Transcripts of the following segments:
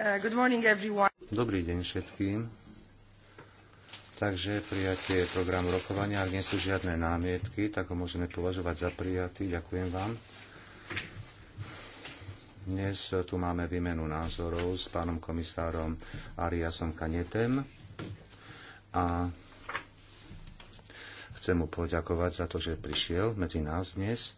Uh, Dobrý deň všetkým. Takže prijatie programu rokovania, ak nie sú žiadne námietky, tak ho môžeme považovať za prijatý. Ďakujem vám. Dnes tu máme výmenu názorov s pánom komisárom Ariasom Kanetem a chcem mu poďakovať za to, že prišiel medzi nás dnes.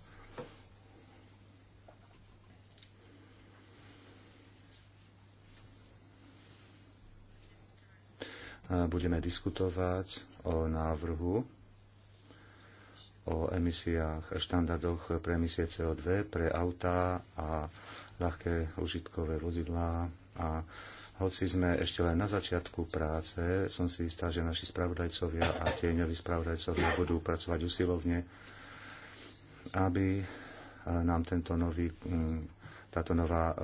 budeme diskutovať o návrhu o emisiách, štandardoch pre emisie CO2 pre autá a ľahké užitkové vozidlá a hoci sme ešte len na začiatku práce, som si istá, že naši spravodajcovia a tieňoví spravodajcovia budú pracovať usilovne, aby e, nám tento nový, táto nová e,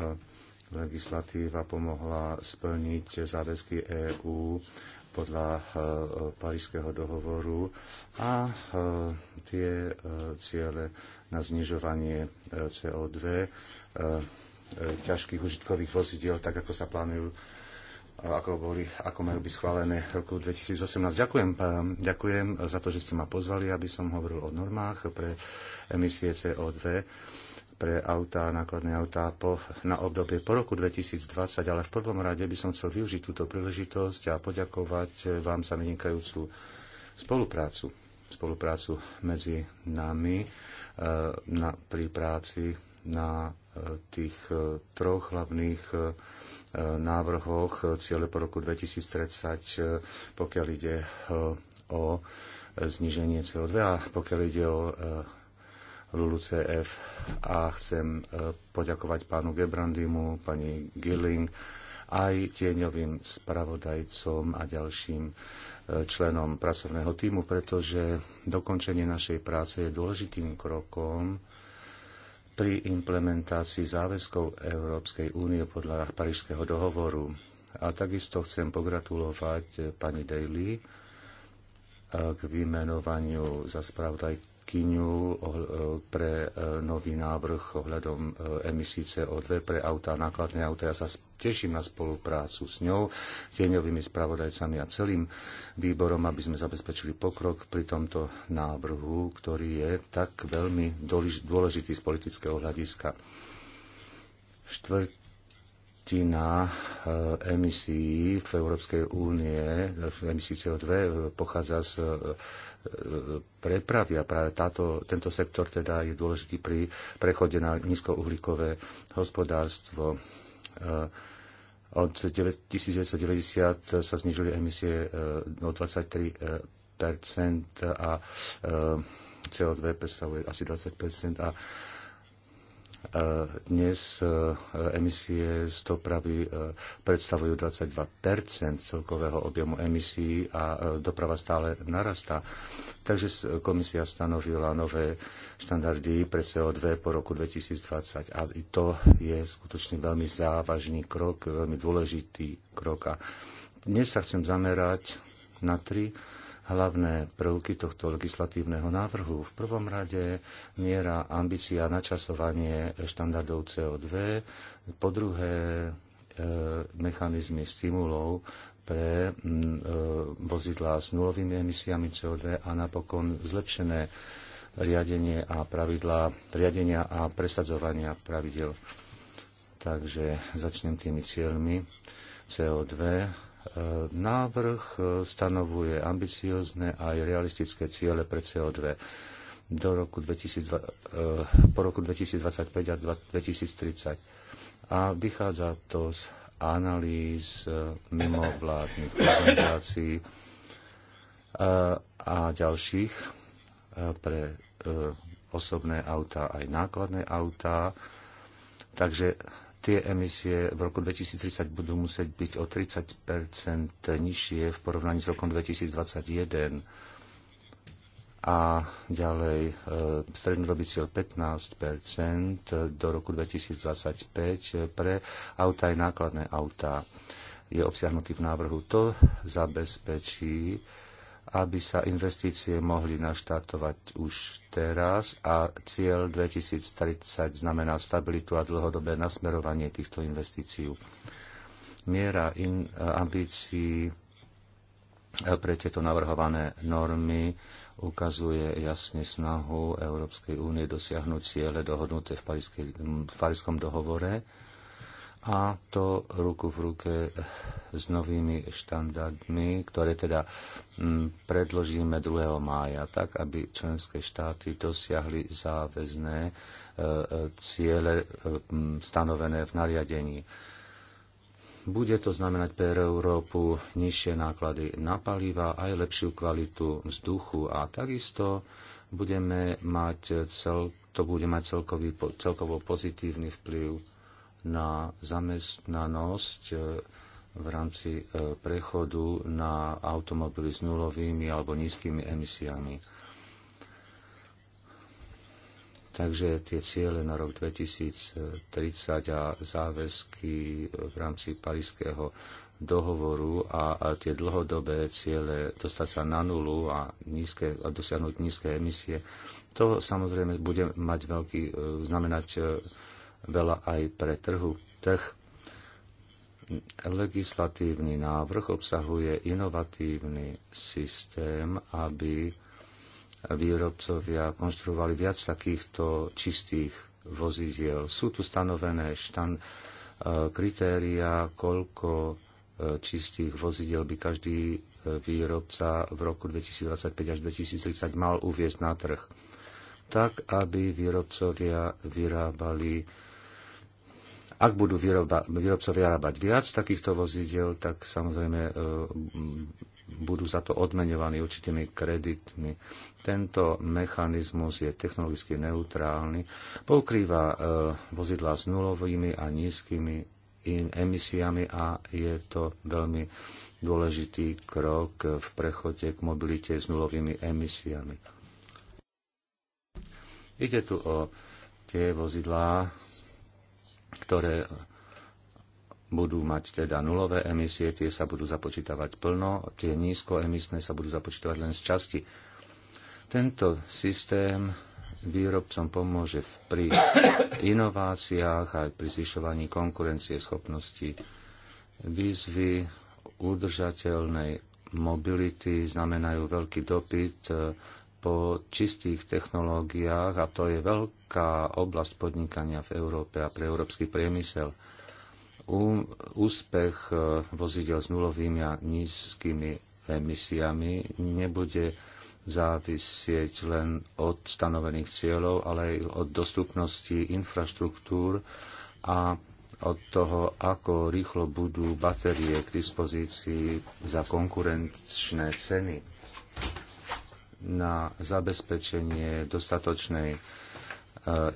legislatíva pomohla splniť záväzky EÚ podľa e, Parížského dohovoru a e, tie e, ciele na znižovanie CO2 ťažkých užitkových vozidiel, tak ako sa plánujú ako, boli, ako majú byť schválené roku 2018. Ďakujem, ďakujem za to, že ste ma pozvali, aby som hovoril o normách pre emisie CO2 pre autá nákladné autá po, na obdobie po roku 2020, ale v prvom rade by som chcel využiť túto príležitosť a poďakovať vám za vynikajúcu spoluprácu spoluprácu medzi nami e, na, pri práci na e, tých e, troch hlavných návrhoch cieľe po roku 2030, pokiaľ ide o zniženie CO2 a pokiaľ ide o LULUCF a chcem e, poďakovať pánu Gebrandimu, pani Gilling, aj tieňovým spravodajcom a ďalším e, členom pracovného týmu, pretože dokončenie našej práce je dôležitým krokom pri implementácii záväzkov Európskej únie podľa Parížského dohovoru. A takisto chcem pogratulovať pani Daly e, k vymenovaniu za spravodajku spravodajkyňu pre e, nový návrh ohľadom e, emisí CO2 pre auta, nákladné auta. Ja sa teším na spoluprácu s ňou, tieňovými spravodajcami a celým výborom, aby sme zabezpečili pokrok pri tomto návrhu, ktorý je tak veľmi dôležitý z politického hľadiska. Štvrtina e, emisí v Európskej únie, emisí CO2, pochádza z prepravy a práve táto, tento sektor teda je dôležitý pri prechode na nízkouhlíkové hospodárstvo. Od 1990 sa znižili emisie e, o 23 a e, CO2 predstavuje asi 20 a dnes e, emisie z dopravy e, predstavujú 22 celkového objemu emisí a e, doprava stále narastá. Takže komisia stanovila nové štandardy pre CO2 po roku 2020 a to je skutočne veľmi závažný krok, veľmi dôležitý krok. A dnes sa chcem zamerať na tri hlavné prvky tohto legislatívneho návrhu. V prvom rade miera ambícia načasovanie štandardov CO2, po druhé e, mechanizmy stimulov pre e, vozidlá s nulovými emisiami CO2 a napokon zlepšené riadenie a pravidlá, riadenia a presadzovania pravidel. Takže začnem tými cieľmi. CO2 E, návrh e, stanovuje ambiciozne aj realistické ciele pre CO2 do roku 2020, e, po roku 2025 a 2030. A vychádza to z analýz mimovládnych organizácií a ďalších pre osobné autá aj nákladné autá. Takže tie emisie v roku 2030 budú musieť byť o 30 nižšie v porovnaní s rokom 2021 a ďalej e, strednodobý cieľ 15 do roku 2025 pre auta aj nákladné auta je obsiahnutý v návrhu. To zabezpečí aby sa investície mohli naštartovať už teraz a cieľ 2030 znamená stabilitu a dlhodobé nasmerovanie týchto investícií. Miera in, ambícií pre tieto navrhované normy ukazuje jasne snahu Európskej únie dosiahnuť ciele dohodnuté v, Parískej, v Parískom dohovore a to ruku v ruke s novými štandardmi, ktoré teda mm, predložíme 2. mája, tak aby členské štáty dosiahli záväzné e, e, ciele e, stanovené v nariadení. Bude to znamenať pre Európu nižšie náklady na paliva, aj lepšiu kvalitu vzduchu a takisto budeme mať cel, to bude mať celkový, celkovo pozitívny vplyv na zamestnanosť e, v rámci e, prechodu na automobily s nulovými alebo nízkymi emisiami. Takže tie ciele na rok 2030 a záväzky v rámci Parískeho dohovoru a, a tie dlhodobé ciele dostať sa na nulu a, nízke, a dosiahnuť nízke emisie, to samozrejme bude mať veľký, e, znamenať veľa aj pre trhu, trh. Legislatívny návrh obsahuje inovatívny systém, aby výrobcovia konštruovali viac takýchto čistých vozidiel. Sú tu stanovené štan, e, kritéria, koľko e, čistých vozidiel by každý e, výrobca v roku 2025 až 2030 mal uviezť na trh, tak aby výrobcovia vyrábali ak budú výroba, výrobcov vyrábať viac takýchto vozidel, tak samozrejme e, budú za to odmenovaní určitými kreditmi. Tento mechanizmus je technologicky neutrálny, pokrýva e, vozidlá s nulovými a nízkymi emisiami a je to veľmi dôležitý krok v prechode k mobilite s nulovými emisiami. Ide tu o tie vozidlá, ktoré budú mať teda nulové emisie, tie sa budú započítavať plno, tie nízkoemisné sa budú započítavať len z časti. Tento systém výrobcom pomôže pri inováciách aj pri zvyšovaní konkurencie schopnosti výzvy udržateľnej mobility znamenajú veľký dopyt eh, po čistých technológiách a to je veľká oblasť podnikania v Európe a pre európsky priemysel. úspech e, vozidel s nulovými a nízkymi emisiami nebude závisieť len od stanovených cieľov, ale aj od dostupnosti infraštruktúr a od toho, ako rýchlo budú batérie k dispozícii za konkurenčné ceny na zabezpečenie dostatočnej e,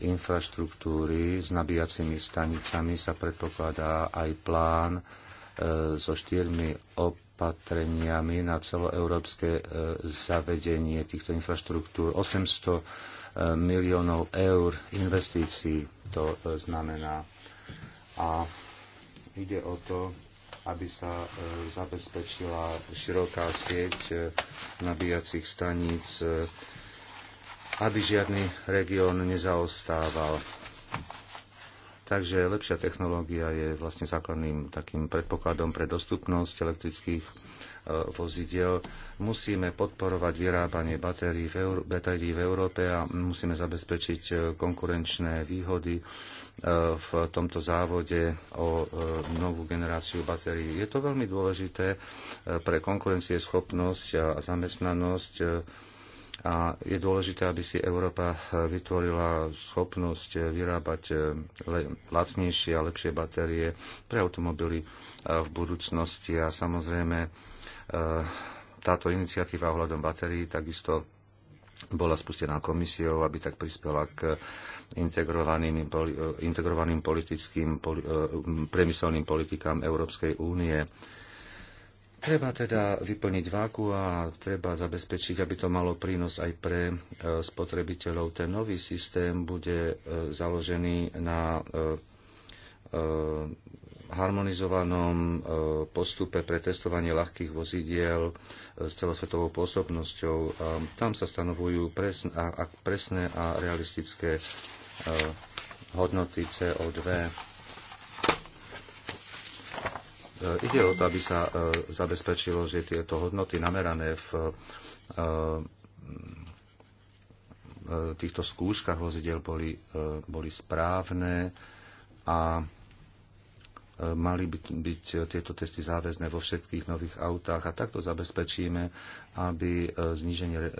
infraštruktúry s nabíjacími stanicami sa predpokladá aj plán e, so štyrmi opatreniami na celoeurópske e, zavedenie týchto infraštruktúr. 800 miliónov eur investícií to znamená. A ide o to, aby sa e, zabezpečila široká sieť e, nabíjacích staníc, e, aby žiadny región nezaostával. Takže lepšia technológia je vlastne základným takým predpokladom pre dostupnosť elektrických E, vozidel. Musíme podporovať vyrábanie batérií v, Euró- batérií v Európe a musíme zabezpečiť e, konkurenčné výhody e, v tomto závode o novú generáciu batérií. Je to veľmi dôležité pre konkurencieschopnosť a zamestnanosť a je dôležité, aby si Európa vytvorila schopnosť vyrábať lacnejšie a lepšie batérie pre automobily v budúcnosti a samozrejme E, táto iniciatíva ohľadom batérií takisto bola spustená komisiou, aby tak prispela k integrovaným, e, integrovaným politickým, e, priemyselným politikám Európskej únie. Treba teda vyplniť váku a treba zabezpečiť, aby to malo prínos aj pre spotrebiteľov. Ten nový systém bude založený na harmonizovanom e, postupe pre testovanie ľahkých vozidiel e, s celosvetovou pôsobnosťou. E, tam sa stanovujú presné a realistické hodnoty CO2. Ide o to, aby sa zabezpečilo, že tieto hodnoty namerané v týchto skúškach vozidel boli, boli správne a mali byť, byť tieto testy záväzné vo všetkých nových autách a takto zabezpečíme, aby e, zníženie e,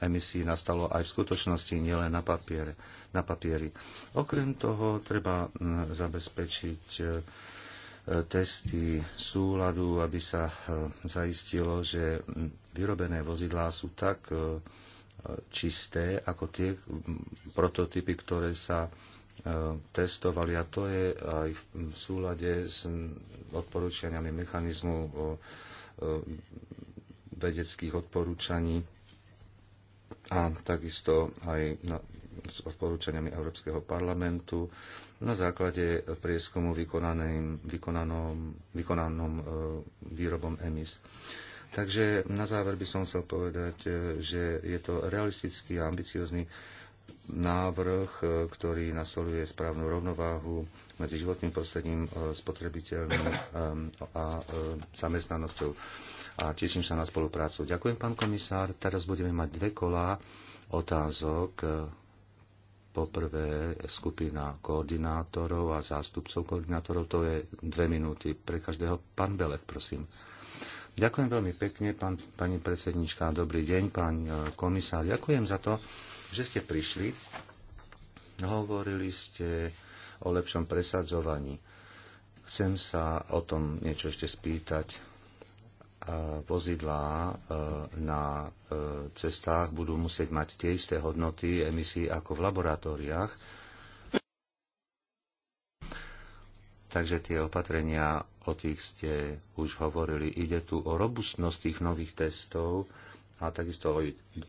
emisí nastalo aj v skutočnosti, nielen na, papiere, na papieri. Okrem toho treba zabezpečiť e, testy súladu, aby sa zaistilo, že vyrobené vozidlá sú tak čisté ako tie prototypy, ktoré sa E, testovali a to je aj v súlade s odporúčaniami mechanizmu vedeckých odporúčaní a takisto aj s odporúčaniami Európskeho parlamentu na základe prieskumu vykonanom, vykonanom e, výrobom EMIS. Takže na záver by som chcel povedať, e, že je to realistický a ambiciozný návrh, e, ktorý nastoluje správnu rovnováhu medzi životným prostredím, e, spotrebiteľmi e, a zamestnanosťou. A teším sa na spoluprácu. Ďakujem, pán komisár. Teraz budeme mať dve kolá otázok. Poprvé skupina koordinátorov a zástupcov koordinátorov, to je dve minúty pre každého. Pán Belek, prosím. Ďakujem veľmi pekne, pán, pani predsednička, dobrý deň, pán komisár. Ďakujem za to, že ste prišli. Hovorili ste o lepšom presadzovaní. Chcem sa o tom niečo ešte spýtať. Vozidlá e, na e, cestách budú musieť mať tie isté hodnoty emisí ako v laboratóriách. Takže tie opatrenia, o tých ste už hovorili. Ide tu o robustnosť tých nových testov a takisto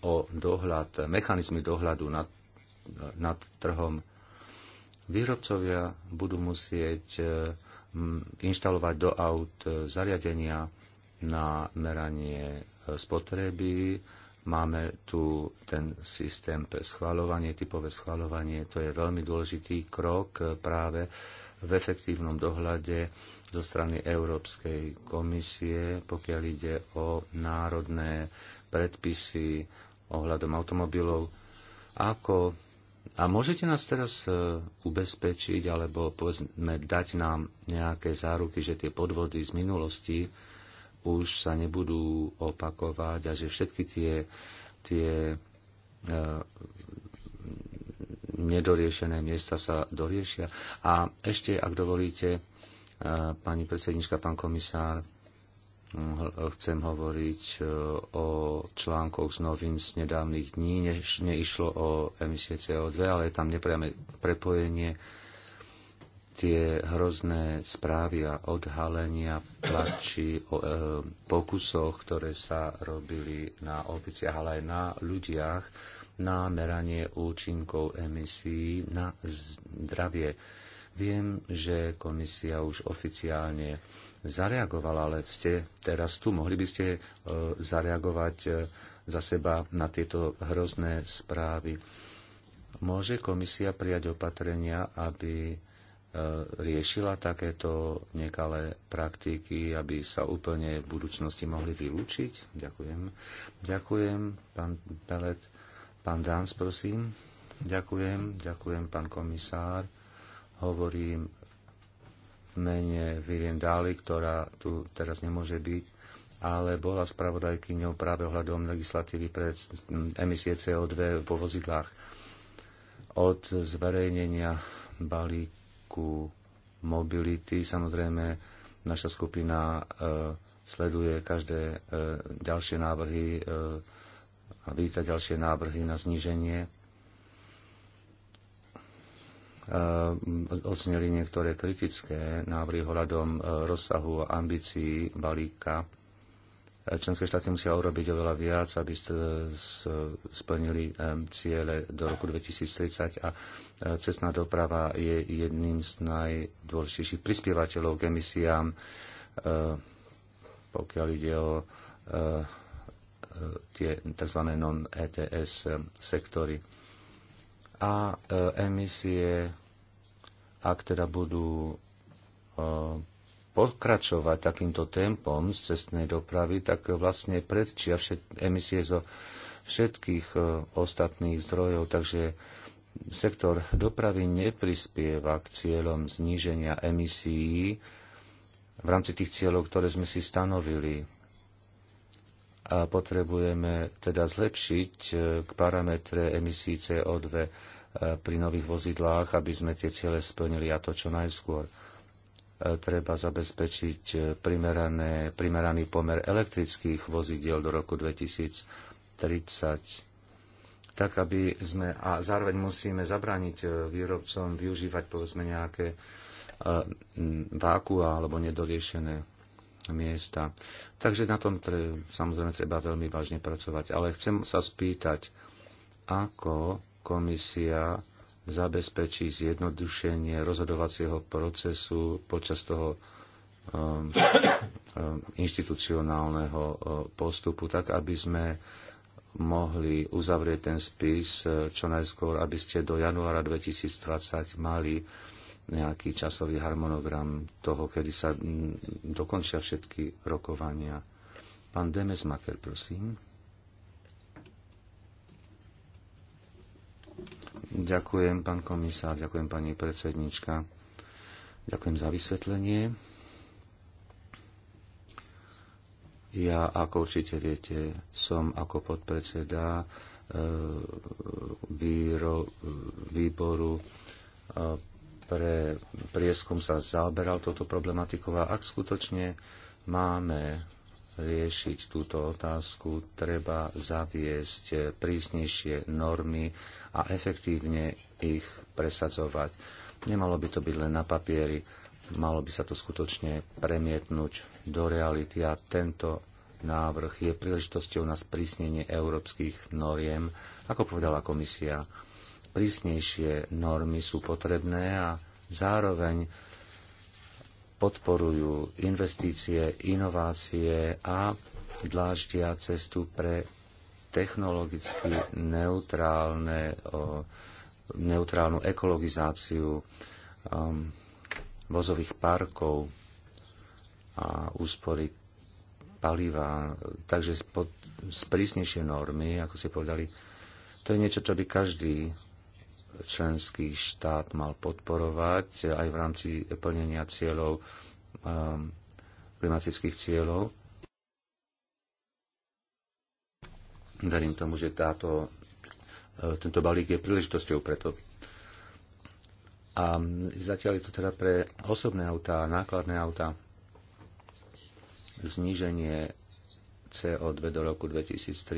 o dohľad, mechanizmy dohľadu nad, nad trhom. Výrobcovia budú musieť e, inštalovať do aut e, zariadenia na meranie e, spotreby. Máme tu ten systém pre schvaľovanie, typové schvaľovanie. To je veľmi dôležitý krok práve v efektívnom dohľade zo strany Európskej komisie, pokiaľ ide o národné predpisy ohľadom automobilov. Ako, a môžete nás teraz e, ubezpečiť, alebo povedzme, dať nám nejaké záruky, že tie podvody z minulosti už sa nebudú opakovať a že všetky tie, tie e, nedoriešené miesta sa doriešia. A ešte, ak dovolíte, e, pani predsednička, pán komisár, Hm, eh, chcem hovoriť eh, o článkoch z novín z nedávnych dní, než neišlo o emisie CO2, ale je tam nepriame prepojenie. Tie hrozné správy a odhalenia plači o e, pokusoch, ktoré sa robili na obiciach, ale aj na ľudiach, na meranie účinkov emisí na zdravie. Viem, že komisia už oficiálne zareagovala, ale ste teraz tu. Mohli by ste e, zareagovať e, za seba na tieto hrozné správy. Môže komisia prijať opatrenia, aby e, riešila takéto nekalé praktiky, aby sa úplne v budúcnosti mohli vylúčiť? Ďakujem. Ďakujem, pán Pelet. Pán Dáns, prosím. Ďakujem, ďakujem, pán komisár. Hovorím mene Vivien Dali, ktorá tu teraz nemôže byť, ale bola spravodajkyňou práve ohľadom legislatívy pre emisie CO2 vo vozidlách. Od zverejnenia balíku mobility samozrejme naša skupina e, sleduje každé e, ďalšie návrhy e, a víta ďalšie návrhy na zníženie Eh, odzneli niektoré kritické návrhy hľadom eh, rozsahu a ambícií balíka. Eh, členské štáty musia urobiť oveľa viac, aby splnili ciele do roku 2030 a cestná doprava je jedným z najdôležitejších prispievateľov k emisiám, pokiaľ ide o tie tzv. non-ETS sektory a emisie ak teda budú e, pokračovať takýmto tempom z cestnej dopravy, tak vlastne predčia všet, emisie zo všetkých e, ostatných zdrojov, takže sektor dopravy neprispieva k cieľom zníženia emisií v rámci tých cieľov, ktoré sme si stanovili. A potrebujeme teda zlepšiť e, k parametre emisí CO2 Eh, pri nových vozidlách, aby sme tie ciele splnili a to čo najskôr. Eh, treba zabezpečiť eh, primerané, primeraný pomer elektrických vozidiel do roku 2030, tak aby sme, a zároveň musíme zabrániť výrobcom využívať povedzme nejaké vákua alebo nedoriešené miesta. Takže na tom treba, samozrejme treba veľmi vážne pracovať. Ale chcem sa spýtať, ako komisia zabezpečí zjednodušenie rozhodovacieho procesu počas toho um, um, inštitucionálneho uh, postupu, tak aby sme mohli uzavrieť ten spis uh, čo najskôr, aby ste do januára 2020 mali nejaký časový harmonogram toho, kedy sa mm, dokončia všetky rokovania. Pán Demes Maker, prosím. Ďakujem, pán komisár, ďakujem, pani predsednička. Ďakujem za vysvetlenie. Ja, ako určite viete, som ako podpredseda e, výro, výboru e, pre prieskum sa zaoberal touto problematikou a ak skutočne máme riešiť túto otázku, treba zaviesť eh, prísnejšie normy a efektívne ich presadzovať. Nemalo by to byť len na papieri, malo by sa to skutočne premietnúť do reality a tento návrh je príležitosťou na sprísnenie európskych noriem, ako povedala komisia. Prísnejšie normy sú potrebné a zároveň podporujú investície, inovácie a dláždia cestu pre technologicky neutrálne, neutrálnu ekologizáciu um, vozových parkov a úspory paliva. Takže pod, sprísnejšie normy, ako ste povedali, to je niečo, čo by každý členský štát mal podporovať aj v rámci plnenia cieľov, um, klimatických cieľov. Verím tomu, že táto, uh, tento balík je príležitosťou preto. A zatiaľ je to teda pre osobné autá a nákladné autá zníženie CO2 do roku 2030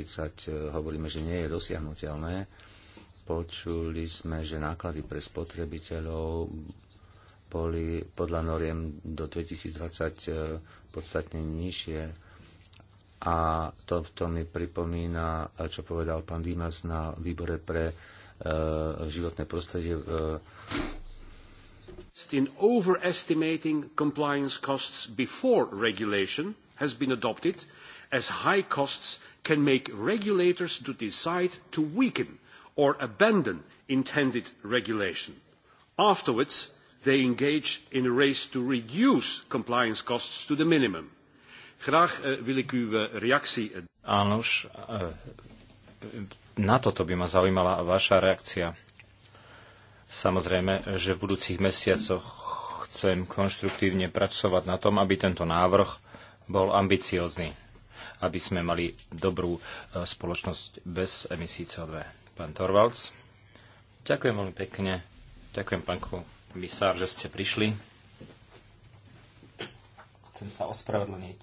uh, hovoríme, že nie je dosiahnutelné Počuli sme, že náklady pre spotrebiteľov boli podľa noriem do 2020 e, podstatne nižšie. A to, to mi pripomína, e, čo povedal pán Dimas na výbore pre e, životné prostredie. E, in overestimating compliance costs before regulation has been adopted, as high costs can make regulators to decide to weaken or abandon intended regulation. Afterwards, they engage in a race to reduce compliance costs to the minimum. Graag uh, wil ik uw eh, reactie. Eh, Ánož, uh, na toto by ma zaujímala vaša reakcia. Samozrejme, že v budúcich mesiacoch chcem konštruktívne pracovať na tom, aby tento návrh bol ambiciózny, aby sme mali dobrú spoločnosť bez emisí CO2. Pán Torvalds, ďakujem veľmi pekne. Ďakujem, pán komisár, že ste prišli. Chcem sa ospravedlniť.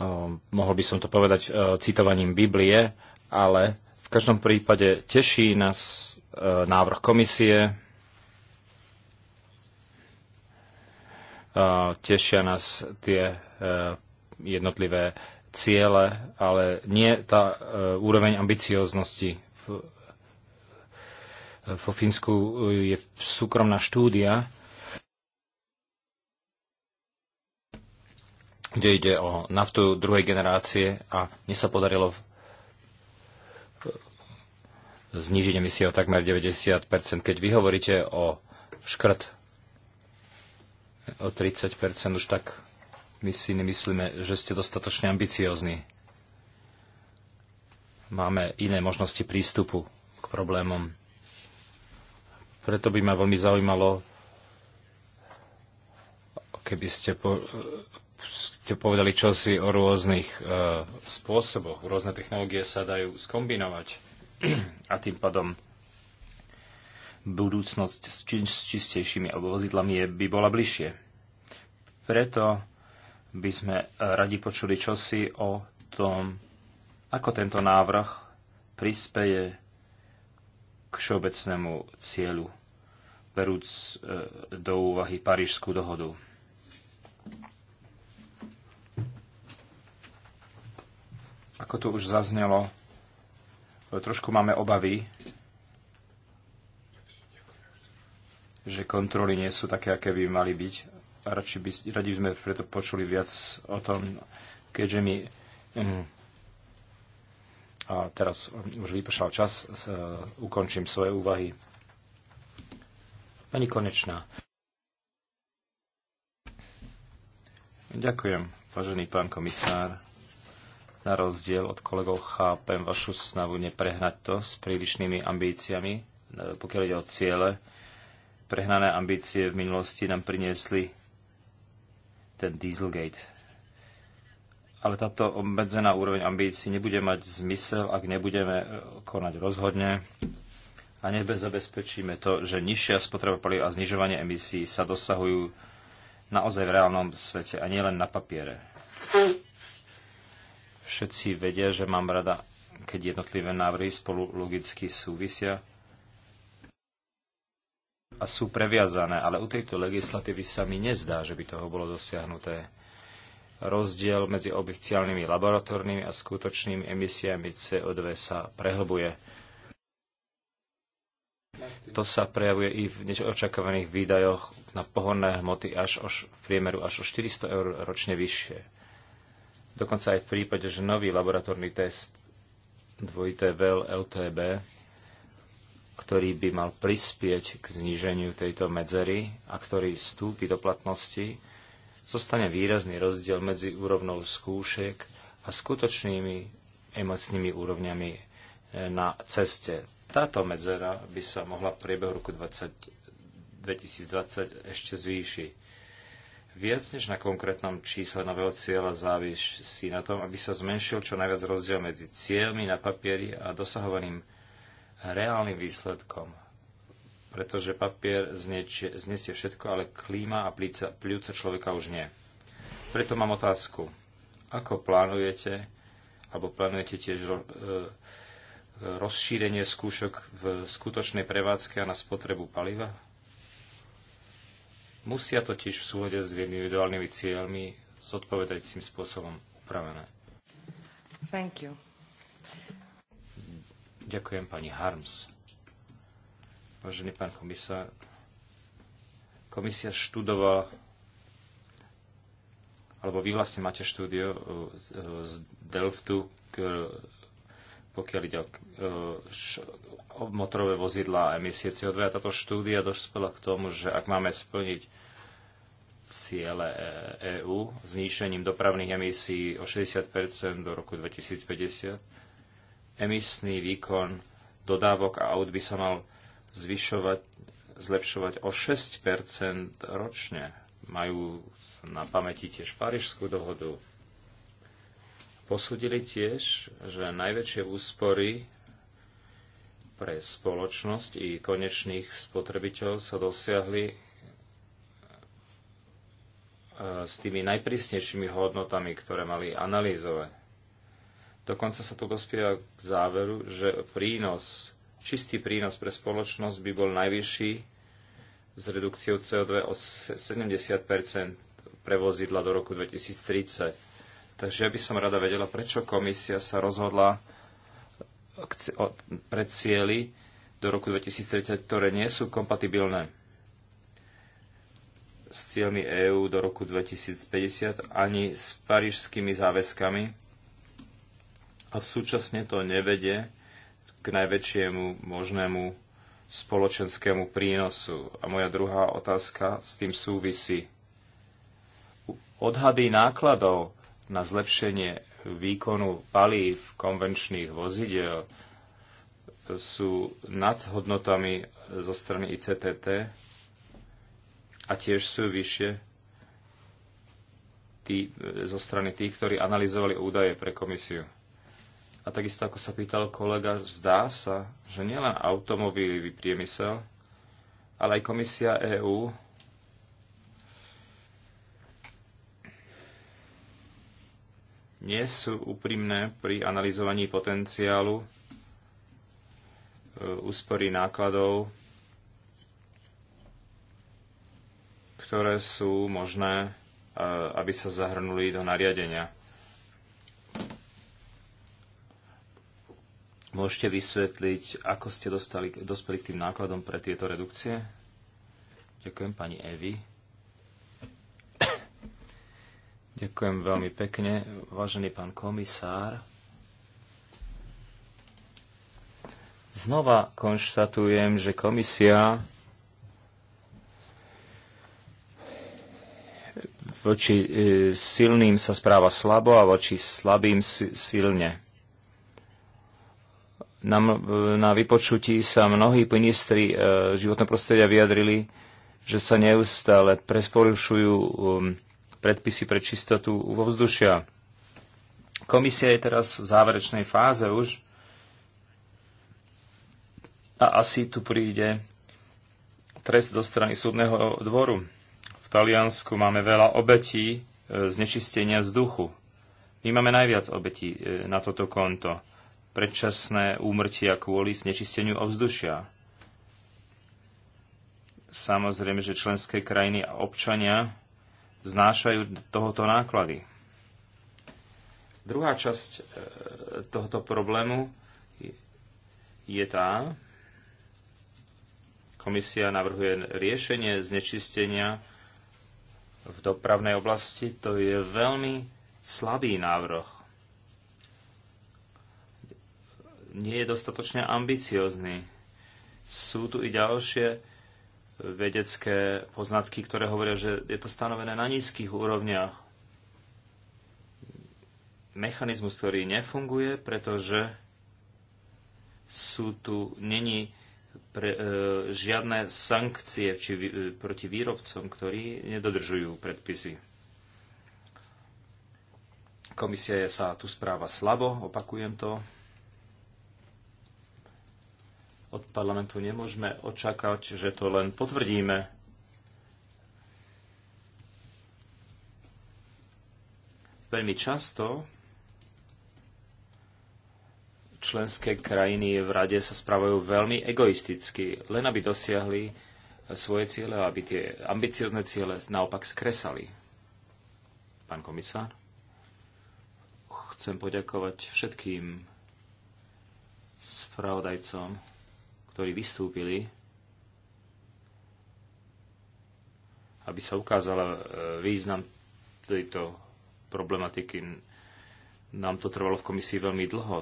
Ehm, mohol by som to povedať e, citovaním Biblie, ale v každom prípade teší nás e, návrh komisie. E, tešia nás tie jednotlivé ciele, ale nie tá e, úroveň ambicioznosti. E, vo Fínsku e, je súkromná štúdia, kde ide o naftu druhej generácie a mne sa podarilo znižiť emisie o takmer 90%. Keď vy hovoríte o škrt o 30%, už tak my si nemyslíme, že ste dostatočne ambiciozni. Máme iné možnosti prístupu k problémom. Preto by ma veľmi zaujímalo, keby ste, po, ste povedali čosi o rôznych uh, spôsoboch. Rôzne technológie sa dajú skombinovať a tým pádom budúcnosť s, či, s čistejšími vozidlami je, by bola bližšie. Preto by sme e, radi počuli čosi o tom, ako tento návrh prispeje k všeobecnému cieľu, berúc e, do úvahy Parížskú dohodu. Ako tu už zaznelo, trošku máme obavy, že kontroly nie sú také, aké by mali byť radši by, radi by sme preto počuli viac o tom, keďže mi mm, a teraz už vypršal čas, e, ukončím svoje úvahy. Pani Konečná. Ďakujem, vážený pán komisár. Na rozdiel od kolegov chápem vašu snahu neprehnať to s prílišnými ambíciami, e, pokiaľ ide o ciele. Prehnané ambície v minulosti nám priniesli ten Dieselgate. Ale táto obmedzená úroveň ambícií nebude mať zmysel, ak nebudeme e, konať rozhodne a nebezabezpečíme to, že nižšia spotreba paliv a znižovanie emisí sa dosahujú naozaj v reálnom svete a nielen na papiere. Všetci vedia, že mám rada, keď jednotlivé návrhy spolu logicky súvisia a sú previazané, ale u tejto legislatívy sa mi nezdá, že by toho bolo dosiahnuté. Rozdiel medzi oficiálnymi laboratórnymi a skutočnými emisiami CO2 sa prehlbuje. To sa prejavuje i v neočakávaných výdajoch na pohonné hmoty až o, v priemeru až o 400 eur ročne vyššie. Dokonca aj v prípade, že nový laboratórny test dvojité VL LTB ktorý by mal prispieť k zníženiu tejto medzery a ktorý vstúpi do platnosti, zostane výrazný rozdiel medzi úrovnou skúšek a skutočnými emocnými úrovňami e, na ceste. Táto medzera by sa mohla v priebehu roku 20, 2020 ešte zvýšiť. Viac než na konkrétnom čísle nového cieľa závisí na tom, aby sa zmenšil čo najviac rozdiel medzi cieľmi na papieri a dosahovaným reálnym výsledkom. Pretože papier znieč, znesie všetko, ale klíma a plíca, človeka už nie. Preto mám otázku. Ako plánujete, alebo plánujete tiež ro, e, rozšírenie skúšok v skutočnej prevádzke a na spotrebu paliva? Musia totiž v súhode s individuálnymi cieľmi zodpovedajúcim spôsobom upravené. Thank you. Ďakujem pani Harms. Vážený pán komisár, komisia študovala, alebo vy vlastne máte štúdio e, e, z, Delftu, k, pokiaľ ide o, e, š, o motorové vozidla a emisie CO2. Táto štúdia dospela k tomu, že ak máme splniť ciele EÚ znišením dopravných emisí o 60 do roku 2050, emisný výkon dodávok a aut by sa mal zvyšovať, zlepšovať o 6 ročne. Majú na pamäti tiež Parížskú dohodu. Posudili tiež, že najväčšie úspory pre spoločnosť i konečných spotrebiteľov sa dosiahli e, s tými najprísnejšími hodnotami, ktoré mali analýzovať. Dokonca sa tu dospieva k záveru, že prínos, čistý prínos pre spoločnosť by bol najvyšší s redukciou CO2 o 70 pre vozidla do roku 2030. Takže ja by som rada vedela, prečo komisia sa rozhodla pre cieľy do roku 2030, ktoré nie sú kompatibilné s cieľmi EÚ do roku 2050 ani s parížskými záväzkami a súčasne to nevedie k najväčšiemu možnému spoločenskému prínosu. A moja druhá otázka s tým súvisí. Odhady nákladov na zlepšenie výkonu palív konvenčných vozidel sú nad hodnotami zo strany ICTT a tiež sú vyššie tí, zo strany tých, ktorí analyzovali údaje pre komisiu. A takisto, ako sa pýtal kolega, zdá sa, že nielen automobilový priemysel, ale aj komisia EÚ nie sú úprimné pri analyzovaní potenciálu e, úspory nákladov, ktoré sú možné, e, aby sa zahrnuli do nariadenia. Môžete vysvetliť, ako ste dostali, dospeli k tým nákladom pre tieto redukcie? Ďakujem pani Evi. Ďakujem veľmi pekne, vážený pán komisár. Znova konštatujem, že komisia voči e, silným sa správa slabo a voči slabým silne na, na vypočutí sa mnohí ministri e, životného prostredia vyjadrili, že sa neustále presporušujú um, e, predpisy pre čistotu vo vzdušia. Komisia je teraz v záverečnej fáze už a asi tu príde trest zo strany súdneho dvoru. V Taliansku máme veľa obetí e, znečistenia vzduchu. My máme najviac obetí e, na toto konto predčasné úmrtia kvôli znečisteniu ovzdušia. Samozrejme, že členské krajiny a občania znášajú tohoto náklady. Druhá časť e, tohoto problému je tá, komisia navrhuje riešenie znečistenia v dopravnej oblasti. To je veľmi slabý návrh nie je dostatočne ambiciózny. Sú tu i ďalšie vedecké poznatky, ktoré hovoria, že je to stanovené na nízkych úrovniach. Mechanizmus, ktorý nefunguje, pretože sú tu, není pre, e, žiadne sankcie či, e, proti výrobcom, ktorí nedodržujú predpisy. Komisia je sa tu správa slabo, opakujem to. Od parlamentu nemôžeme očakať, že to len potvrdíme. Veľmi často členské krajiny v rade sa správajú veľmi egoisticky, len aby dosiahli svoje ciele, aby tie ambiciozne ciele naopak skresali. Pán komisár, chcem poďakovať všetkým spravodajcom, ktorí vystúpili, aby sa ukázala e, význam tejto problematiky. Nám to trvalo v komisii veľmi dlho.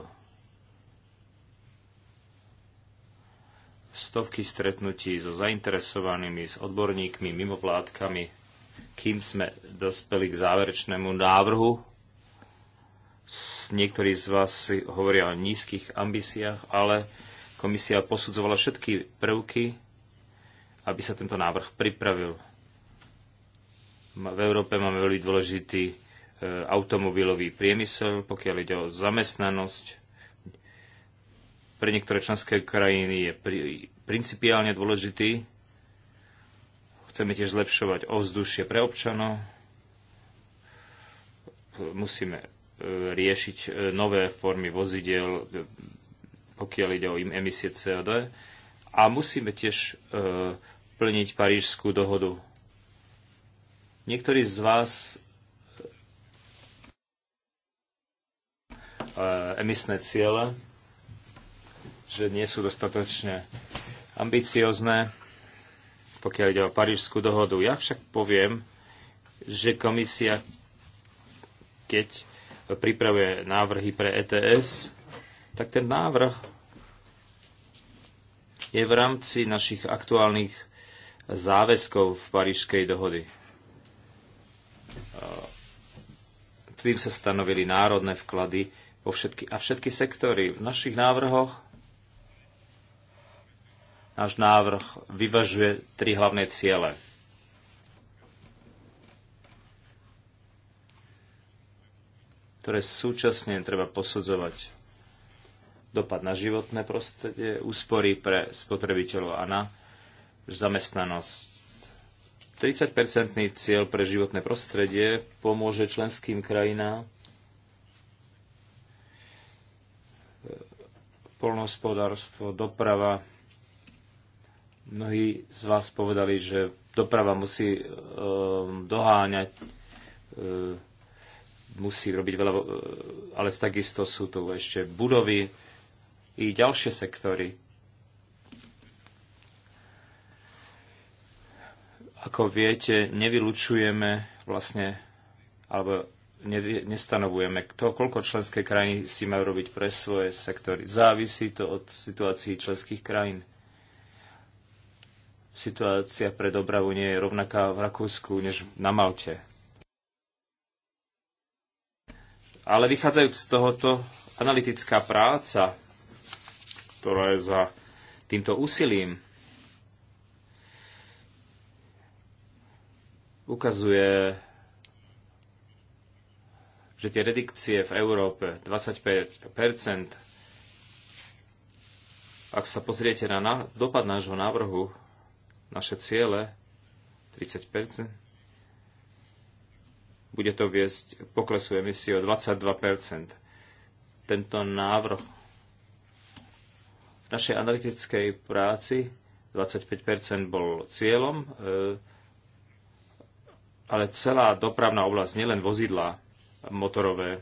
Stovky stretnutí so zainteresovanými, s odborníkmi, mimovládkami, kým sme dospeli k záverečnému návrhu. Niektorí z vás si hovoria o nízkych ambíciách, ale Komisia posudzovala všetky prvky, aby sa tento návrh pripravil. V Európe máme veľmi dôležitý e, automobilový priemysel, pokiaľ ide o zamestnanosť. Pre niektoré členské krajiny je principiálne dôležitý. Chceme tiež zlepšovať ovzdušie pre občanov. Musíme e, riešiť e, nové formy vozidel, pokiaľ ide o im emisie CO2. A musíme tiež e, plniť Parížskú dohodu. Niektorí z vás e, emisné ciele, že nie sú dostatočne ambiciozne, pokiaľ ide o Parížskú dohodu. Ja však poviem, že komisia, keď pripravuje návrhy pre ETS, tak ten návrh je v rámci našich aktuálnych záväzkov v Parížskej dohody. Tým sa stanovili národné vklady vo všetky, a všetky sektory. V našich návrhoch náš návrh vyvažuje tri hlavné ciele. ktoré súčasne treba posudzovať dopad na životné prostredie, úspory pre spotrebiteľov a na zamestnanosť. 30-percentný cieľ pre životné prostredie pomôže členským krajinám eh, polnohospodárstvo, doprava. Mnohí z vás povedali, že doprava musí e, doháňať, e, musí robiť veľa, ale takisto sú tu ešte budovy, i ďalšie sektory. Ako viete, nevylučujeme vlastne, alebo nestanovujeme, kto, koľko členské krajiny si majú robiť pre svoje sektory. Závisí to od situácií členských krajín. Situácia pre dobravu nie je rovnaká v Rakúsku než na Malte. Ale vychádzajúc z tohoto, analytická práca je za týmto úsilím ukazuje, že tie redikcie v Európe 25 ak sa pozriete na dopad nášho návrhu, naše ciele 30 bude to viesť poklesu emisie o 22 Tento návrh našej analytickej práci 25 bol cieľom, e, ale celá dopravná oblasť, nielen vozidla motorové,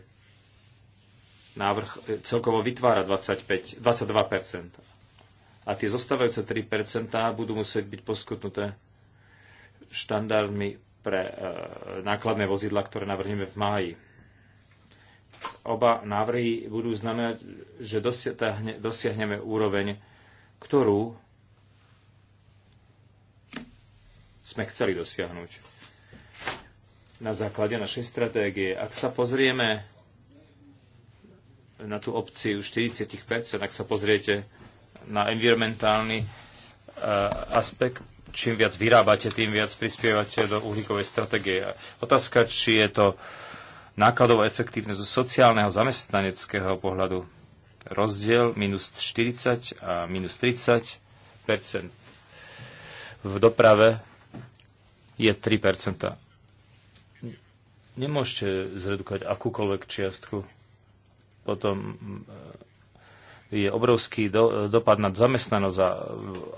návrh e, celkovo vytvára 25, 22 A tie zostávajúce 3 budú musieť byť poskytnuté štandardmi pre e, nákladné vozidla, ktoré navrhneme v máji. Oba návrhy budú znamenať, že dosiahneme úroveň, ktorú sme chceli dosiahnuť na základe našej stratégie. Ak sa pozrieme na tú opciu 40%, ak sa pozriete na environmentálny e, aspekt, čím viac vyrábate, tým viac prispievate do uhlíkovej stratégie. Otázka, či je to nákladov efektívne zo sociálneho zamestnaneckého pohľadu. Rozdiel minus 40 a minus 30 V doprave je 3 Nemôžete zredukovať akúkoľvek čiastku. Potom e, je obrovský do, dopad na zamestnanosť a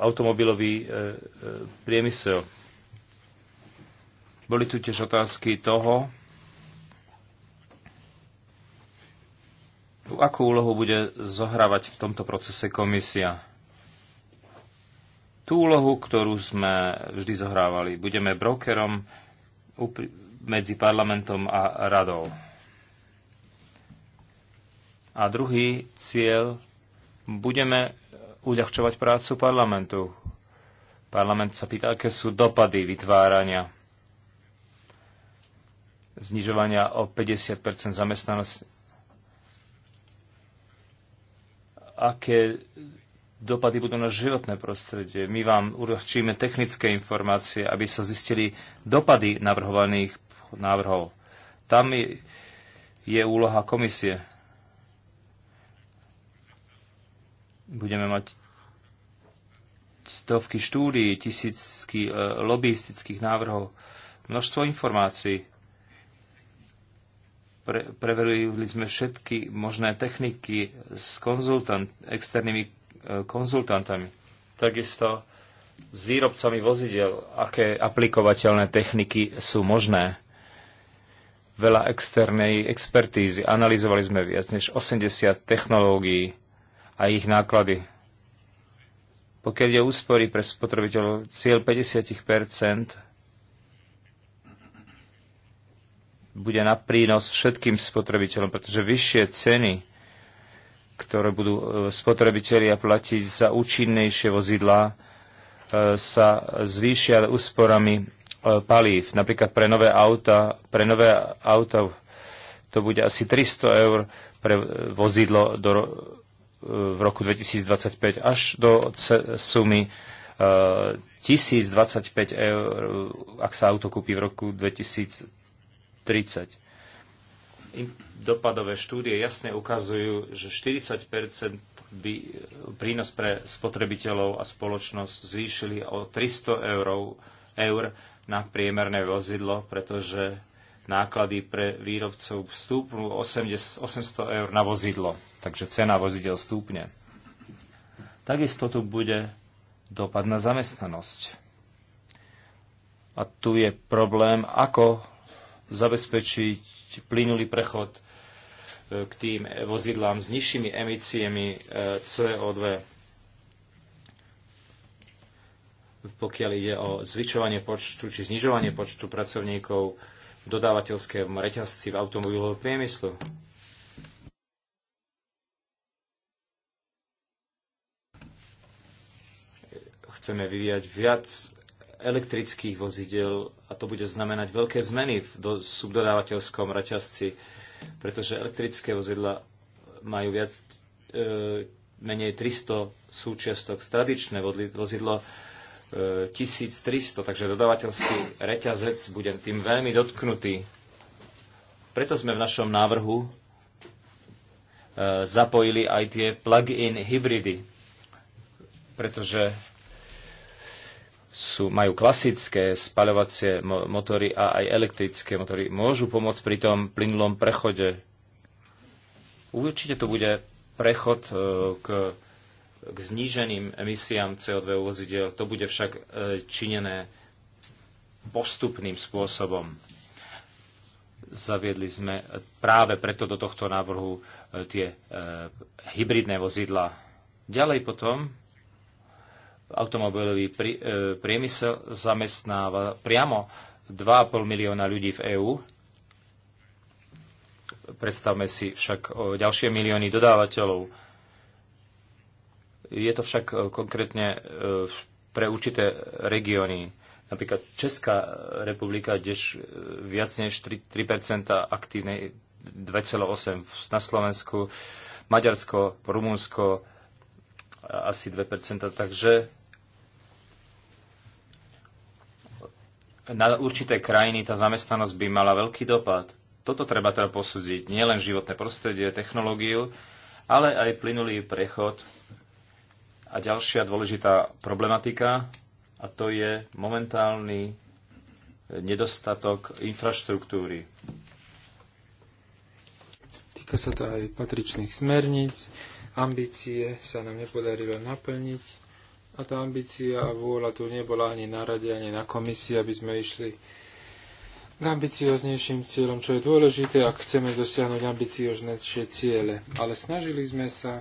automobilový e, e, priemysel. Boli tu tiež otázky toho, Akú úlohu bude zohrávať v tomto procese komisia? Tú úlohu, ktorú sme vždy zohrávali. Budeme brokerom medzi parlamentom a radou. A druhý cieľ, budeme uľahčovať prácu parlamentu. Parlament sa pýta, aké sú dopady vytvárania znižovania o 50 zamestnanosti aké dopady budú na životné prostredie. My vám uľahčíme technické informácie, aby sa zistili dopady navrhovaných návrhov. Tam je, úloha komisie. Budeme mať stovky štúdií, tisícky eh, lobbyistických návrhov, množstvo informácií. Pre, preverili sme všetky možné techniky s konzultant, externými e, konzultantami. Takisto s výrobcami vozidel, aké aplikovateľné techniky sú možné. Veľa externej expertízy. Analyzovali sme viac než 80 technológií a ich náklady. Pokiaľ je úspory pre spotrebiteľov cieľ 50 bude na prínos všetkým spotrebiteľom, pretože vyššie ceny, ktoré budú e, spotrebitelia platiť za účinnejšie vozidlá, e, sa zvýšia úsporami e, palív. Napríklad pre nové auta, pre nové auta to bude asi 300 eur pre vozidlo do, v roku 2025 až do sumy 1025 eur, ak sa auto kúpi v roku 2030 30. Dopadové štúdie jasne ukazujú, že 40 by prínos pre spotrebiteľov a spoločnosť zvýšili o 300 eur, eur na priemerné vozidlo, pretože náklady pre výrobcov vstúpnú 800 eur na vozidlo. Takže cena vozidel stúpne. Takisto tu bude dopad na zamestnanosť. A tu je problém, ako zabezpečiť plynulý prechod e, k tým vozidlám s nižšími emisiemi e, CO2. Pokiaľ ide o zvyšovanie počtu či znižovanie počtu pracovníkov v dodávateľskom reťazci v automobilovom priemyslu. Chceme vyvíjať viac elektrických vozidel a to bude znamenať veľké zmeny v do, subdodávateľskom reťazci, pretože elektrické vozidla majú viac e, menej 300 súčiastok, tradičné vozidlo 1300, e, takže dodávateľský reťazec bude tým veľmi dotknutý. Preto sme v našom návrhu e, zapojili aj tie plug-in hybridy, pretože sú, majú klasické spaľovacie mo- motory a aj elektrické motory. Môžu pomôcť pri tom plynulom prechode. Určite to bude prechod e, k, k zníženým emisiám CO2 vozidiel. To bude však e, činené postupným spôsobom. Zaviedli sme práve preto do tohto návrhu e, tie hybridné vozidla. Ďalej potom automobilový pri, e, priemysel zamestnáva priamo 2,5 milióna ľudí v EÚ. Predstavme si však o e, ďalšie milióny dodávateľov. Je to však e, konkrétne e, pre určité regióny. Napríklad Česká republika, kde viac než 3, 3% aktívnej 2,8 na Slovensku, Maďarsko, Rumunsko asi 2%, takže na určité krajiny tá zamestnanosť by mala veľký dopad. Toto treba teda posúdiť, nielen životné prostredie, technológiu, ale aj plynulý prechod. A ďalšia dôležitá problematika, a to je momentálny nedostatok infraštruktúry. Týka sa to aj patričných smerníc, ambície sa nám nepodarilo naplniť a tá ambícia a vôľa tu nebola ani na rade, ani na komisii, aby sme išli k ambicioznejším cieľom, čo je dôležité, ak chceme dosiahnuť ambicioznejšie ciele. Ale snažili sme sa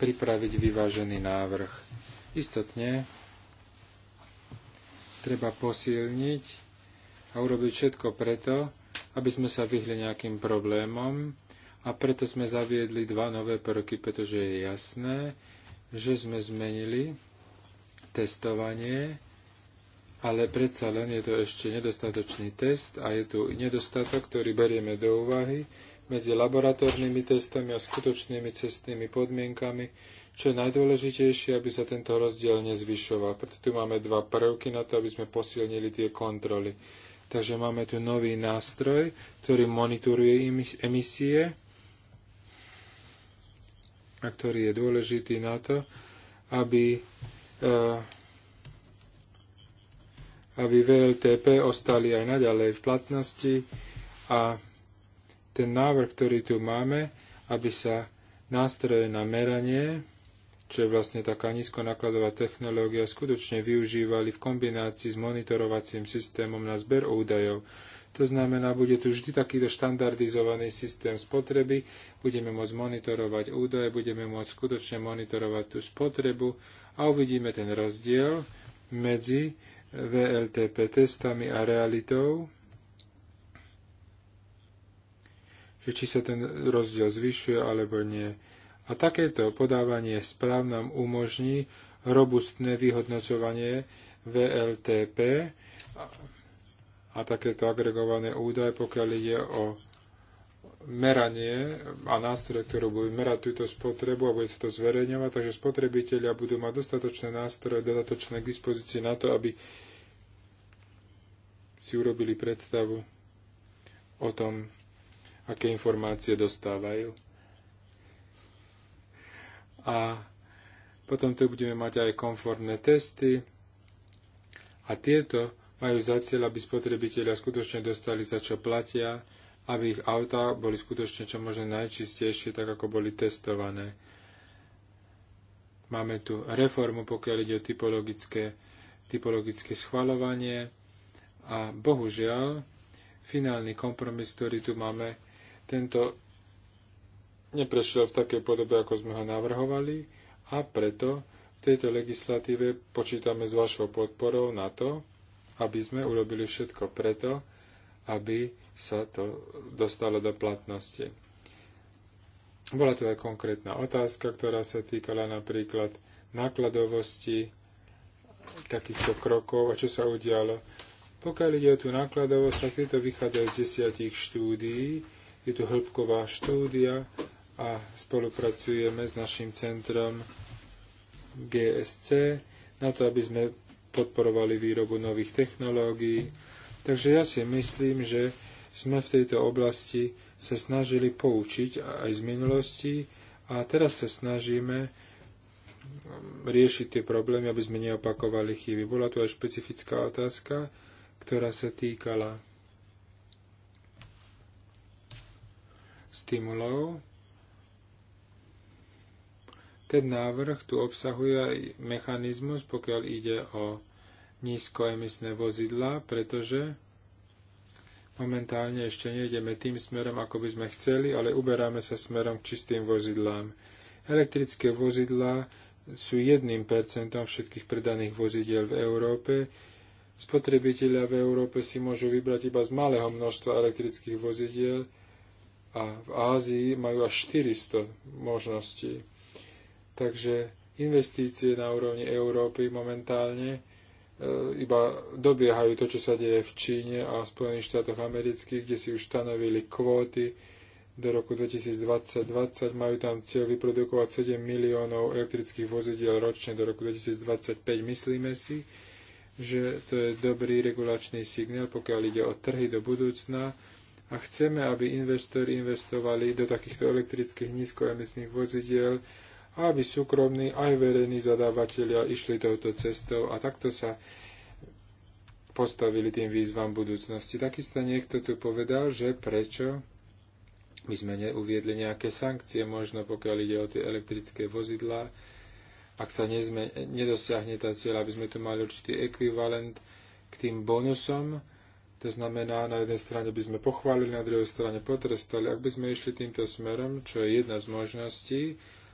pripraviť vyvážený návrh. Istotne treba posilniť a urobiť všetko preto, aby sme sa vyhli nejakým problémom a preto sme zaviedli dva nové prvky, pretože je jasné, že sme zmenili testovanie, ale predsa len je to ešte nedostatočný test a je tu nedostatok, ktorý berieme do úvahy medzi laboratórnymi testami a skutočnými cestnými podmienkami, čo je najdôležitejšie, aby sa tento rozdiel nezvyšoval. Preto tu máme dva prvky na to, aby sme posilnili tie kontroly. Takže máme tu nový nástroj, ktorý monitoruje emisie a ktorý je dôležitý na to, aby aby VLTP ostali aj naďalej v platnosti a ten návrh, ktorý tu máme, aby sa nástroje na meranie, čo je vlastne taká nízkonákladová technológia, skutočne využívali v kombinácii s monitorovacím systémom na zber údajov. To znamená, bude tu vždy takýto štandardizovaný systém spotreby, budeme môcť monitorovať údaje, budeme môcť skutočne monitorovať tú spotrebu a uvidíme ten rozdiel medzi VLTP testami a realitou, že či sa ten rozdiel zvyšuje alebo nie. A takéto podávanie správ nám umožní robustné vyhodnocovanie VLTP a takéto agregované údaje, pokiaľ ide o meranie a nástroje, ktoré budú merať túto spotrebu a bude sa to zverejňovať, takže spotrebitelia budú mať dostatočné nástroje, dodatočné k dispozícii na to, aby si urobili predstavu o tom, aké informácie dostávajú. A potom tu budeme mať aj komfortné testy a tieto majú za cieľ, aby spotrebitelia skutočne dostali za čo platia, aby ich autá boli skutočne čo možno najčistejšie, tak ako boli testované. Máme tu reformu, pokiaľ ide o typologické, typologické schvalovanie. a bohužiaľ finálny kompromis, ktorý tu máme, tento neprešiel v takej podobe, ako sme ho navrhovali a preto v tejto legislatíve počítame s vašou podporou na to, aby sme urobili všetko preto, aby sa to dostalo do platnosti. Bola tu aj konkrétna otázka, ktorá sa týkala napríklad nákladovosti takýchto krokov a čo sa udialo. Pokiaľ ide o tú nákladovosť, tak tieto vychádzajú z desiatich štúdií. Je tu hĺbková štúdia a spolupracujeme s našim centrom GSC na to, aby sme podporovali výrobu nových technológií. Takže ja si myslím, že sme v tejto oblasti sa snažili poučiť aj z minulosti a teraz sa snažíme mm, riešiť tie problémy, aby sme neopakovali chyby. Bola tu aj špecifická otázka, ktorá sa týkala stimulov. Ten návrh tu obsahuje aj mechanizmus, pokiaľ ide o nízkoemisné vozidla, pretože Momentálne ešte nejdeme tým smerom, ako by sme chceli, ale uberáme sa smerom k čistým vozidlám. Elektrické vozidlá sú 1% všetkých predaných vozidiel v Európe. Spotrebitelia v Európe si môžu vybrať iba z malého množstva elektrických vozidiel a v Ázii majú až 400 možností. Takže investície na úrovni Európy momentálne E, iba dobiehajú to, čo sa deje v Číne a v Spojených štátoch amerických, kde si už stanovili kvóty do roku 2020. 20 majú tam cieľ vyprodukovať 7 miliónov elektrických vozidiel ročne do roku 2025. Myslíme si, že to je dobrý regulačný signál, pokiaľ ide o trhy do budúcna a chceme, aby investori investovali do takýchto elektrických nízkoemisných vozidiel, aby súkromní aj verejní zadávateľia išli touto cestou a takto sa postavili tým výzvam budúcnosti. Takisto niekto tu povedal, že prečo my sme neuviedli nejaké sankcie, možno pokiaľ ide o tie elektrické vozidlá, ak sa nezme, nedosiahne tá cieľ, aby sme tu mali určitý ekvivalent k tým bonusom, to znamená, na jednej strane by sme pochválili, na druhej strane potrestali. Ak by sme išli týmto smerom, čo je jedna z možností,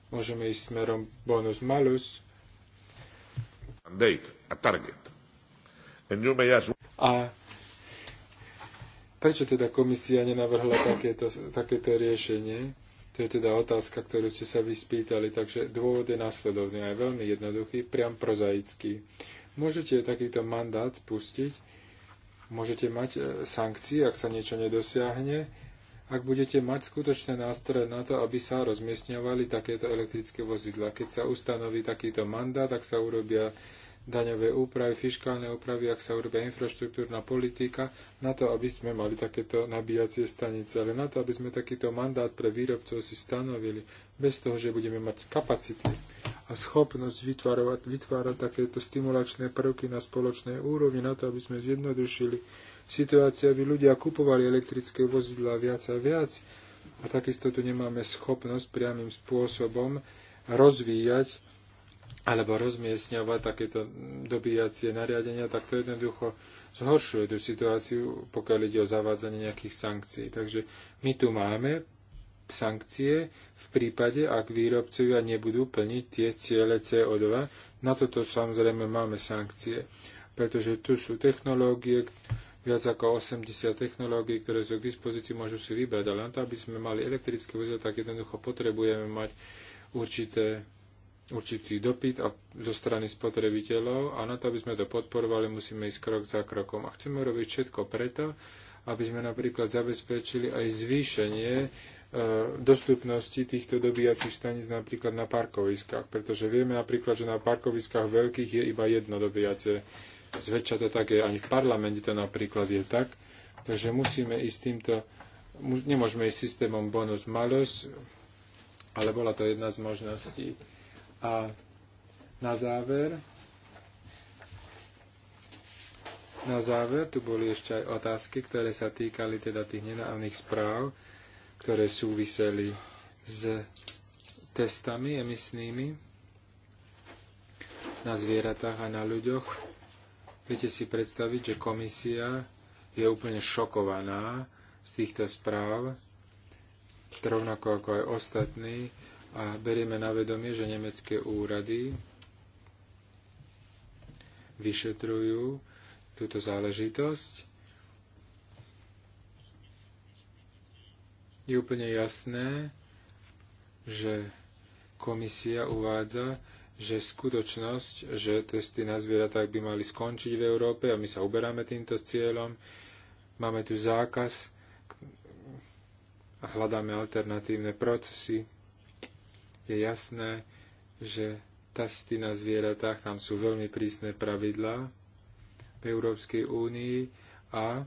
Môžeme ísť smerom bonus-malus. A prečo teda komisia nenavrhla takéto, takéto riešenie? To je teda otázka, ktorú ste sa vyspýtali. Takže dôvod je následovný aj je veľmi jednoduchý, priam prozaický. Môžete takýto mandát spustiť, môžete mať e, sankcie, ak sa niečo nedosiahne, ak budete mať skutočné nástroje na to, aby sa rozmiestňovali takéto elektrické vozidla. Keď sa ustanoví takýto mandát, tak sa urobia daňové úpravy, fiskálne úpravy, ak sa urobia infraštruktúrna politika, na to, aby sme mali takéto nabíjacie stanice, ale na to, aby sme takýto mandát pre výrobcov si stanovili, bez toho, že budeme mať kapacity a schopnosť vytvárať, vytvárať takéto stimulačné prvky na spoločnej úrovni, na to, aby sme zjednodušili situácii, aby ľudia kupovali elektrické vozidla viac a viac. A takisto tu nemáme schopnosť priamým spôsobom rozvíjať alebo rozmiestňovať takéto dobíjacie nariadenia, tak to jednoducho zhoršuje tú situáciu, pokiaľ ide o zavádzanie nejakých sankcií. Takže my tu máme sankcie v prípade, ak výrobcovia nebudú plniť tie ciele CO2. Na toto samozrejme máme sankcie, pretože tu sú technológie, viac ako 80 technológií, ktoré sú k dispozícii, môžu si vybrať. Ale na to, aby sme mali elektrické vozidlo, tak jednoducho potrebujeme mať určité, určitý dopyt a, zo strany spotrebiteľov a na to, aby sme to podporovali, musíme ísť krok za krokom. A chceme robiť všetko preto, aby sme napríklad zabezpečili aj zvýšenie e, dostupnosti týchto dobíjacích staníc napríklad na parkoviskách, pretože vieme napríklad, že na parkoviskách veľkých je iba jedno dobíjace Zväčša to také aj ani v parlamente to napríklad je tak. Takže musíme ísť týmto, nemôžeme ísť systémom bonus malus, ale bola to jedna z možností. A na záver, na záver, tu boli ešte aj otázky, ktoré sa týkali teda tých nenávnych správ, ktoré súviseli s testami emisnými na zvieratách a na ľuďoch Viete si predstaviť, že komisia je úplne šokovaná z týchto správ, rovnako ako aj ostatní, a berieme na vedomie, že nemecké úrady vyšetrujú túto záležitosť. Je úplne jasné, že komisia uvádza, že skutočnosť, že testy na zvieratách by mali skončiť v Európe a my sa uberáme týmto cieľom, máme tu zákaz a hľadáme alternatívne procesy, je jasné, že testy na zvieratách, tam sú veľmi prísne pravidlá v Európskej únii a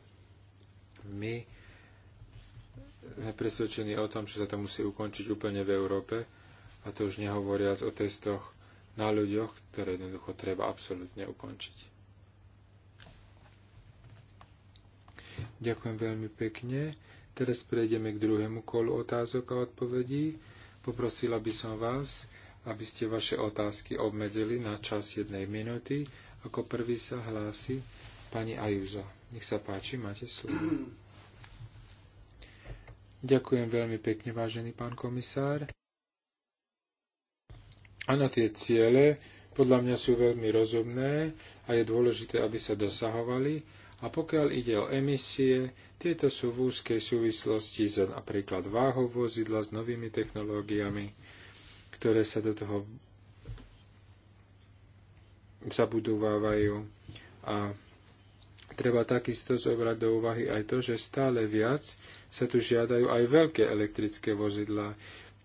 my sme presvedčení o tom, že sa to musí ukončiť úplne v Európe a to už nehovoriac o testoch na ľuďoch, ktoré jednoducho treba absolútne ukončiť. Ďakujem veľmi pekne. Teraz prejdeme k druhému kolu otázok a odpovedí. Poprosila by som vás, aby ste vaše otázky obmedzili na čas jednej minúty. Ako prvý sa hlási pani Ajuza. Nech sa páči, máte slovo. Ďakujem veľmi pekne, vážený pán komisár. Áno, tie ciele podľa mňa sú veľmi rozumné a je dôležité, aby sa dosahovali. A pokiaľ ide o emisie, tieto sú v úzkej súvislosti s napríklad váhou vozidla, s novými technológiami, ktoré sa do toho zabudovávajú. A treba takisto zobrať do úvahy aj to, že stále viac sa tu žiadajú aj veľké elektrické vozidlá.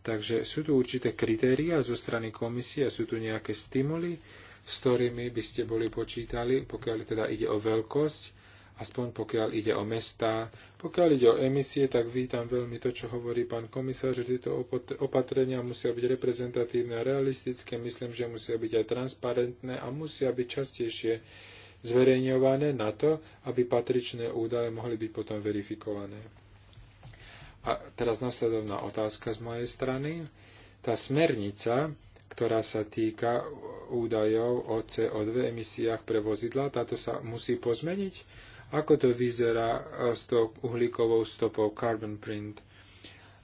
Takže sú tu určité kritéria zo strany komisie, sú tu nejaké stimuly, s ktorými by ste boli počítali, pokiaľ teda ide o veľkosť, aspoň pokiaľ ide o mestá. Pokiaľ ide o emisie, tak vítam veľmi to, čo hovorí pán komisár, že tieto opatrenia musia byť reprezentatívne a realistické, myslím, že musia byť aj transparentné a musia byť častejšie zverejňované na to, aby patričné údaje mohli byť potom verifikované. A teraz nasledovná otázka z mojej strany. Tá smernica, ktorá sa týka údajov o CO2 emisiách pre vozidla, táto sa musí pozmeniť? Ako to vyzerá e, s tou uhlíkovou stopou carbon print?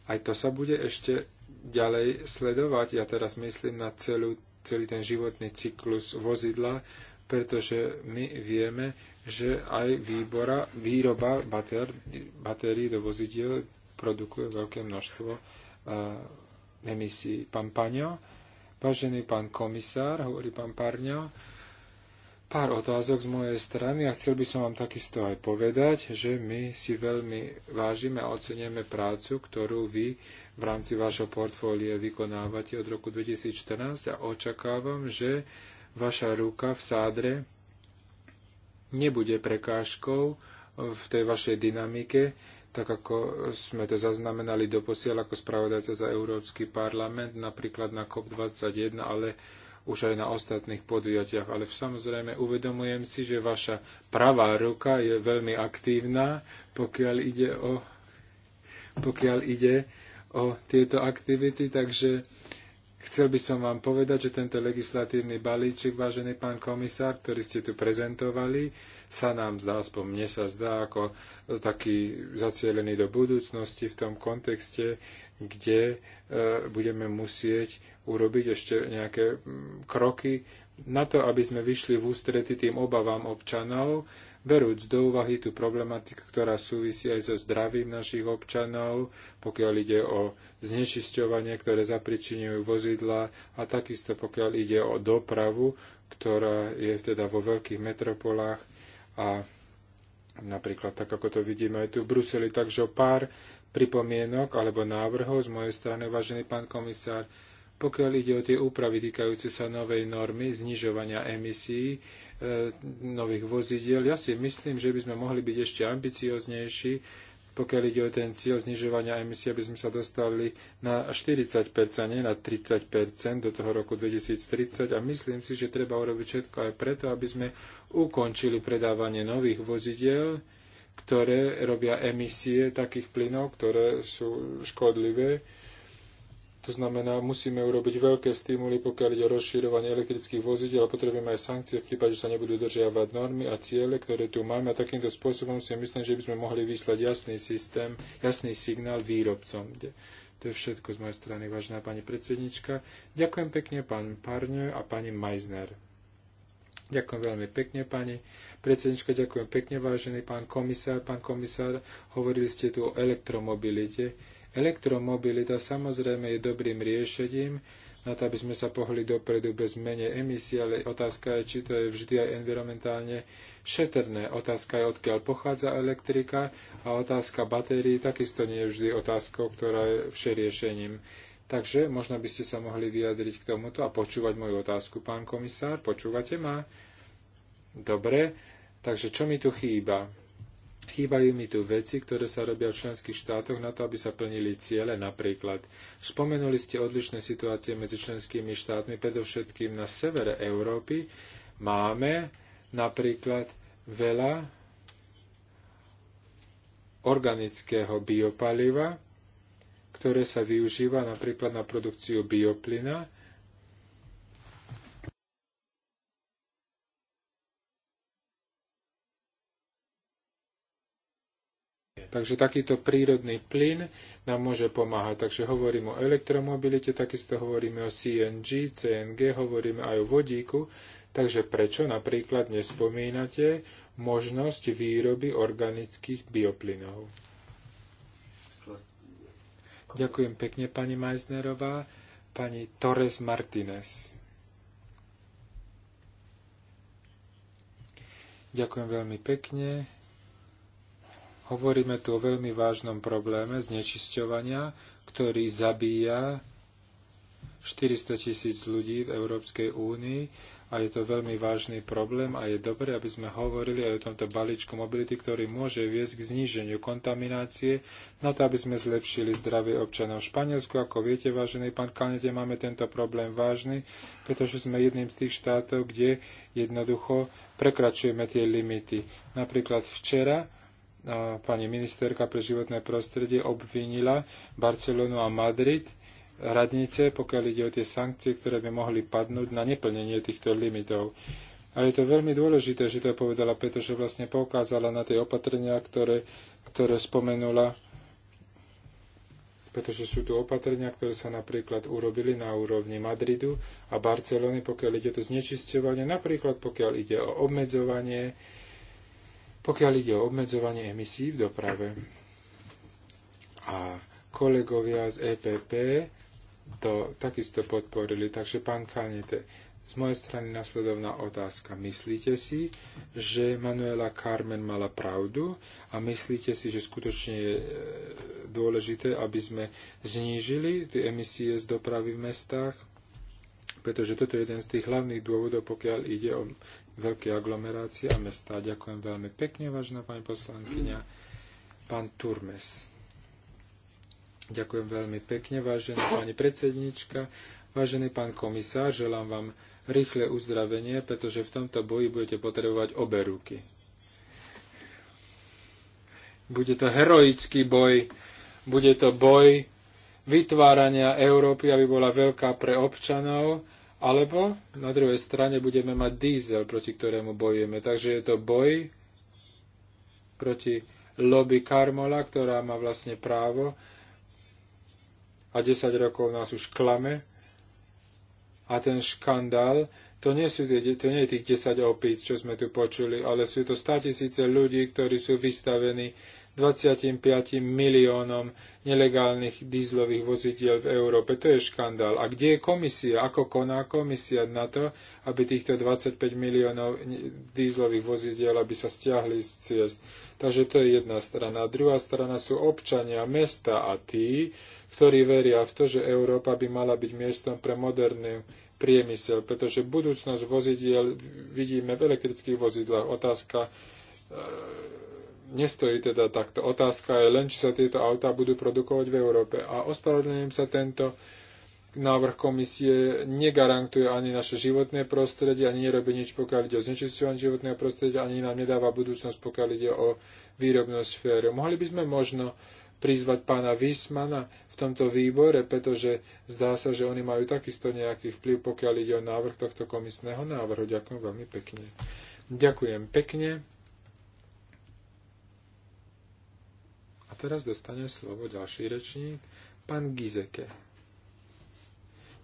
Aj to sa bude ešte ďalej sledovať. Ja teraz myslím na celú, celý ten životný cyklus vozidla, pretože my vieme, že aj výbora, výroba batérií do vozidiel produkuje veľké množstvo e, emisí. Pán Paňo, vážený pán komisár, hovorí pán Parňo, pár otázok z mojej strany a chcel by som vám takisto aj povedať, že my si veľmi vážime a ocenujeme prácu, ktorú vy v rámci vášho portfólie vykonávate od roku 2014 a očakávam, že vaša ruka v sádre nebude prekážkou v tej vašej dynamike, tak ako sme to zaznamenali doposiaľ ako spravodajca za Európsky parlament, napríklad na COP21, ale už aj na ostatných podujatiach. Ale samozrejme uvedomujem si, že vaša pravá ruka je veľmi aktívna, pokiaľ ide o, pokiaľ ide o tieto aktivity, takže Chcel by som vám povedať, že tento legislatívny balíček, vážený pán komisár, ktorý ste tu prezentovali, sa nám zdá, aspoň mne sa zdá, ako e, taký zacielený do budúcnosti v tom kontexte, kde e, budeme musieť urobiť ešte nejaké mm, kroky na to, aby sme vyšli v ústrety tým obavám občanov, berúc do úvahy tú problematiku, ktorá súvisí aj so zdravím našich občanov, pokiaľ ide o znečisťovanie, ktoré zapričinujú vozidla a takisto pokiaľ ide o dopravu, ktorá je teda vo veľkých metropolách a napríklad tak, ako to vidíme aj tu v Bruseli. Takže o pár pripomienok alebo návrhov z mojej strany, vážený pán komisár, pokiaľ ide o tie úpravy týkajúce sa novej normy znižovania emisí e, nových vozidiel, ja si myslím, že by sme mohli byť ešte ambicioznejší, pokiaľ ide o ten cieľ znižovania emisí, aby sme sa dostali na 40%, nie na 30% do toho roku 2030 a myslím si, že treba urobiť všetko aj preto, aby sme ukončili predávanie nových vozidiel, ktoré robia emisie takých plynov, ktoré sú škodlivé to znamená, musíme urobiť veľké stimuly, pokiaľ ide o rozširovanie elektrických vozidel a potrebujeme aj sankcie v prípade, že sa nebudú držiavať normy a ciele, ktoré tu máme. A takýmto spôsobom si myslím, že by sme mohli vyslať jasný systém, jasný signál výrobcom. To je všetko z mojej strany, vážená pani predsednička. Ďakujem pekne pán Parňo a pani Meisner. Ďakujem veľmi pekne, pani predsednička, ďakujem pekne, vážený pán komisár. Pán komisár, hovorili ste tu o elektromobilite. Elektromobilita samozrejme je dobrým riešením na to, aby sme sa pohli dopredu bez menej emisí, ale otázka je, či to je vždy aj environmentálne šetrné. Otázka je, odkiaľ pochádza elektrika a otázka batérií takisto nie je vždy otázkou, ktorá je všeriešením. Takže možno by ste sa mohli vyjadriť k tomuto a počúvať moju otázku, pán komisár. Počúvate ma? Dobre. Takže čo mi tu chýba? Chýbajú mi tu veci, ktoré sa robia v členských štátoch na to, aby sa plnili ciele. Napríklad, spomenuli ste odlišné situácie medzi členskými štátmi, predovšetkým na severe Európy. Máme napríklad veľa organického biopaliva, ktoré sa využíva napríklad na produkciu bioplina, Takže takýto prírodný plyn nám môže pomáhať. Takže hovorím o elektromobilite, takisto hovoríme o CNG, CNG, hovoríme aj o vodíku. Takže prečo napríklad nespomínate možnosť výroby organických bioplynov? Ďakujem pekne, pani Majznerová. Pani Torres Martinez. Ďakujem veľmi pekne. Hovoríme tu o veľmi vážnom probléme znečisťovania, ktorý zabíja 400 tisíc ľudí v Európskej únii a je to veľmi vážny problém a je dobré, aby sme hovorili aj o tomto balíčku mobility, ktorý môže viesť k zníženiu kontaminácie, na to, aby sme zlepšili zdravie občanov v Španielsku. Ako viete, vážený pán Kalnete, máme tento problém vážny, pretože sme jedným z tých štátov, kde jednoducho prekračujeme tie limity. Napríklad včera pani ministerka pre životné prostredie obvinila Barcelonu a Madrid radnice, pokiaľ ide o tie sankcie, ktoré by mohli padnúť na neplnenie týchto limitov. A je to veľmi dôležité, že to povedala, pretože vlastne poukázala na tie opatrenia, ktoré, ktoré spomenula, pretože sú tu opatrenia, ktoré sa napríklad urobili na úrovni Madridu a Barcelony, pokiaľ ide o to znečisťovanie, napríklad pokiaľ ide o obmedzovanie pokiaľ ide o obmedzovanie emisí v doprave a kolegovia z EPP to takisto podporili, takže pán Kanete, z mojej strany nasledovná otázka. Myslíte si, že Manuela Carmen mala pravdu a myslíte si, že skutočne je e, dôležité, aby sme znížili tie emisie z dopravy v mestách? Pretože toto je jeden z tých hlavných dôvodov, pokiaľ ide o veľké aglomerácie a mestá. Ďakujem veľmi pekne, vážená pani poslankyňa. Pán Turmes. Ďakujem veľmi pekne, vážená pani predsednička. Vážený pán komisár, želám vám rýchle uzdravenie, pretože v tomto boji budete potrebovať obe ruky. Bude to heroický boj, bude to boj vytvárania Európy, aby bola veľká pre občanov, alebo na druhej strane budeme mať diesel, proti ktorému bojujeme. Takže je to boj proti lobby Karmola, ktorá má vlastne právo a 10 rokov nás už klame. A ten škandál, to nie, sú tie, to nie je tých 10 opíc, čo sme tu počuli, ale sú to 100 tisíce ľudí, ktorí sú vystavení 25 miliónom nelegálnych dízlových vozidiel v Európe. To je škandál. A kde je komisia? Ako koná komisia na to, aby týchto 25 miliónov dízlových vozidiel aby sa stiahli z ciest? Takže to je jedna strana. Druhá strana sú občania, mesta a tí, ktorí veria v to, že Európa by mala byť miestom pre moderný priemysel, pretože budúcnosť vozidiel vidíme v elektrických vozidlách. Otázka e, nestojí teda takto. Otázka je len, či sa tieto autá budú produkovať v Európe. A ospravedlňujem sa tento návrh komisie negarantuje ani naše životné prostredie, ani nerobí nič, pokiaľ ide o znečistovanie životného prostredia, ani nám nedáva budúcnosť, pokiaľ ide o výrobnú sféru. Mohli by sme možno prizvať pána Wiesmana v tomto výbore, pretože zdá sa, že oni majú takisto nejaký vplyv, pokiaľ ide o návrh tohto komisného návrhu. Ďakujem veľmi pekne. Ďakujem pekne. teraz dostane slovo ďalší rečník, pán Gizeke.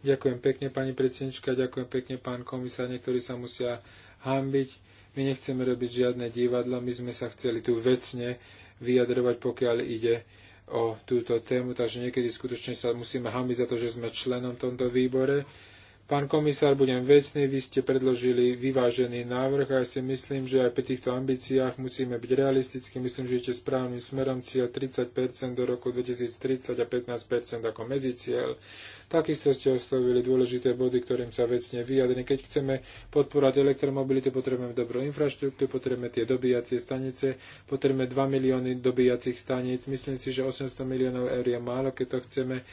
Ďakujem pekne, pani predsednička, ďakujem pekne, pán komisár, niektorí sa musia hambiť. My nechceme robiť žiadne divadlo, my sme sa chceli tu vecne vyjadrovať, pokiaľ ide o túto tému, takže niekedy skutočne sa musíme hambiť za to, že sme členom tomto výbore Pán komisár, budem vecný, vy ste predložili vyvážený návrh a ja si myslím, že aj pri týchto ambíciách musíme byť realistickí. Myslím, že ešte správnym smerom cieľ 30 do roku 2030 a 15 ako medzicieľ. Takisto ste oslovili dôležité body, ktorým sa vecne vyjadri. Keď chceme podporovať elektromobilitu, potrebujeme dobrú infraštruktúru, potrebujeme tie dobíjacie stanice, potrebujeme 2 milióny dobíjacích staníc. Myslím si, že 800 miliónov eur je málo, keď to chceme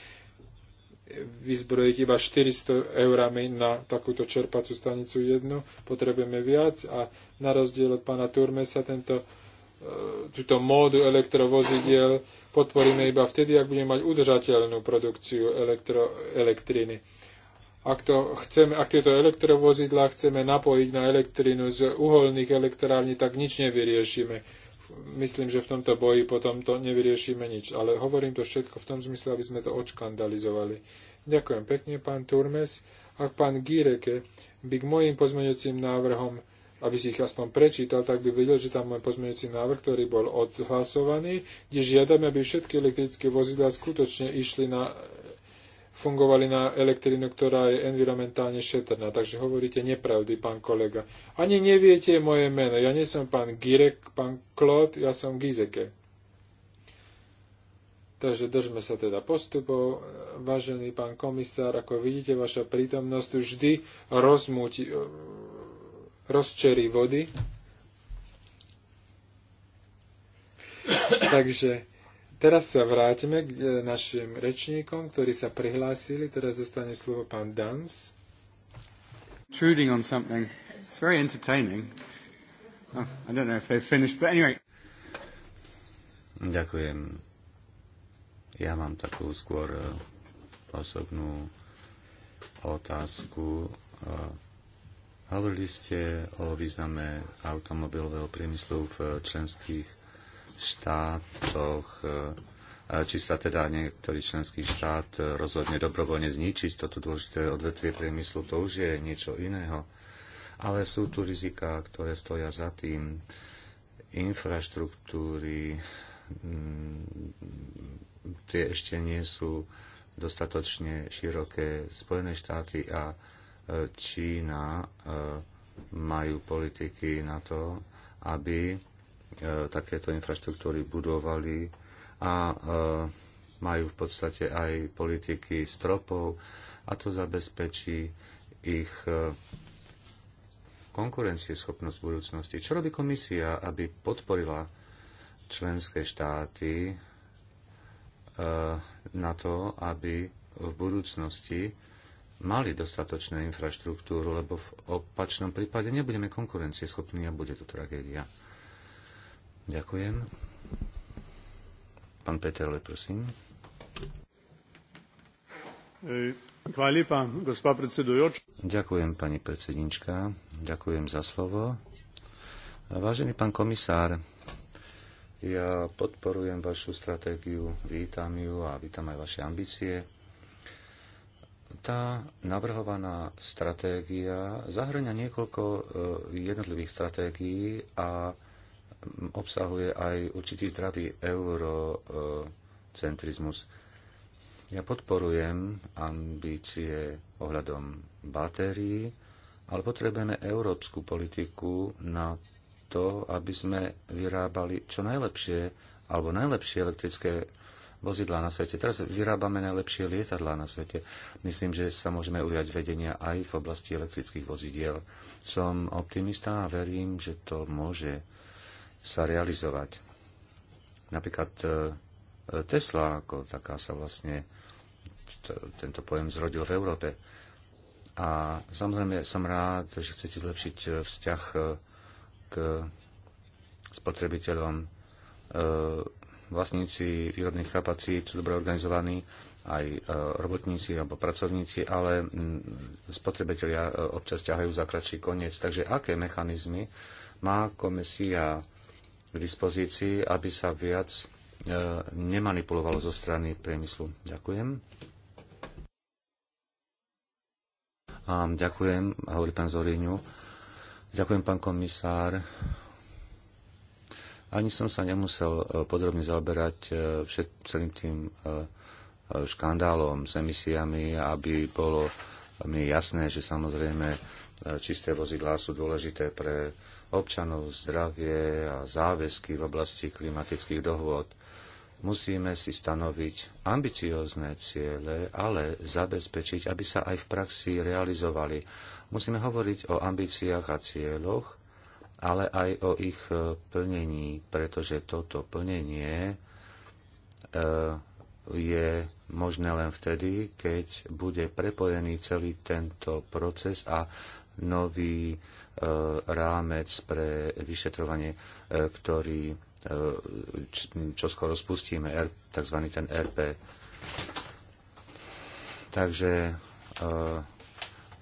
vyzbrojiť iba 400 eurami na takúto čerpacú stanicu jednu. Potrebujeme viac a na rozdiel od pána Turmesa tento, e, túto módu elektrovozidiel podporíme iba vtedy, ak budeme mať udržateľnú produkciu elektro, elektriny. Ak, to chceme, ak tieto elektrovozidlá chceme napojiť na elektrínu z uholných elektrární, tak nič nevyriešime myslím, že v tomto boji potom to nevyriešime nič. Ale hovorím to všetko v tom zmysle, aby sme to odškandalizovali. Ďakujem pekne, pán Turmes. Ak pán Gíreke by k mojim pozmeňujúcim návrhom, aby si ich aspoň prečítal, tak by vedel, že tam môj pozmeňujúci návrh, ktorý bol odhlasovaný, kde žiadame, aby všetky elektrické vozidlá skutočne išli na fungovali na elektrínu, ktorá je environmentálne šetrná. Takže hovoríte nepravdy, pán kolega. Ani neviete moje meno. Ja nie som pán Girek, pán klot, ja som Gizeke. Takže držme sa teda postupov. Vážený pán komisár, ako vidíte, vaša prítomnosť vždy rozmúti, rozčerí vody. Takže Teraz sa vrátime k e, našim rečníkom, ktorí sa prihlásili. Teraz zostane slovo pán Dans. Truding on something. It's very entertaining. Oh, I don't know if they've finished, but anyway. Ďakujem. Ja mám takú skôr e, osobnú otázku. E, hovorili ste o význame automobilového priemyslu v členských štátoch, e, či sa teda niektorý členský štát rozhodne dobrovoľne zničiť toto dôležité odvetvie priemyslu, to už je niečo iného. Ale sú tu rizika, ktoré stoja za tým infraštruktúry, mm, tie ešte nie sú dostatočne široké. Spojené štáty a e, Čína e, majú politiky na to, aby E, takéto infraštruktúry budovali a e, majú v podstate aj politiky stropov a to zabezpečí ich e, konkurencieschopnosť v budúcnosti. Čo robí komisia, aby podporila členské štáty na to, aby v budúcnosti mali dostatočnú infraštruktúru, lebo v opačnom prípade nebudeme konkurencieschopní a bude tu tragédia. Ďakujem. Pán ale prosím. E, Ďakujem, pani predsednička. Ďakujem za slovo. Vážený pán komisár, ja podporujem vašu stratégiu, vítam ju a vítam aj vaše ambície. Tá navrhovaná stratégia zahrňa niekoľko e, jednotlivých stratégií a obsahuje aj určitý zdravý eurocentrizmus. Ja podporujem ambície ohľadom batérií, ale potrebujeme európsku politiku na to, aby sme vyrábali čo najlepšie alebo najlepšie elektrické vozidlá na svete. Teraz vyrábame najlepšie lietadlá na svete. Myslím, že sa môžeme ujať vedenia aj v oblasti elektrických vozidiel. Som optimista a verím, že to môže sa realizovať. Napríklad e, e, Tesla, ako taká sa vlastne tento pojem zrodil v Európe. A samozrejme som rád, že chcete zlepšiť e, vzťah k spotrebiteľom. Vlastníci výrobných kapacít sú dobre organizovaní, aj robotníci alebo pracovníci, ale spotrebitelia občas ťahajú za kratší koniec. Takže aké mechanizmy má komisia k dispozícii, aby sa viac e, nemanipulovalo zo strany priemyslu. Ďakujem. Ďakujem, hovorí pán Zoríňu. Ďakujem, pán komisár. Ani som sa nemusel e, podrobne zaoberať e, všet, celým tým škandálom s emisiami, aby bolo mi jasné, že samozrejme čisté vozidlá sú dôležité pre občanov, zdravie a záväzky v oblasti klimatických dohôd. Musíme si stanoviť ambiciózne ciele, ale zabezpečiť, aby sa aj v praxi realizovali. Musíme hovoriť o ambíciách a cieľoch, ale aj o ich e, plnení, pretože toto plnenie e, je možné len vtedy, keď bude prepojený celý tento proces a nový e, rámec pre vyšetrovanie, e, ktorý e, čo skoro spustíme, tzv. ten RP. Takže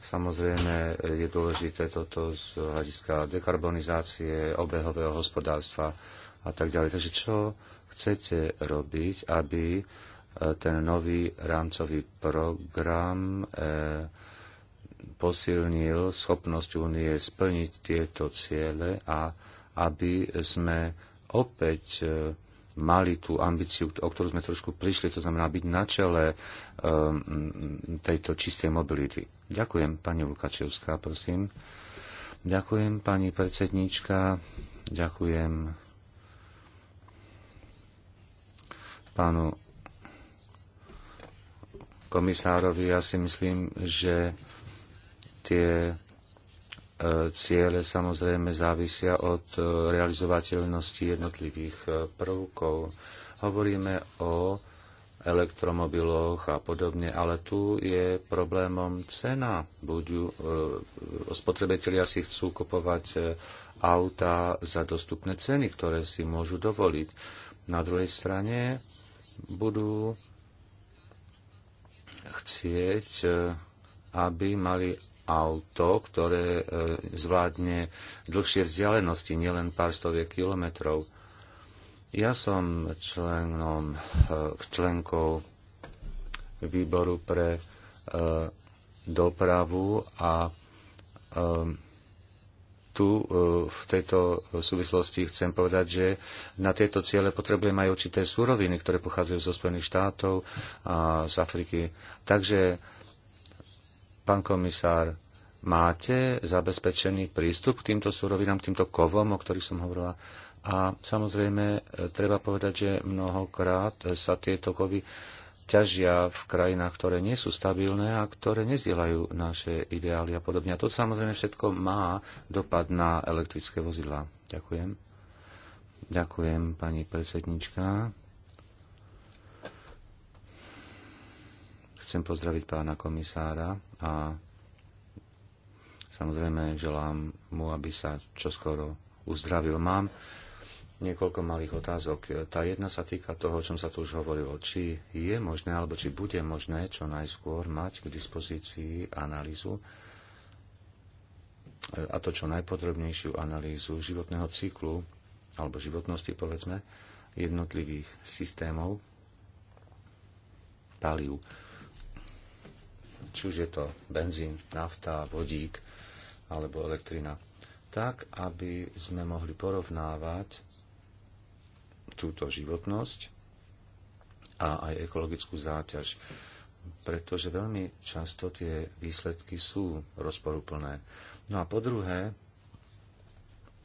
Samozrejme je dôležité toto z hľadiska dekarbonizácie, obehového hospodárstva a tak ďalej. Takže čo chcete robiť, aby ten nový rámcový program posilnil schopnosť únie splniť tieto ciele a aby sme opäť e, mali tú ambíciu, o ktorú sme trošku prišli, to znamená byť na čele um, tejto čistej mobility. Ďakujem, pani Lukačevská, prosím. Ďakujem, pani predsedníčka. Ďakujem pánu komisárovi. Ja si myslím, že Tie e, ciele samozrejme závisia od e, realizovateľnosti jednotlivých e, prvkov. Hovoríme o elektromobiloch a podobne, ale tu je problémom cena. Budú, spotrebitelia si chcú kupovať auta za dostupné ceny, ktoré si môžu dovoliť. Na druhej strane budú chcieť, aby mali auto, ktoré e, zvládne dlhšie vzdialenosti, nielen pár stoviek kilometrov. Ja som členom, e, členkou výboru pre e, dopravu a tu v tejto súvislosti chcem povedať, že na tieto ciele potrebujeme aj určité súroviny, ktoré pochádzajú zo Spojených štátov a z Afriky. Takže Pán komisár, máte zabezpečený prístup k týmto súrovinám, k týmto kovom, o ktorých som hovorila? A samozrejme, e, treba povedať, že mnohokrát sa tieto kovy ťažia v krajinách, ktoré nie sú stabilné a ktoré nezdielajú naše ideály a podobne. A to samozrejme všetko má dopad na elektrické vozidlá. Ďakujem. Ďakujem, pani predsednička. Chcem pozdraviť pána komisára a samozrejme želám mu, aby sa čoskoro uzdravil. Mám niekoľko malých otázok. Tá jedna sa týka toho, o čom sa tu už hovorilo. Či je možné, alebo či bude možné čo najskôr mať k dispozícii analýzu a to čo najpodrobnejšiu analýzu životného cyklu alebo životnosti, povedzme, jednotlivých systémov palív či už je to benzín, nafta, vodík alebo elektrina, tak aby sme mohli porovnávať túto životnosť a aj ekologickú záťaž, pretože veľmi často tie výsledky sú rozporúplné. No a po druhé,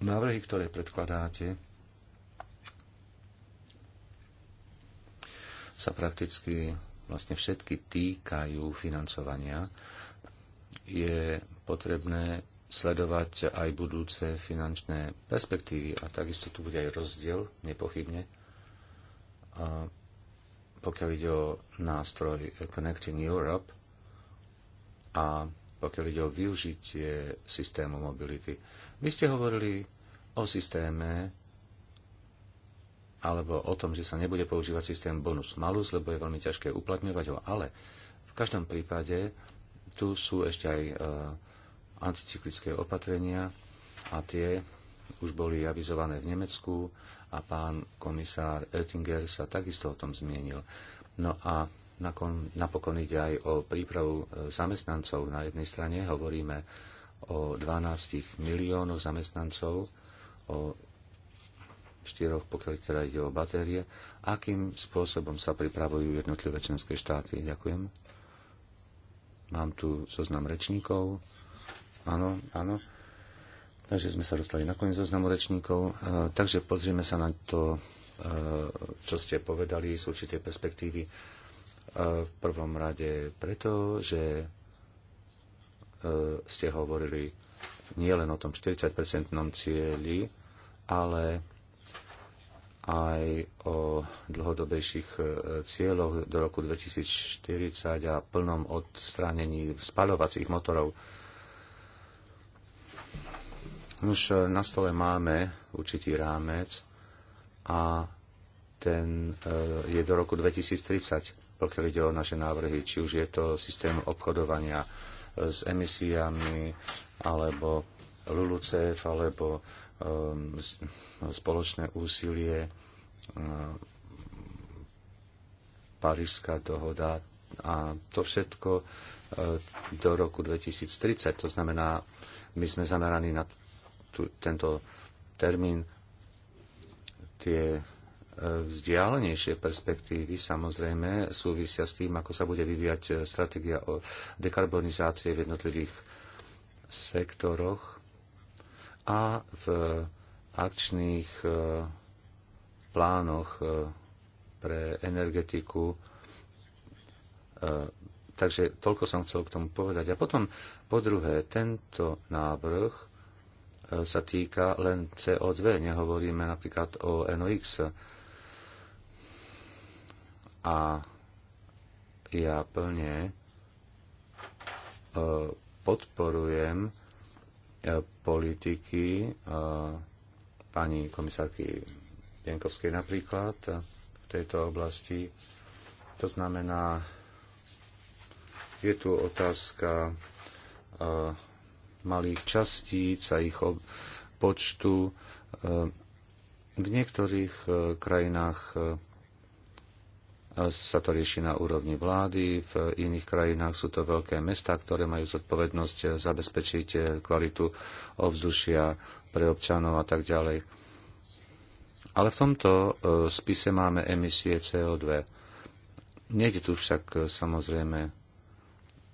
návrhy, ktoré predkladáte, sa prakticky vlastne všetky týkajú financovania, je potrebné sledovať aj budúce finančné perspektívy a takisto tu bude aj rozdiel, nepochybne, a pokiaľ ide o nástroj Connecting Europe a pokiaľ ide o využitie systému mobility. Vy ste hovorili o systéme, alebo o tom, že sa nebude používať systém bonus malus, lebo je veľmi ťažké uplatňovať ho. Ale v každom prípade tu sú ešte aj e, anticyklické opatrenia a tie už boli avizované v Nemecku a pán komisár Oettinger sa takisto o tom zmienil. No a nakon, napokon ide aj o prípravu e, zamestnancov. Na jednej strane hovoríme o 12 miliónoch zamestnancov, o štyroch, pokiaľ teda ide o batérie. Akým spôsobom sa pripravujú jednotlivé členské štáty? Ďakujem. Mám tu zoznam rečníkov. Áno, áno. Takže sme sa dostali na koniec zoznamu rečníkov. E, takže pozrieme sa na to, e, čo ste povedali z určitej perspektívy. E, v prvom rade preto, že ste hovorili nielen o tom 40-percentnom cieli, ale aj o dlhodobejších e, cieľoch do roku 2040 a plnom odstránení spaľovacích motorov. Už e, na stole máme určitý rámec a ten e, je do roku 2030, pokiaľ ide o naše návrhy, či už je to systém obchodovania s emisiami, alebo LULUCF, alebo Um, spoločné úsilie, um, Parížská dohoda a to všetko uh, do roku 2030. To znamená, my sme zameraní na tento termín. Tie uh, vzdialenejšie perspektívy samozrejme súvisia s tým, ako sa bude vyvíjať uh, stratégia o dekarbonizácie v jednotlivých sektoroch a v akčných e, plánoch e, pre energetiku. E, takže toľko som chcel k tomu povedať. A potom, po druhé, tento návrh sa týka len CO2, nehovoríme napríklad o NOx. A ja plne podporujem E, politiky e, pani komisárky Jenkovskej napríklad e, v tejto oblasti. To znamená, je tu otázka malých častíc a ich počtu. V niektorých krajinách sa to rieši na úrovni vlády, v iných krajinách sú to veľké mesta, ktoré majú zodpovednosť zabezpečiť kvalitu ovzdušia pre občanov a tak ďalej. Ale v tomto e, spise máme emisie CO2. Nejde tu však e, samozrejme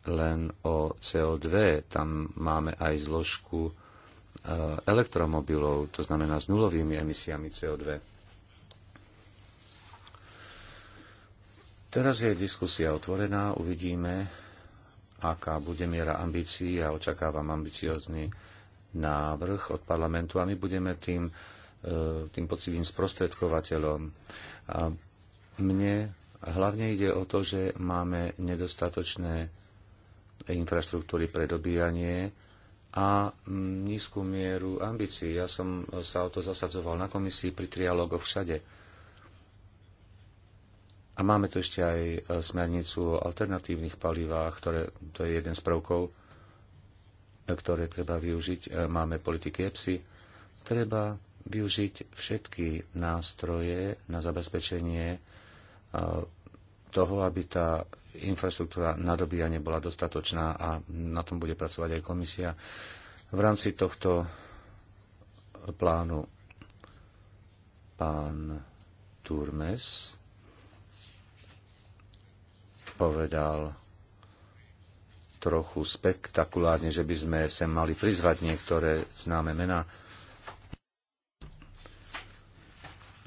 len o CO2, tam máme aj zložku e, elektromobilov, to znamená s nulovými emisiami CO2. Teraz je diskusia otvorená, uvidíme, aká bude miera ambícií a ja očakávam ambiciózny návrh od parlamentu a my budeme tým, e, tým pocivým sprostredkovateľom. A mne hlavne ide o to, že máme nedostatočné infraštruktúry pre dobíjanie a mm, nízku mieru ambícií. Ja som sa o to zasadzoval na komisii pri trialógoch všade. A máme tu ešte aj e, smernicu o alternatívnych palivách, ktoré, to je jeden z prvkov, e, ktoré treba využiť. E, máme politiky EPSI. Treba využiť všetky nástroje na zabezpečenie toho, aby tá infraštruktúra nadobíjania bola dostatočná a na tom bude pracovať aj komisia. V rámci tohto plánu pán Turmes povedal trochu spektakulárne, že by sme sem mali prizvať niektoré známe mená.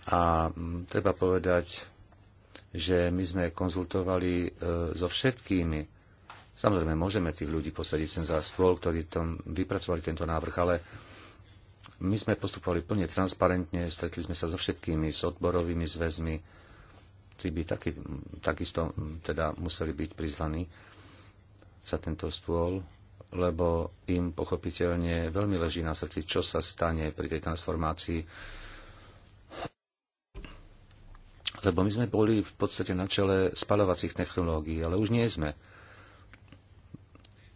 A treba povedať, že my sme konzultovali e, so všetkými. Samozrejme, môžeme tých ľudí posadiť sem za stôl, ktorí tam vypracovali tento návrh, ale my sme postupovali plne transparentne, stretli sme sa so všetkými, s odborovými zväzmi, tí by taky, takisto teda museli byť prizvaní za tento stôl, lebo im pochopiteľne veľmi leží na srdci, čo sa stane pri tej transformácii. Lebo my sme boli v podstate na čele spalovacích technológií, ale už nie sme.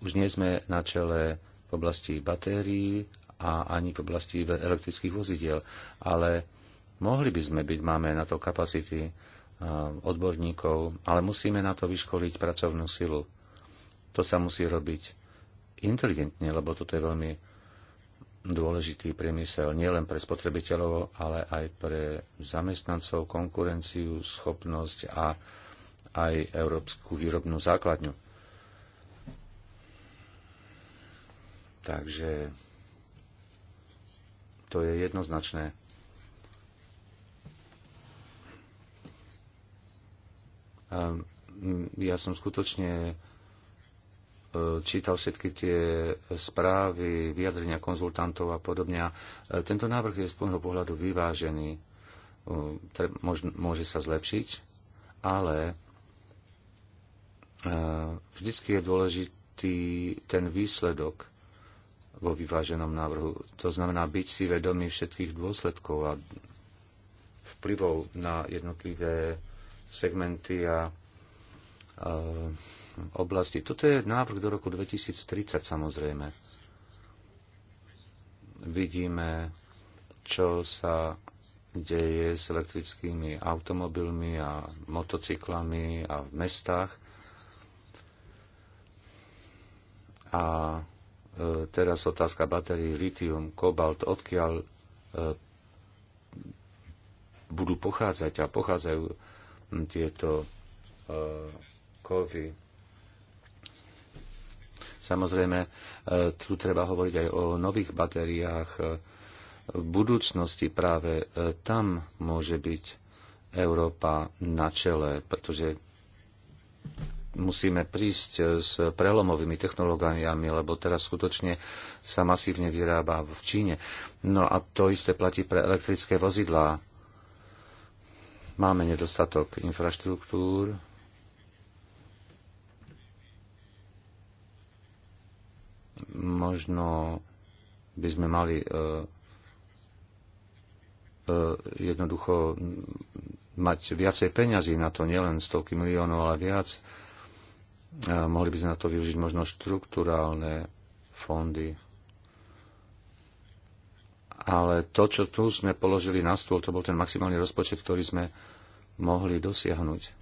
Už nie sme na čele v oblasti batérií a ani v oblasti elektrických vozidiel, ale mohli by sme byť, máme na to kapacity, odborníkov, ale musíme na to vyškoliť pracovnú silu. To sa musí robiť inteligentne, lebo toto je veľmi dôležitý priemysel nielen pre spotrebiteľov, ale aj pre zamestnancov, konkurenciu, schopnosť a aj európsku výrobnú základňu. Takže to je jednoznačné. Mm, ja som skutočne e, čítal všetky tie správy, vyjadrenia konzultantov a podobne. E, tento návrh je z môjho pohľadu vyvážený. Môže sa zlepšiť, ale e, vždycky je dôležitý ten výsledok vo vyváženom návrhu. To znamená byť si vedomý všetkých dôsledkov a vplyvov na jednotlivé segmenty a oblasti. Toto je návrh do roku 2030 samozrejme. Vidíme, čo sa deje s elektrickými automobilmi a motocyklami a v mestách. A e, teraz otázka batérií litium, kobalt, odkiaľ e, budú pochádzať a pochádzajú tieto e, kovy. Samozrejme, e, tu treba hovoriť aj o nových batériách. E, v budúcnosti práve tam môže byť Európa na čele, pretože musíme prísť s prelomovými technológiami, lebo teraz skutočne sa masívne vyrába v Číne. No a to isté platí pre elektrické vozidlá. Máme nedostatok infraštruktúr, možno by sme mali e, e, jednoducho mať viacej peňazí na to, nielen stovky miliónov, ale viac. E, mohli by sme na to využiť možno štruktúrálne fondy ale to, čo tu sme položili na stôl, to bol ten maximálny rozpočet, ktorý sme mohli dosiahnuť.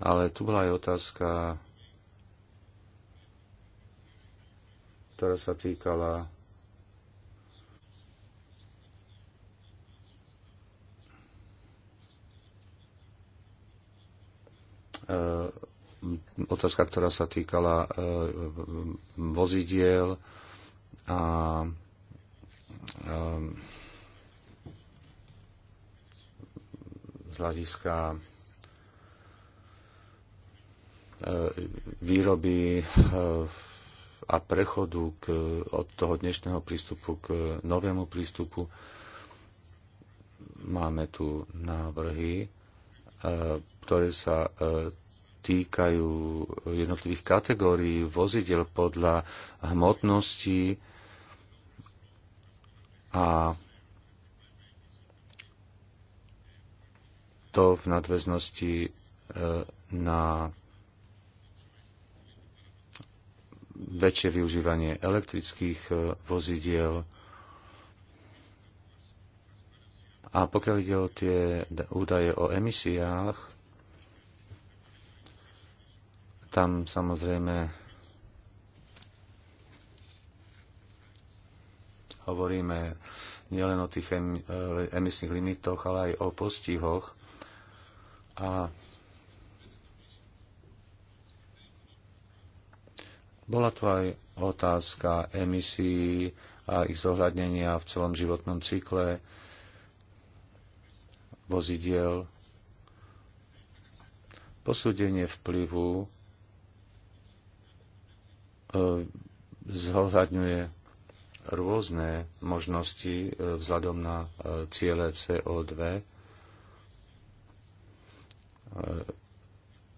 Ale tu bola aj otázka, ktorá sa týkala otázka, ktorá sa týkala e, vozidiel a e, z hľadiska e, výroby a prechodu k, od toho dnešného prístupu k novému prístupu. Máme tu návrhy, ktoré sa týkajú jednotlivých kategórií vozidel podľa hmotnosti a to v nadväznosti e, na väčšie využívanie elektrických e, vozidiel. A pokiaľ ide o tie údaje o emisiách, tam samozrejme hovoríme nielen o tých e, emisných limitoch, ale aj o postihoch. A bola tu aj otázka emisí a ich zohľadnenia v celom životnom cykle vozidiel, posúdenie vplyvu E, zohľadňuje rôzne možnosti e, vzhľadom na e, ciele CO2.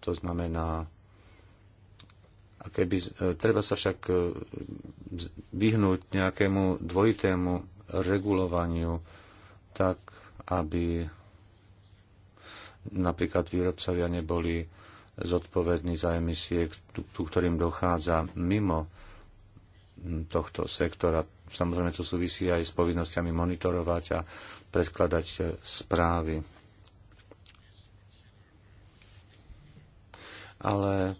To znamená, keby, treba sa však vyhnúť nejakému dvojitému regulovaniu tak, aby napríklad výrobcovia neboli zodpovední za emisie, ku ktorým dochádza mimo tohto sektora. Samozrejme, to súvisí aj s povinnosťami monitorovať a predkladať e, správy. Ale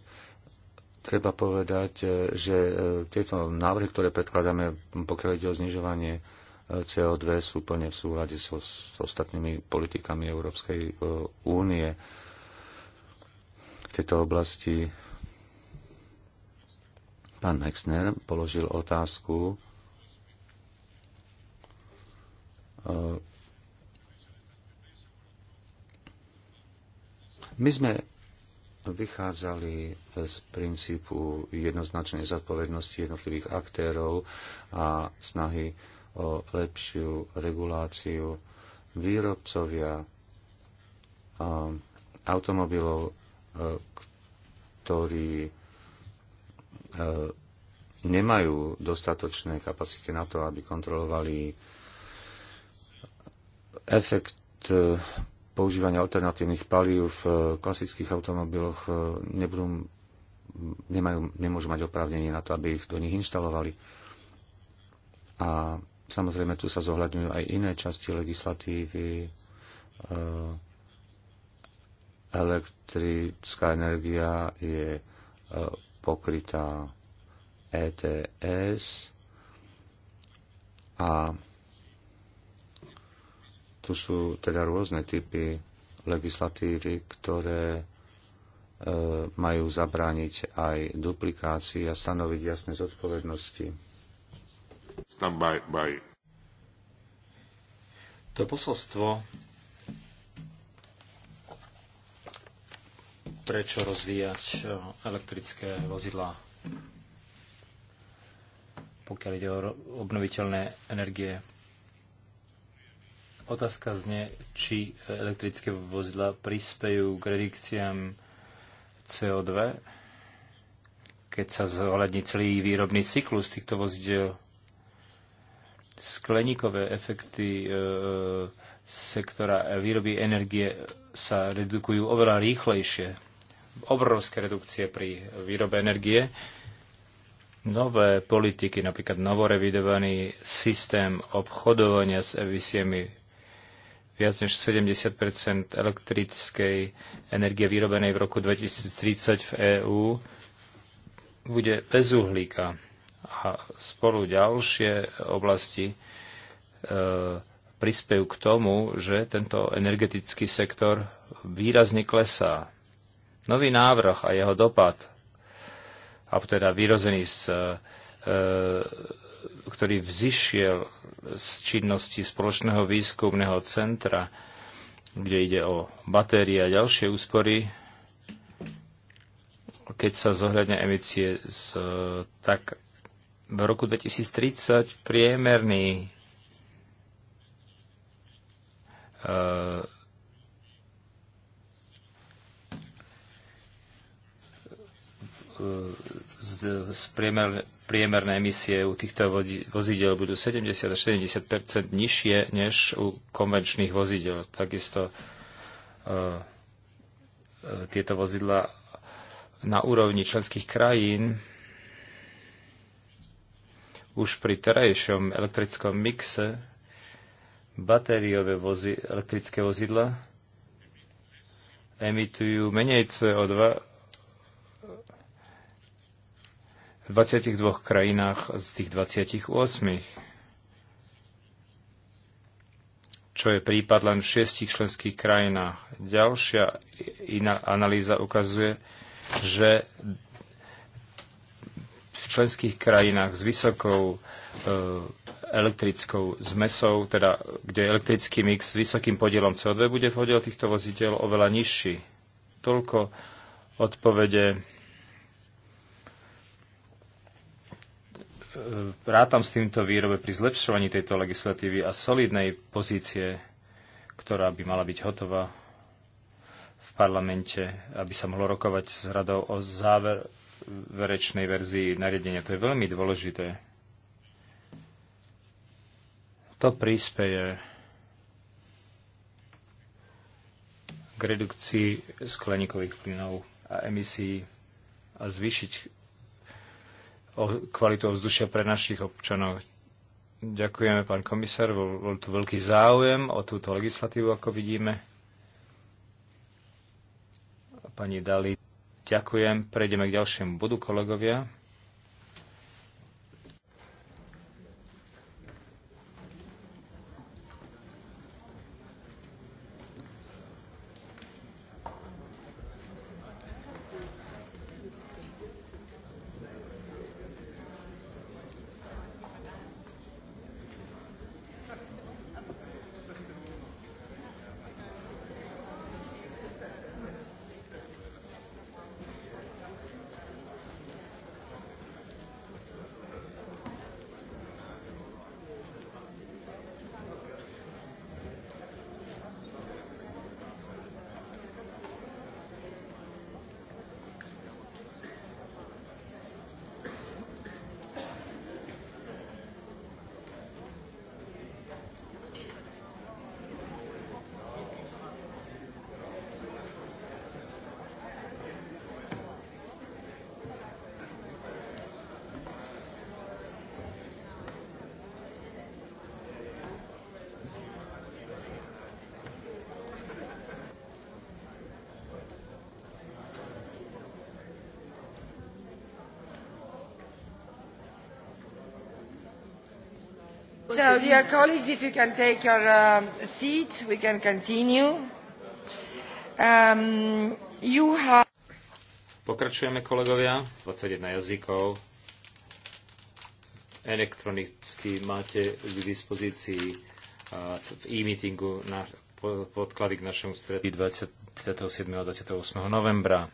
treba povedať, e, že e, tieto návrhy, ktoré predkladáme, pokiaľ ide o znižovanie CO2, sú plne v súlade so, s so ostatnými politikami Európskej únie tejto oblasti. Pán Mexner položil otázku, e, my sme vychádzali z princípu jednoznačnej zodpovednosti jednotlivých aktérov a snahy o lepšiu reguláciu výrobcovia e, automobilov ktorí e, nemajú dostatočné kapacity na to, aby kontrolovali efekt e, používania alternatívnych palív v klasických automobiloch e, nebudú, nemajú, nemôžu mať oprávnenie na to, aby ich do nich inštalovali. A samozrejme tu sa zohľadňujú aj iné časti legislatívy, Elektrická energia je e, pokrytá ETS a tu sú teda rôzne typy legislatívy, ktoré e, majú zabrániť aj duplikácii a stanoviť jasné zodpovednosti. To posolstvo prečo rozvíjať eh, elektrické vozidlá, pokiaľ ide o obnoviteľné energie. Otázka zne, či elektrické vozidla prispejú k redikciám CO2, keď sa zohľadní celý výrobný cyklus týchto vozidel. Skleníkové efekty e, sektora výroby energie sa redukujú oveľa rýchlejšie obrovské redukcie pri výrobe energie. Nové politiky, napríklad novorevidovaný systém obchodovania s emisiami viac než 70 elektrickej energie vyrobenej v roku 2030 v EÚ bude bez uhlíka a spolu ďalšie oblasti e, prispejú k tomu, že tento energetický sektor výrazne klesá. Nový návrh a jeho dopad, a teda vyrozený z, e, e, ktorý vzýšiel z činnosti spoločného výskumného centra, kde ide o batérie a ďalšie úspory, keď sa zohľadne emície, z, e, tak v roku 2030 priemerný z, z priemer, priemerné emisie u týchto vozidel budú 70 až 70 nižšie než u konvenčných vozidel. Takisto e, e, tieto vozidla na úrovni členských krajín už pri terajšom elektrickom mixe batériové vozi, elektrické vozidla emitujú menej CO2 v 22 krajinách z tých 28. Čo je prípad len v šiestich členských krajinách. Ďalšia iná analýza ukazuje, že v členských krajinách s vysokou e, elektrickou zmesou, teda kde je elektrický mix s vysokým podielom CO2, bude podiel týchto vozidel oveľa nižší. Toľko odpovede rátam s týmto výrobe pri zlepšovaní tejto legislatívy a solidnej pozície, ktorá by mala byť hotová v parlamente, aby sa mohlo rokovať s radou o záverečnej verzii nariadenia. To je veľmi dôležité. To príspeje k redukcii skleníkových plynov a emisí a zvýšiť o kvalitu ovzdušia pre našich občanov. Ďakujeme, pán komisár, bol, bol tu veľký záujem o túto legislatívu, ako vidíme. Pani Dali, ďakujem. Prejdeme k ďalšiemu bodu, kolegovia. So, dear colleagues, if you can take your uh, seat, we can continue. Um, you have... Pokračujeme, kolegovia. 21 jazykov. Elektronicky máte k dispozícii uh, v e-meetingu na podklady k našemu stretu 27. a 28. novembra.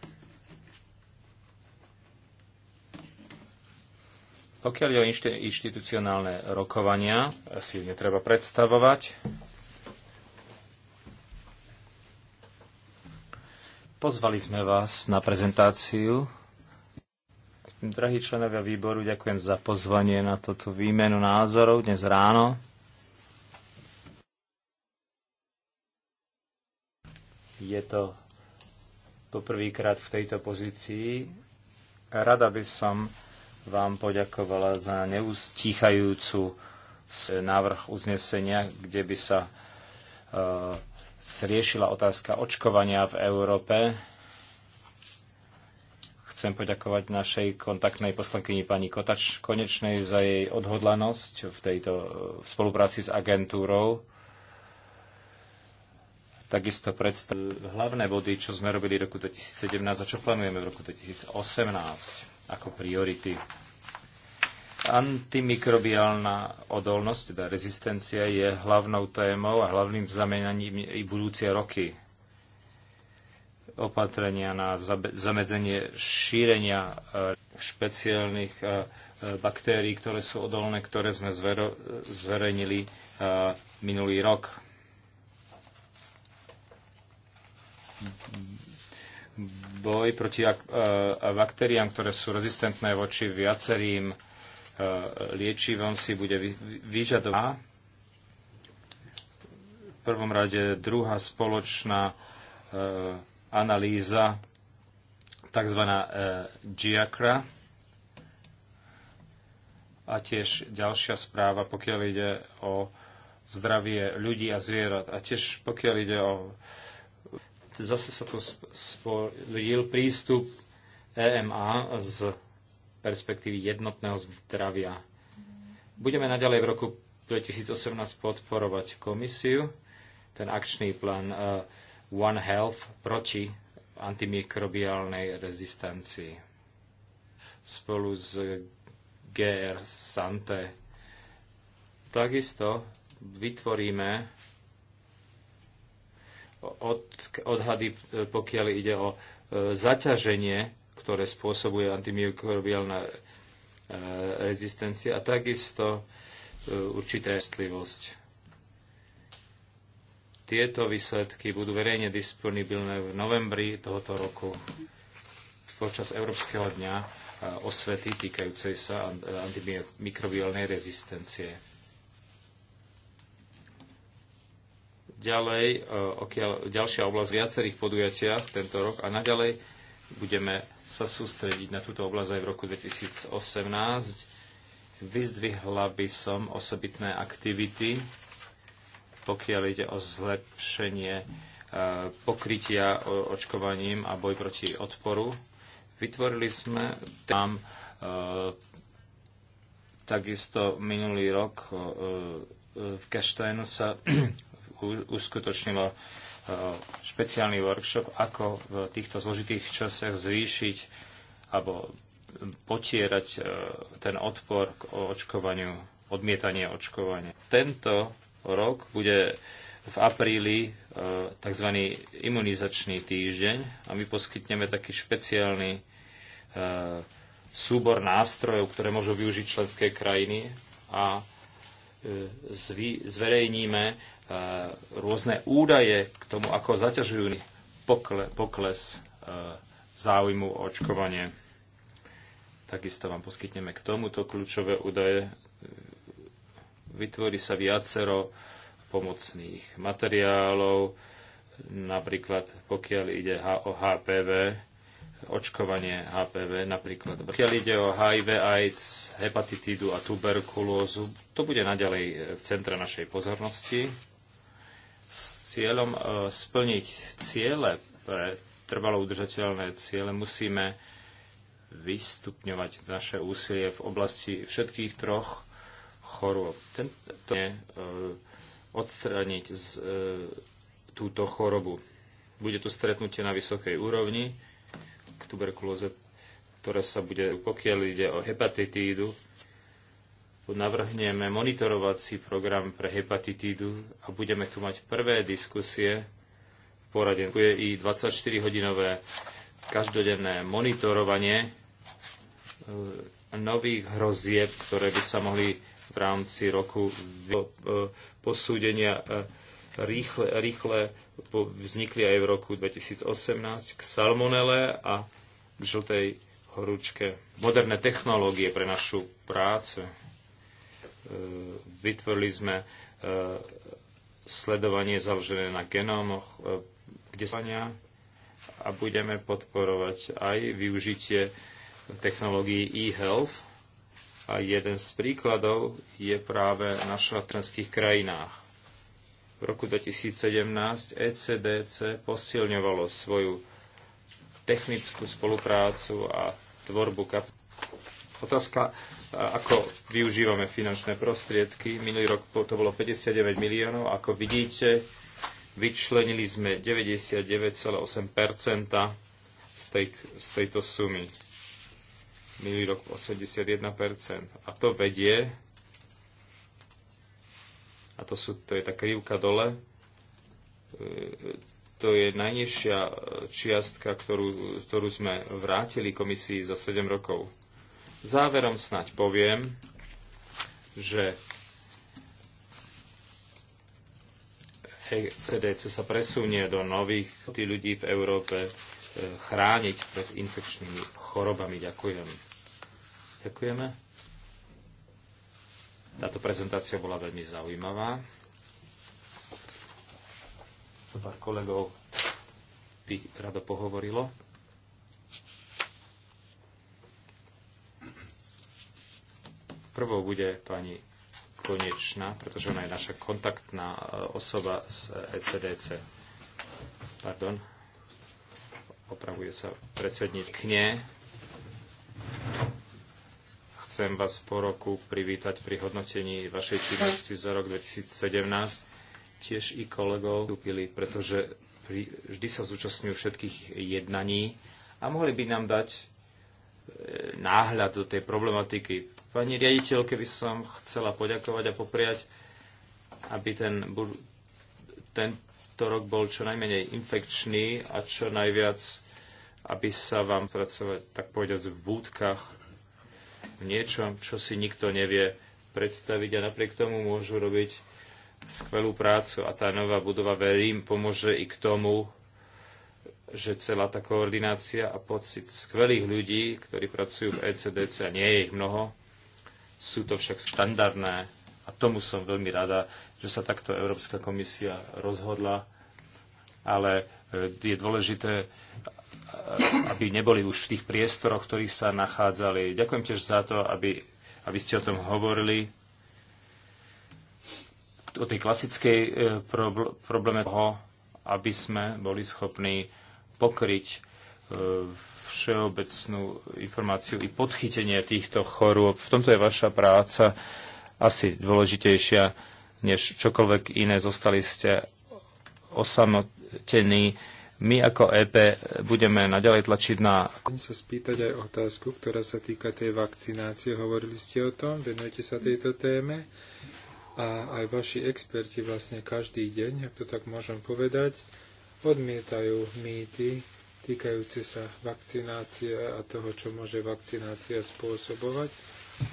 Pokiaľ je o inštitucionálne rokovania, si ju netreba predstavovať. Pozvali sme vás na prezentáciu. Drahí členovia výboru, ďakujem za pozvanie na toto výmenu názorov dnes ráno. Je to poprvýkrát v tejto pozícii. Rada by som vám poďakovala za neustíchajúcu návrh uznesenia, kde by sa uh, e, riešila otázka očkovania v Európe. Chcem poďakovať našej kontaktnej poslankyni pani Kotač Konečnej za jej odhodlanosť v tejto v spolupráci s agentúrou. Takisto predstav hlavné body, čo sme robili v roku 2017 a čo plánujeme v roku 2018 ako priority. Antimikrobiálna odolnosť, teda rezistencia, je hlavnou témou a hlavným zamenaním i budúce roky. Opatrenia na zamedzenie šírenia e, špeciálnych e, e, baktérií, ktoré sú odolné, ktoré sme zverejnili minulý rok boj proti e, baktériám, ktoré sú rezistentné voči viacerým e, liečivom, si bude vyžadovať. V prvom rade druhá spoločná e, analýza, tzv. GIACRA, a tiež ďalšia správa, pokiaľ ide o zdravie ľudí a zvierat. A tiež pokiaľ ide o Zase sa tu spojil prístup EMA z perspektívy jednotného zdravia. Budeme naďalej v roku 2018 podporovať komisiu, ten akčný plán e, One Health proti antimikrobiálnej rezistencii. Spolu s GR Sante takisto vytvoríme od, odhady, e, pokiaľ ide o e, zaťaženie, ktoré spôsobuje antimikrobiálna e, rezistencia a takisto určitá jestlivosť. Tieto výsledky budú verejne disponibilné v novembri tohoto roku počas Európskeho dňa osvety týkajúcej sa antimikrobiálnej rezistencie. Ďalej, e, okiaľ, ďalšia oblasť v viacerých podujatiach tento rok a naďalej budeme sa sústrediť na túto oblasť aj v roku 2018. Vyzdvihla by som osobitné aktivity, pokiaľ ide o zlepšenie e, pokrytia očkovaním a boj proti odporu. Vytvorili sme tam e, takisto minulý rok v Kaštajnu sa uskutočnilo e, špeciálny workshop, ako v týchto zložitých časoch zvýšiť alebo potierať e, ten odpor k očkovaniu, odmietanie očkovania. Tento rok bude v apríli e, tzv. imunizačný týždeň a my poskytneme taký špeciálny súbor nástrojov, ktoré môžu využiť členské krajiny a E, zverejníme e, rôzne údaje k tomu, ako zaťažujú pokles e, záujmu o očkovanie. Takisto vám poskytneme k tomuto kľúčové údaje. Vytvorí sa viacero pomocných materiálov, napríklad pokiaľ ide o HPV, očkovanie HPV napríklad. Pokiaľ ide o HIV, AIDS, hepatitídu a tuberkulózu, to bude naďalej e, v centre našej pozornosti s cieľom e, splniť ciele pre trvalo udržateľné ciele musíme vystupňovať naše úsilie v oblasti všetkých troch chorôb. Tento je e, odstraniť z, e, túto chorobu. Bude to stretnutie na vysokej úrovni k tuberkulóze, ktoré sa bude, pokiaľ ide o hepatitídu, navrhneme monitorovací program pre hepatitídu a budeme tu mať prvé diskusie v porade. Je i 24-hodinové každodenné monitorovanie e, nových hrozieb, ktoré by sa mohli v rámci roku e, posúdenia e, rýchle, rýchle vznikli aj v roku 2018 k salmonele a k žltej horúčke. Moderné technológie pre našu prácu. Vytvorili sme e, sledovanie založené na genómoch, e, kde sa a budeme podporovať aj využitie technológií e-health. A jeden z príkladov je práve na šlatrských krajinách. V roku 2017 ECDC posilňovalo svoju technickú spoluprácu a tvorbu kap... Otázka ako využívame finančné prostriedky. Minulý rok to bolo 59 miliónov. Ako vidíte, vyčlenili sme 99,8 z, tej, z tejto sumy. Minulý rok 81 A to vedie, a to, sú, to je tá krivka dole, e, to je najnižšia e, čiastka, ktorú, ktorú sme vrátili komisii za 7 rokov. Záverom snať poviem, že CDC e sa presunie do nových tí ľudí v Európe e, chrániť pred infekčnými chorobami. Ďakujem. Ďakujeme. Táto prezentácia bola veľmi zaujímavá. Pár kolegov by rado pohovorilo. Prvou bude pani Konečná, pretože ona je naša kontaktná e, osoba z ECDC. E Pardon. Opravuje sa predsedník Kne. Chcem vás po roku privítať pri hodnotení vašej činnosti za rok 2017. Tiež i kolegov vstúpili, pretože vždy sa zúčastňujú všetkých jednaní a mohli by nám dať E, náhľad do tej problematiky. Pani riaditeľke by som chcela poďakovať a popriať, aby ten, tento rok bol čo najmenej infekčný a čo najviac, aby sa vám pracovať, tak povedať, v búdkach, v niečom, čo si nikto nevie predstaviť a napriek tomu môžu robiť skvelú prácu a tá nová budova, verím, pomôže i k tomu, že celá tá koordinácia a pocit skvelých ľudí, ktorí pracujú v ECDC, a nie je ich mnoho, sú to však štandardné a tomu som veľmi rada, že sa takto Európska komisia rozhodla, ale e, je dôležité, e, aby neboli už v tých priestoroch, ktorých sa nachádzali. Ďakujem tiež za to, aby, aby ste o tom hovorili. O tej klasickej e, probleme toho, aby sme boli schopní pokryť e, všeobecnú informáciu i podchytenie týchto chorôb. V tomto je vaša práca asi dôležitejšia než čokoľvek iné. Zostali ste osamotení. My ako EP budeme naďalej tlačiť na... Chcem sa spýtať aj otázku, ktorá sa týka tej vakcinácie. Hovorili ste o tom, venujete sa tejto téme a aj vaši experti vlastne každý deň, ak to tak môžem povedať, odmietajú mýty týkajúce sa vakcinácie a toho, čo môže vakcinácia spôsobovať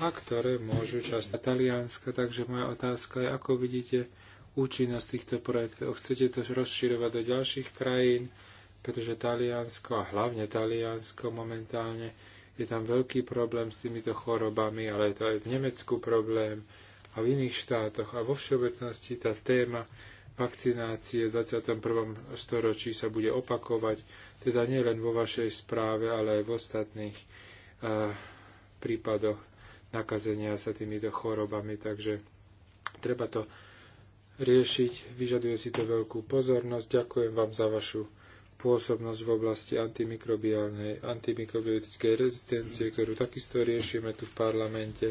a ktoré môžu časť Talianska. Takže moja otázka je, ako vidíte účinnosť týchto projektov. Chcete to rozširovať do ďalších krajín, pretože Taliansko a hlavne Taliansko momentálne je tam veľký problém s týmito chorobami, ale je to aj v Nemecku problém a v iných štátoch a vo všeobecnosti tá téma vakcinácie v 21. storočí sa bude opakovať, teda nielen vo vašej správe, ale aj v ostatných eh, prípadoch nakazenia sa týmito chorobami. Takže treba to riešiť, vyžaduje si to veľkú pozornosť. Ďakujem vám za vašu pôsobnosť v oblasti antimikrobiálnej, antimikrobiotickej rezistencie, ktorú takisto riešime tu v parlamente.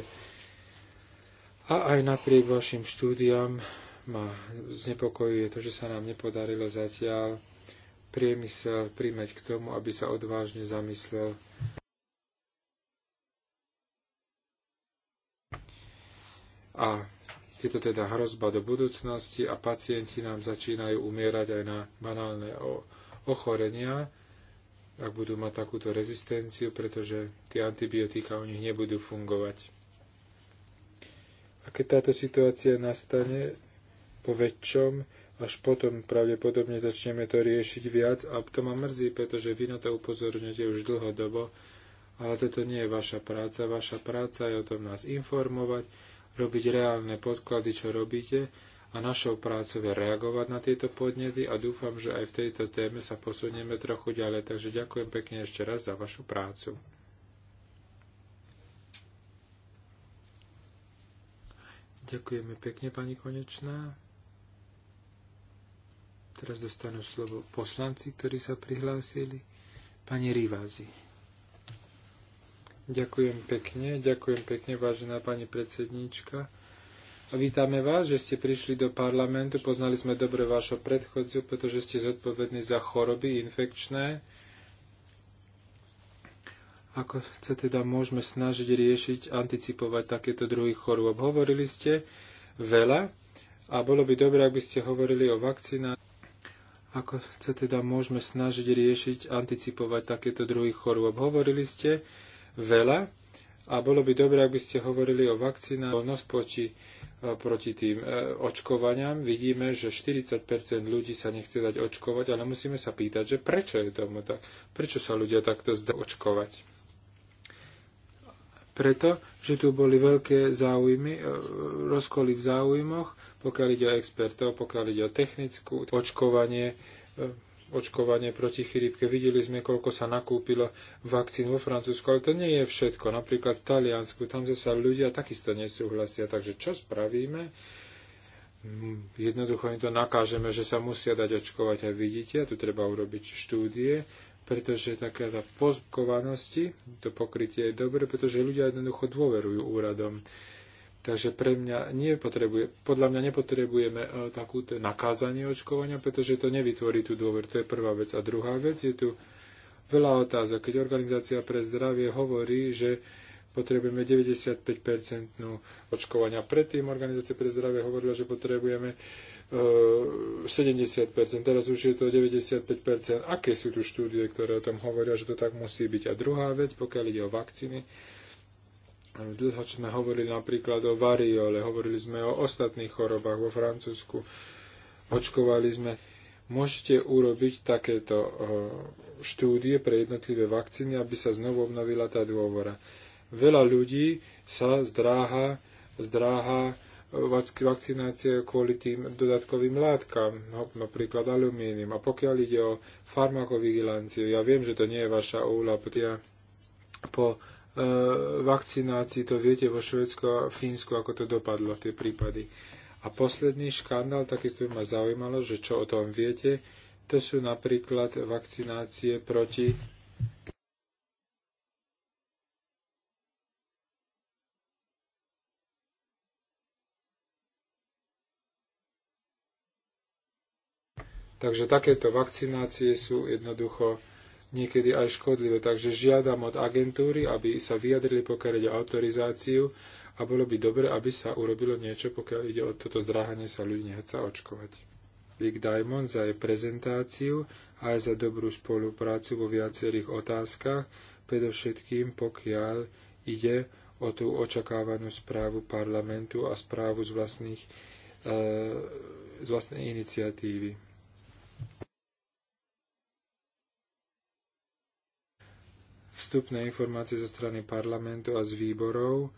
A aj napriek vašim štúdiám ma znepokojuje to, že sa nám nepodarilo zatiaľ priemysel príjmeť k tomu, aby sa odvážne zamyslel a je to teda hrozba do budúcnosti a pacienti nám začínajú umierať aj na banálne ochorenia, ak budú mať takúto rezistenciu, pretože tie antibiotika u nich nebudú fungovať. A keď táto situácia nastane, po väčšom, až potom pravdepodobne začneme to riešiť viac a to ma mrzí, pretože vy na to upozorňujete už dlhodobo, ale toto nie je vaša práca. Vaša práca je o tom nás informovať, robiť reálne podklady, čo robíte a našou prácou je reagovať na tieto podnety a dúfam, že aj v tejto téme sa posunieme trochu ďalej. Takže ďakujem pekne ešte raz za vašu prácu. Ďakujeme pekne, pani Konečná. Teraz dostanú slovo poslanci, ktorí sa prihlásili. Pani Rivázi. Ďakujem pekne, ďakujem pekne, vážená pani predsedníčka. A vítame vás, že ste prišli do parlamentu. Poznali sme dobre vášho predchodcu, pretože ste zodpovední za choroby infekčné. Ako sa teda môžeme snažiť riešiť, anticipovať takéto druhy chorôb? Hovorili ste veľa a bolo by dobré, ak by ste hovorili o vakcinách. Ako sa teda môžeme snažiť riešiť, anticipovať takéto druhy chorôb? Hovorili ste veľa a bolo by dobré, ak by ste hovorili o vakcínach, nospoči e, proti tým e, očkovaniam. Vidíme, že 40% ľudí sa nechce dať očkovať, ale musíme sa pýtať, že prečo je tomu tak? Prečo sa ľudia takto zdá očkovať? preto, že tu boli veľké záujmy, e, rozkoly v záujmoch, pokiaľ ide o expertov, pokiaľ ide o technickú, očkovanie, e, očkovanie proti chrípke. Videli sme, koľko sa nakúpilo vakcín vo Francúzsku, ale to nie je všetko. Napríklad v Taliansku, tam zasa ľudia takisto nesúhlasia. Takže čo spravíme? Jednoducho im to nakážeme, že sa musia dať očkovať a vidíte, tu treba urobiť štúdie, pretože tá pozbkovanosti, to pokrytie je dobre, pretože ľudia jednoducho dôverujú úradom. Takže pre mňa nepotrebuje, podľa mňa nepotrebujeme e, takúto nakázanie očkovania, pretože to nevytvorí tú dôver. To je prvá vec. A druhá vec je tu veľa otázok. Keď Organizácia pre zdravie hovorí, že potrebujeme 95% očkovania. Predtým Organizácia pre zdravie hovorila, že potrebujeme 70%, e, teraz už je to 95%. Aké sú tu štúdie, ktoré o tom hovoria, že to tak musí byť? A druhá vec, pokiaľ ide o vakcíny, e, dlho sme hovorili napríklad o variole, hovorili sme o ostatných chorobách vo Francúzsku, očkovali sme. Môžete urobiť takéto e, štúdie pre jednotlivé vakcíny, aby sa znovu obnovila tá dôvora. Veľa ľudí sa zdráha, zdráha vakcinácie kvôli tým dodatkovým látkam, no, napríklad alumínium. A pokiaľ ide o farmakovigilanciu, ja viem, že to nie je vaša úla, pretože po e, vakcinácii, to viete vo Švedsku a Fínsku, ako to dopadlo, tie prípady. A posledný škandál, takisto by ma zaujímalo, že čo o tom viete, to sú napríklad vakcinácie proti Takže takéto vakcinácie sú jednoducho niekedy aj škodlivé. Takže žiadam od agentúry, aby sa vyjadrili, pokiaľ ide autorizáciu a bolo by dobre, aby sa urobilo niečo, pokiaľ ide o toto zdráhanie sa ľudí nechať sa očkovať. Big Diamond za jej prezentáciu a aj za dobrú spoluprácu vo viacerých otázkach, predovšetkým pokiaľ ide o tú očakávanú správu parlamentu a správu z, vlastných, e, z vlastnej iniciatívy. vstupné informácie zo strany parlamentu a z výborov.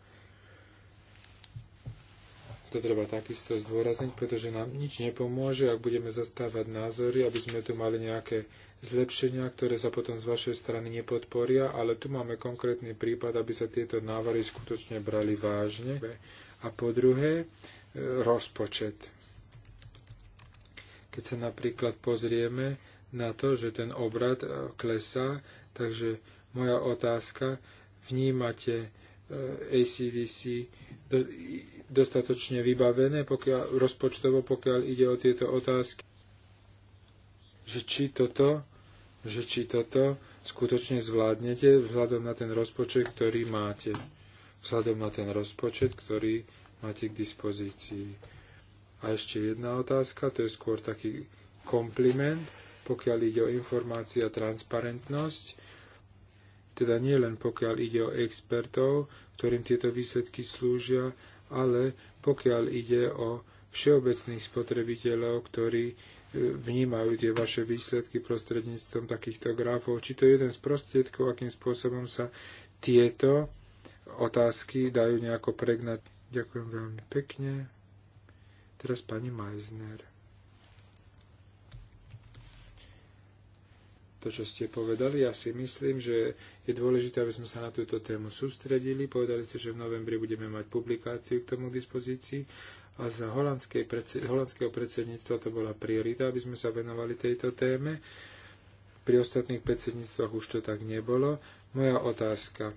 To treba takisto zdôrazniť, pretože nám nič nepomôže, ak budeme zastávať názory, aby sme tu mali nejaké zlepšenia, ktoré sa potom z vašej strany nepodporia, ale tu máme konkrétny prípad, aby sa tieto návary skutočne brali vážne. A po druhé, e, rozpočet. Keď sa napríklad pozrieme na to, že ten obrad e, klesá, takže moja otázka, vnímate e, ACDC dostatočne vybavené pokiaľ, rozpočtovo, pokiaľ ide o tieto otázky? Že či toto, že či toto skutočne zvládnete vzhľadom na ten rozpočet, ktorý máte. Vzhľadom na ten rozpočet, ktorý máte k dispozícii. A ešte jedna otázka, to je skôr taký kompliment, pokiaľ ide o informácia a transparentnosť teda nie len pokiaľ ide o expertov, ktorým tieto výsledky slúžia, ale pokiaľ ide o všeobecných spotrebiteľov, ktorí e, vnímajú tie vaše výsledky prostredníctvom takýchto grafov. Či to je jeden z prostriedkov, akým spôsobom sa tieto otázky dajú nejako pregnať. Ďakujem veľmi pekne. Teraz pani Meisner. to, čo ste povedali. Ja si myslím, že je dôležité, aby sme sa na túto tému sústredili. Povedali ste, že v novembri budeme mať publikáciu k tomu k dispozícii a za holandského predsedníctva to bola priorita, aby sme sa venovali tejto téme. Pri ostatných predsedníctvách už to tak nebolo. Moja otázka.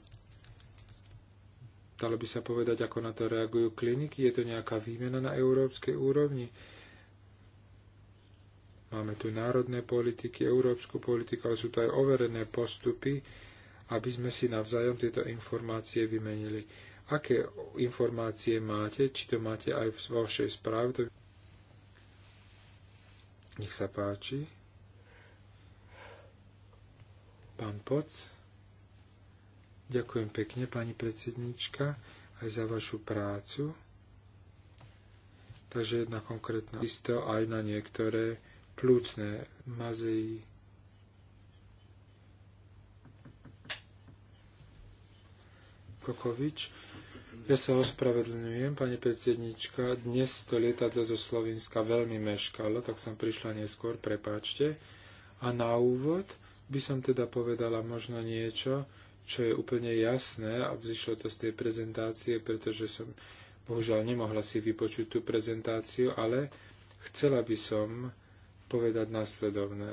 Dalo by sa povedať, ako na to reagujú kliniky? Je to nejaká výmena na európskej úrovni? Máme tu národné politiky, európsku politiku, ale sú to aj overené postupy, aby sme si navzájom tieto informácie vymenili. Aké informácie máte, či to máte aj vo vašej správe? To... Nech sa páči. Pán Poc. Ďakujem pekne, pani predsednička, aj za vašu prácu. Takže jedna konkrétna isto aj na niektoré plúcne mazej. Kokovič. Ja sa ospravedlňujem, pani predsednička. Dnes to lietadlo zo Slovenska veľmi meškalo, tak som prišla neskôr, prepáčte. A na úvod by som teda povedala možno niečo, čo je úplne jasné a vzýšlo to z tej prezentácie, pretože som bohužiaľ nemohla si vypočuť tú prezentáciu, ale chcela by som povedať následovné.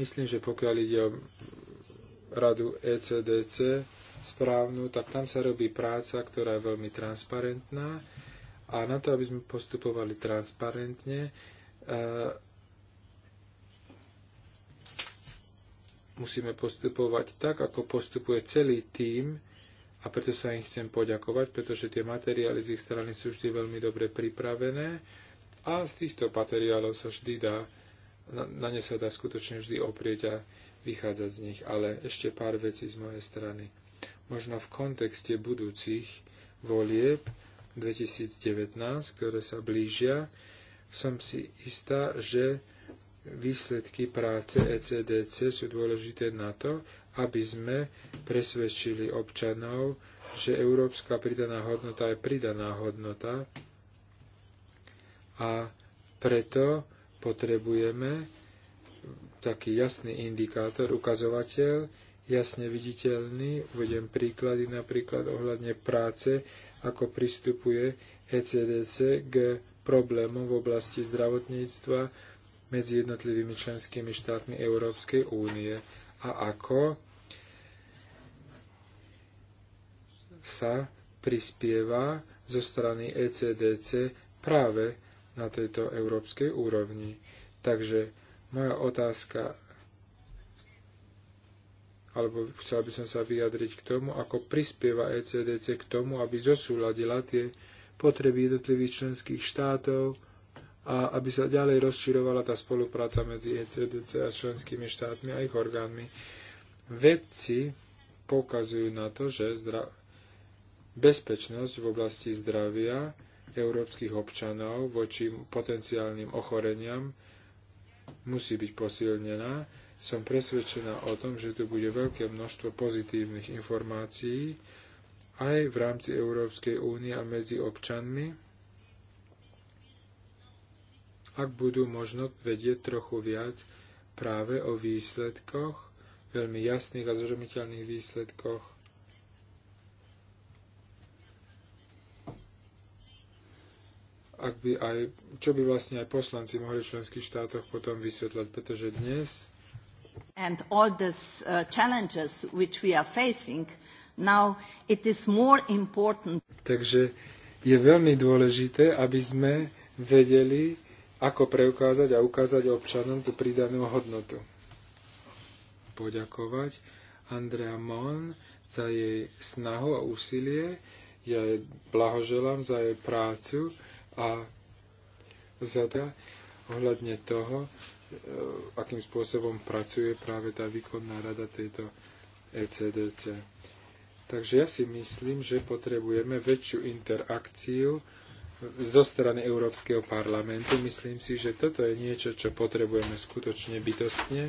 Myslím, že pokiaľ ide o radu ECDC správnu, tak tam sa robí práca, ktorá je veľmi transparentná a na to, aby sme postupovali transparentne, e, musíme postupovať tak, ako postupuje celý tím a preto sa im chcem poďakovať, pretože tie materiály z ich strany sú vždy veľmi dobre pripravené a z týchto materiálov sa vždy dá, na, na ne sa dá skutočne vždy oprieť a vychádzať z nich. Ale ešte pár vecí z mojej strany. Možno v kontexte budúcich volieb 2019, ktoré sa blížia, som si istá, že výsledky práce ECDC sú dôležité na to, aby sme presvedčili občanov, že európska pridaná hodnota je pridaná hodnota a preto potrebujeme taký jasný indikátor, ukazovateľ, jasne viditeľný. uvedem príklady napríklad ohľadne práce, ako pristupuje ECDC k problémom v oblasti zdravotníctva medzi jednotlivými členskými štátmi Európskej únie a ako sa prispieva zo strany ECDC práve na tejto európskej úrovni. Takže moja otázka, alebo chcel by som sa vyjadriť k tomu, ako prispieva ECDC k tomu, aby zosúladila tie potreby jednotlivých členských štátov a aby sa ďalej rozširovala tá spolupráca medzi ECDC a členskými štátmi a ich orgánmi. Vedci poukazujú na to, že bezpečnosť v oblasti zdravia európskych občanov voči potenciálnym ochoreniam musí byť posilnená. Som presvedčená o tom, že tu bude veľké množstvo pozitívnych informácií aj v rámci Európskej únie a medzi občanmi, ak budú možno vedieť trochu viac práve o výsledkoch, veľmi jasných a zrozumiteľných výsledkoch ak by aj, čo by vlastne aj poslanci mohli v členských štátoch potom vysvetľať, pretože dnes and all these uh, challenges which we are facing now it is more important Takže je veľmi dôležité, aby sme vedeli, ako preukázať a ukázať občanom tú pridanú hodnotu. Poďakovať Andrea Mon za jej snahu a úsilie. Ja jej blahoželám za jej prácu a zada ohľadne toho, e, akým spôsobom pracuje práve tá výkonná rada tejto ECDC. Takže ja si myslím, že potrebujeme väčšiu interakciu e, zo strany Európskeho parlamentu. Myslím si, že toto je niečo, čo potrebujeme skutočne bytostne,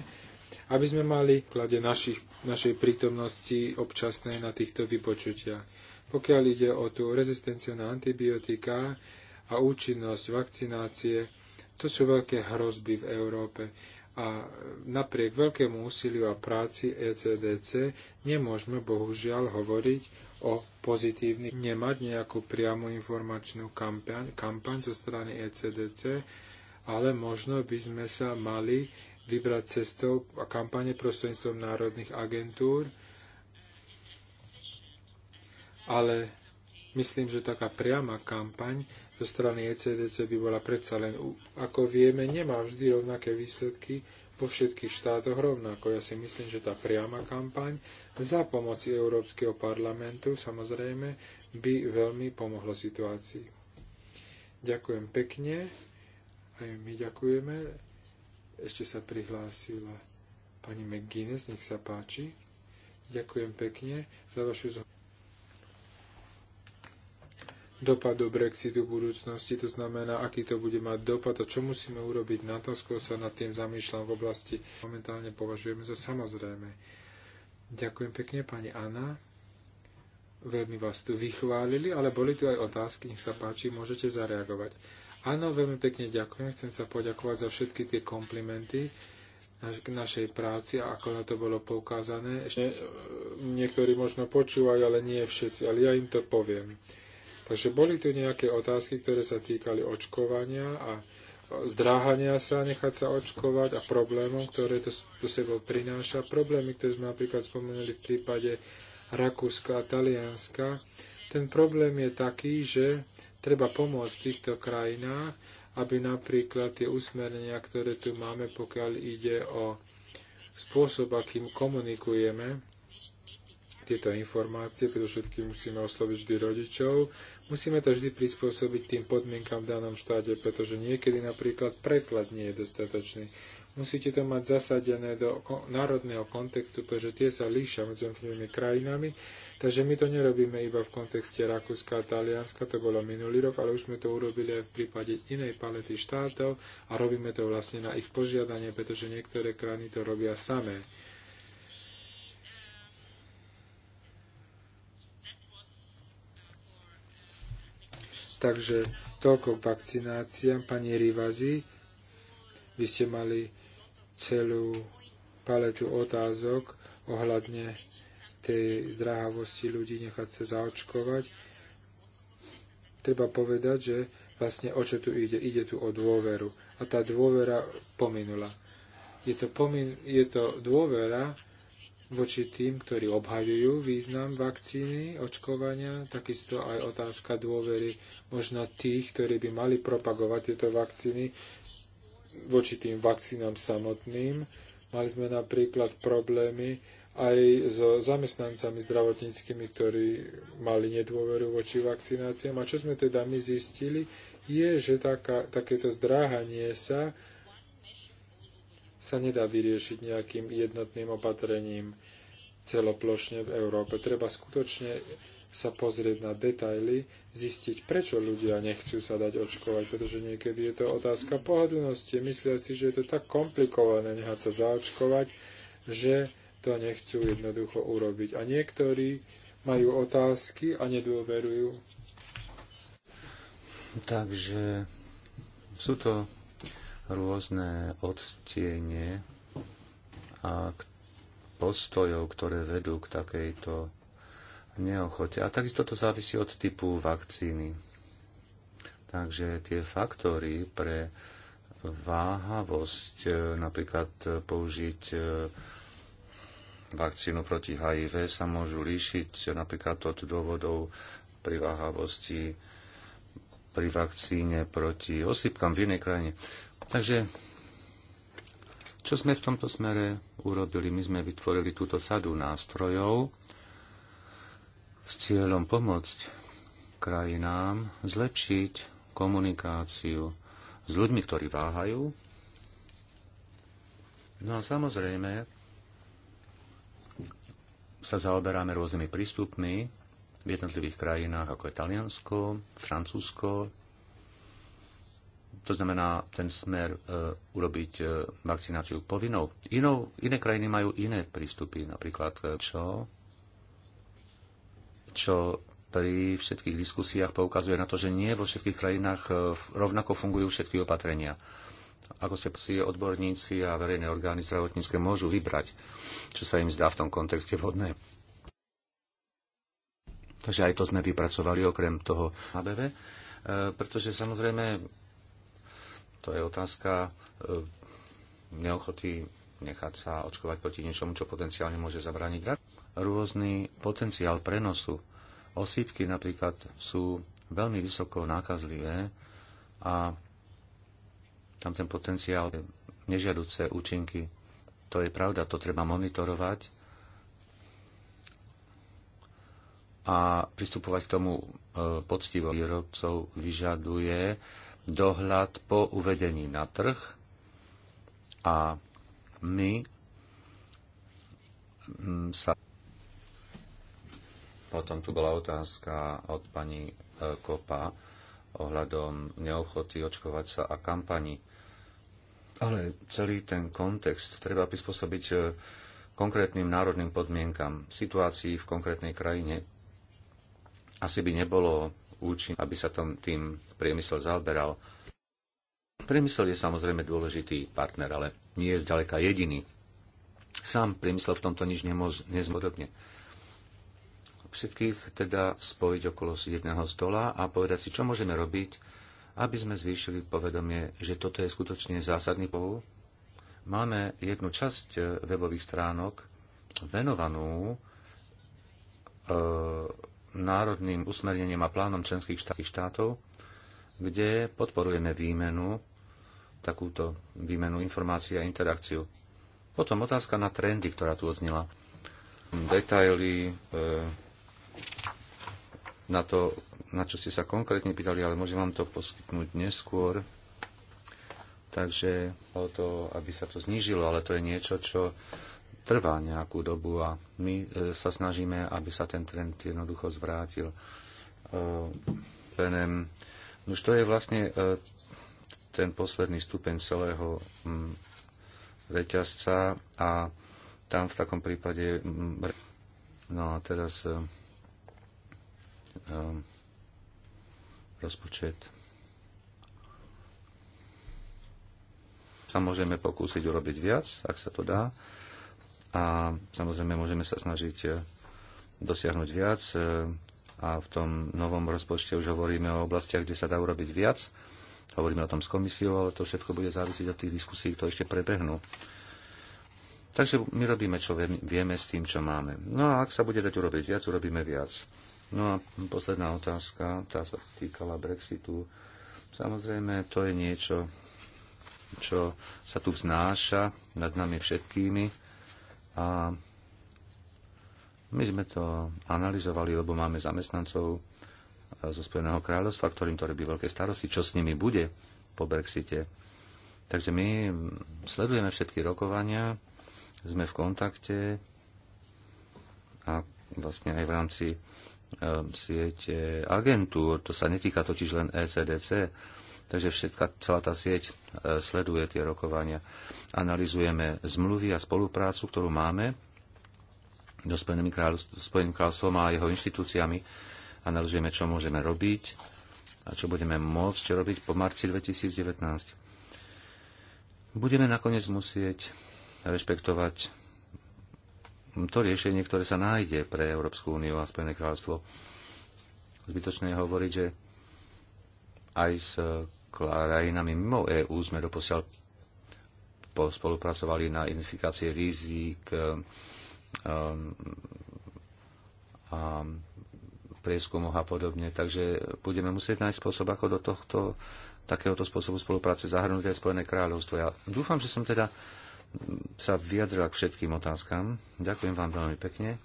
aby sme mali v klade našich, našej prítomnosti občasnej na týchto vypočutiach. Pokiaľ ide o tú rezistenciu na antibiotika, a účinnosť vakcinácie, to sú veľké hrozby v Európe. A napriek veľkému úsiliu a práci ECDC nemôžeme bohužiaľ hovoriť o pozitívnych, nemať nejakú priamu informačnú kampaň, kampaň zo strany ECDC, ale možno by sme sa mali vybrať cestou a kampane prostredníctvom národných agentúr, ale myslím, že taká priama kampaň zo strany ECDC by bola predsa len, ako vieme, nemá vždy rovnaké výsledky vo všetkých štátoch rovnako. Ja si myslím, že tá priama kampaň za pomoci Európskeho parlamentu samozrejme by veľmi pomohlo situácii. Ďakujem pekne. Aj my ďakujeme. Ešte sa prihlásila pani McGuinness, nech sa páči. Ďakujem pekne za vašu zhodu do Brexitu v budúcnosti, to znamená, aký to bude mať dopad a čo musíme urobiť na to, skôr sa nad tým zamýšľam v oblasti. Momentálne považujeme za samozrejme. Ďakujem pekne, pani Anna. Veľmi vás tu vychválili, ale boli tu aj otázky, nech sa páči, môžete zareagovať. Áno, veľmi pekne ďakujem. Chcem sa poďakovať za všetky tie komplimenty k našej práci a ako na to bolo poukázané. Ešte niektorí možno počúvajú, ale nie všetci, ale ja im to poviem. Takže boli tu nejaké otázky, ktoré sa týkali očkovania a zdráhania sa, nechať sa očkovať a problémom, ktoré to do sebou prináša. Problémy, ktoré sme napríklad spomenuli v prípade Rakúska a Talianska. Ten problém je taký, že treba pomôcť v týchto krajinách, aby napríklad tie usmernenia, ktoré tu máme, pokiaľ ide o spôsob, akým komunikujeme, tieto informácie, predovšetkým musíme osloviť vždy rodičov. Musíme to vždy prispôsobiť tým podmienkam v danom štáte, pretože niekedy napríklad preklad nie je dostatočný. Musíte to mať zasadené do národného kontextu, pretože tie sa líšia medzi jednotlivými krajinami, takže my to nerobíme iba v kontexte Rakúska a Talianska, to bolo minulý rok, ale už sme to urobili aj v prípade inej palety štátov a robíme to vlastne na ich požiadanie, pretože niektoré krajiny to robia samé. Takže toľko k vakcináciám. Pani Rivazi, vy ste mali celú paletu otázok ohľadne tej zdrahavosti ľudí nechať sa zaočkovať. Treba povedať, že vlastne o čo tu ide? Ide tu o dôveru. A tá dôvera pominula. Je to, pomin- je to dôvera, voči tým, ktorí obhajujú význam vakcíny, očkovania, takisto aj otázka dôvery možno tých, ktorí by mali propagovať tieto vakcíny voči tým vakcínám samotným. Mali sme napríklad problémy aj so zamestnancami zdravotníckými, ktorí mali nedôveru voči vakcináciám. A čo sme teda my zistili, je, že taká, takéto zdráhanie sa sa nedá vyriešiť nejakým jednotným opatrením celoplošne v Európe. Treba skutočne sa pozrieť na detaily, zistiť, prečo ľudia nechcú sa dať očkovať, pretože niekedy je to otázka pohodlnosti. Myslia si, že je to tak komplikované nehať sa zaočkovať, že to nechcú jednoducho urobiť. A niektorí majú otázky a nedôverujú. Takže sú to rôzne odstiene a postojov, ktoré vedú k takejto neochote. A takisto to závisí od typu vakcíny. Takže tie faktory pre váhavosť, e, napríklad použiť e, vakcínu proti HIV sa môžu líšiť napríklad od dôvodov pri váhavosti pri vakcíne proti osýpkam v inej krajine. Takže čo sme v tomto smere urobili? My sme vytvorili túto sadu nástrojov s cieľom pomôcť krajinám zlepšiť komunikáciu s ľuďmi, ktorí váhajú. No a samozrejme sa zaoberáme rôznymi prístupmi v jednotlivých krajinách, ako je Taliansko, Francúzsko, to znamená ten smer e, urobiť e, vakcináciu povinnou. Inou, iné krajiny majú iné prístupy, napríklad e, čo, čo pri všetkých diskusiách poukazuje na to, že nie vo všetkých krajinách e, rovnako fungujú všetky opatrenia. Ako ste si odborníci a verejné orgány zdravotnícke môžu vybrať, čo sa im zdá v tom kontexte vhodné. Takže aj to sme vypracovali okrem toho ABV, e, pretože samozrejme to je otázka e, neochoty nechať sa očkovať proti niečomu, čo potenciálne môže zabrániť rak. Rôzny potenciál prenosu. Osýpky napríklad sú veľmi vysoko nákazlivé a tam ten potenciál nežiaduce účinky. To je pravda, to treba monitorovať a pristupovať k tomu e, poctivo. Výrobcov vyžaduje dohľad po uvedení na trh a my mm, sa. Potom tu bola otázka od pani e, Kopa ohľadom neochoty očkovať sa a kampani. Ale celý ten kontext treba prispôsobiť e, konkrétnym národným podmienkam, situácii v konkrétnej krajine. Asi by nebolo účinný, aby sa tom, tým priemysel zaoberal. Priemysel je samozrejme dôležitý partner, ale nie je zďaleka jediný. Sám priemysel v tomto nič nezmodobne. Všetkých teda spojiť okolo jedného stola a povedať si, čo môžeme robiť, aby sme zvýšili povedomie, že toto je skutočne zásadný pohov. Máme jednu časť eh, webových stránok venovanú e, národným usmernením a plánom členských štátov, kde podporujeme výmenu, takúto výmenu informácií a interakciu. Potom otázka na trendy, ktorá tu odznila. Detaily e, na to, na čo ste sa konkrétne pýtali, ale môžem vám to poskytnúť neskôr. Takže o to, aby sa to znížilo, ale to je niečo, čo trvá nejakú dobu a my e, sa snažíme, aby sa ten trend jednoducho zvrátil. E, penem. už to je vlastne e, ten posledný stupeň celého reťazca a tam v takom prípade... No a teraz rozpočet. Sa môžeme pokúsiť urobiť viac, ak sa to dá a samozrejme môžeme sa snažiť e, dosiahnuť viac e, a v tom novom rozpočte už hovoríme o oblastiach, kde sa dá urobiť viac. Hovoríme o tom s komisiou, ale to všetko bude závisiť od tých diskusí, ktoré ešte prebehnú. Takže my robíme, čo vieme s tým, čo máme. No a ak sa bude dať urobiť viac, urobíme viac. No a posledná otázka, tá sa týkala Brexitu. Samozrejme, to je niečo, čo sa tu vznáša nad nami všetkými a my sme to analyzovali, lebo máme zamestnancov e, zo Spojeného kráľovstva, ktorým to robí veľké starosti, čo s nimi bude po Brexite. Takže my sledujeme všetky rokovania, sme v kontakte a vlastne aj v rámci e, siete agentúr, to sa netýka totiž len ECDC, Takže všetka, celá tá sieť e, sleduje tie rokovania. Analizujeme zmluvy a spoluprácu, ktorú máme so Spojeným, kráľovstv, Spojeným a jeho inštitúciami. Analizujeme, čo môžeme robiť a čo budeme môcť robiť po marci 2019. Budeme nakoniec musieť rešpektovať to riešenie, ktoré sa nájde pre Európsku úniu a Spojené kráľovstvo. Zbytočné je hovoriť, že aj s eh, krajinami mimo EÚ sme doposiaľ spolupracovali na identifikácie rizik eh, eh, a prieskumoch a podobne. Takže budeme musieť nájsť spôsob, ako do tohto takéhoto spôsobu spolupráce zahrnúť aj Spojené kráľovstvo. Ja dúfam, že som teda sa vyjadrila k všetkým otázkam. Ďakujem vám veľmi pekne.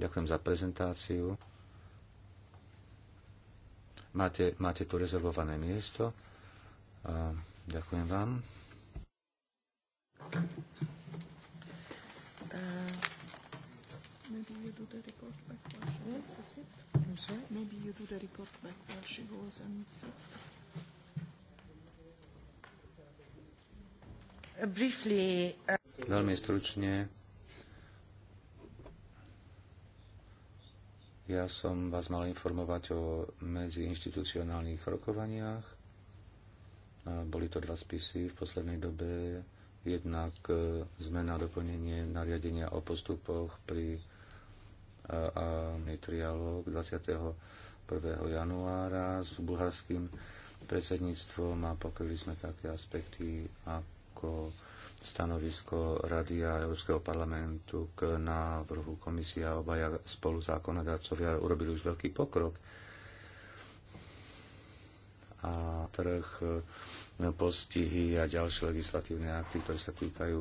Ďakujem za prezentáciu. Máte, máte tu rezervované miesto. A Ďakujem vám. Uh, Veľmi stručne Ja som vás mal informovať o medziinstitucionálnych rokovaniach. Boli to dva spisy v poslednej dobe. Jednak e, zmena a doplnenie nariadenia o postupoch pri a, a 21. januára s bulharským predsedníctvom a pokryli sme také aspekty ako stanovisko Rady a Európskeho parlamentu k návrhu komisia obaja spolu zákonodácovia urobili už veľký pokrok. A trh, postihy a ďalšie legislatívne akty, ktoré sa týkajú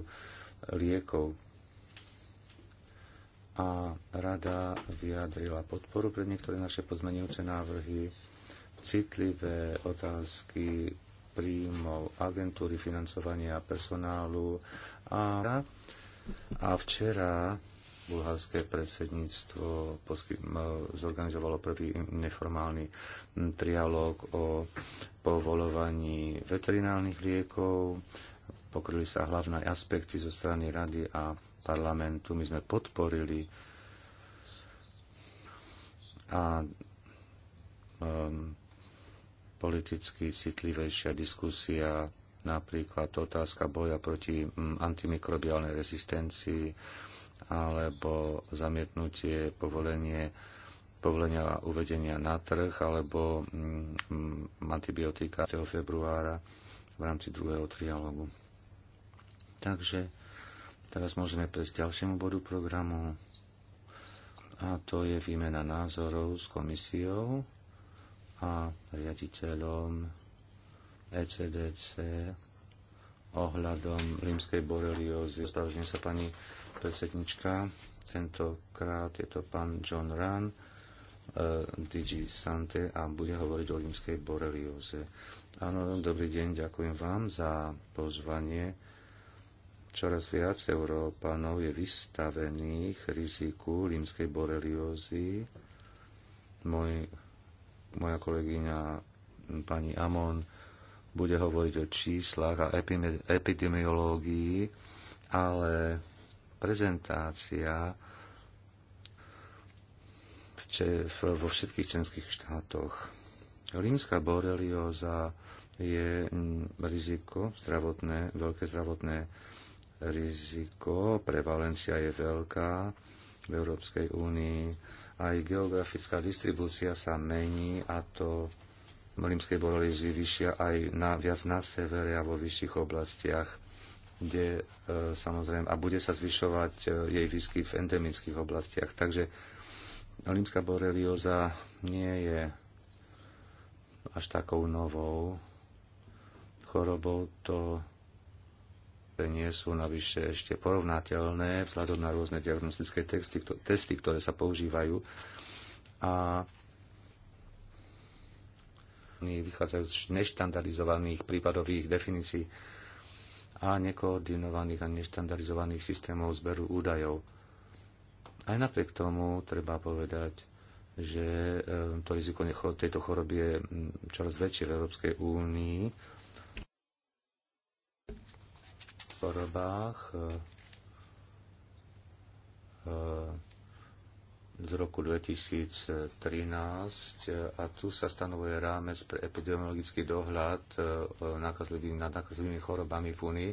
liekov. A rada vyjadrila podporu pre niektoré naše pozmenujúce návrhy, citlivé otázky príjmov agentúry financovania personálu a, a včera bulharské predsedníctvo zorganizovalo prvý neformálny trialóg o povolovaní veterinálnych liekov. Pokryli sa hlavné aspekty zo strany rady a parlamentu. My sme podporili a um, politicky citlivejšia diskusia, napríklad otázka boja proti mm, antimikrobiálnej rezistencii alebo zamietnutie povolenie povolenia uvedenia na trh alebo mm, mm antibiotika 3. februára v rámci druhého trialogu. Takže teraz môžeme prejsť k ďalšiemu bodu programu a to je výmena názorov s komisiou a riaditeľom ECDC ohľadom rímskej boreliózy. Spravedlňujem sa pani predsednička. Tentokrát je to pán John Run, uh, e, DG Sante a bude hovoriť o rímskej borelióze. Áno, dobrý deň, ďakujem vám za pozvanie. Čoraz viac Európanov je vystavených riziku rímskej boreliózy. Môj moja kolegyňa pani Amon bude hovoriť o číslach a epidemiológii, ale prezentácia vo všetkých členských štátoch. Rímska borelioza je riziko zdravotné, veľké zdravotné riziko, prevalencia je veľká v Európskej únii aj geografická distribúcia sa mení a to Rímskej Borolízi vyššia aj na, viac na severe a vo vyšších oblastiach, kde e, samozrejme a bude sa zvyšovať e, jej výsky v endemických oblastiach. Takže Rímska borelioza nie je až takou novou chorobou. To nie sú navyše ešte porovnateľné vzhľadom na rôzne diagnostické texty, testy, ktoré sa používajú. A oni vychádzajú z neštandardizovaných prípadových definícií a nekoordinovaných a neštandardizovaných systémov zberu údajov. Aj napriek tomu treba povedať, že e, to riziko tejto choroby je čoraz väčšie v Európskej únii chorobách e, e, z roku 2013 e, a tu sa stanovuje rámec pre epidemiologický dohľad nad nakazlivými chorobami v Unii.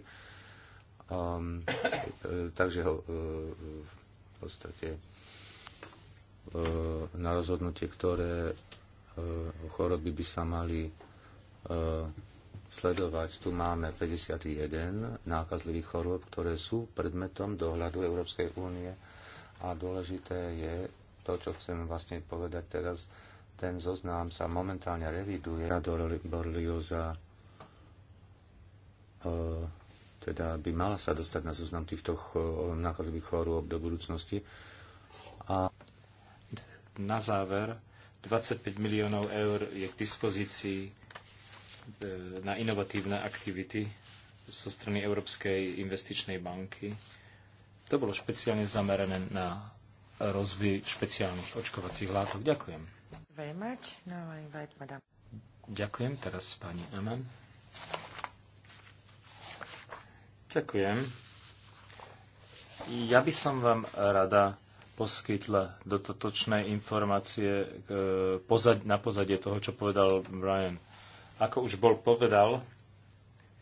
Um, takže ho uh, v podstate uh, na rozhodnutie, ktoré uh, choroby by sa mali sledovať. Tu máme 51 nákazlivých chorôb, ktoré sú predmetom dohľadu Európskej únie a dôležité je to, čo chcem vlastne povedať teraz. Ten zoznám sa momentálne reviduje. Borlioza e, teda by mala sa dostať na zoznam týchto nákazlivých chorôb do budúcnosti. A na záver 25 miliónov eur je k dispozícii E, na inovatívne aktivity zo strany Európskej investičnej banky. To bolo špeciálne zamerané na rozvoj špeciálnych očkovacích látok. Ďakujem. Ďakujem teraz pani Aman. Ďakujem. Ja by som vám rada poskytla dodatočné informácie e, na pozadie toho, čo povedal Brian ako už bol povedal,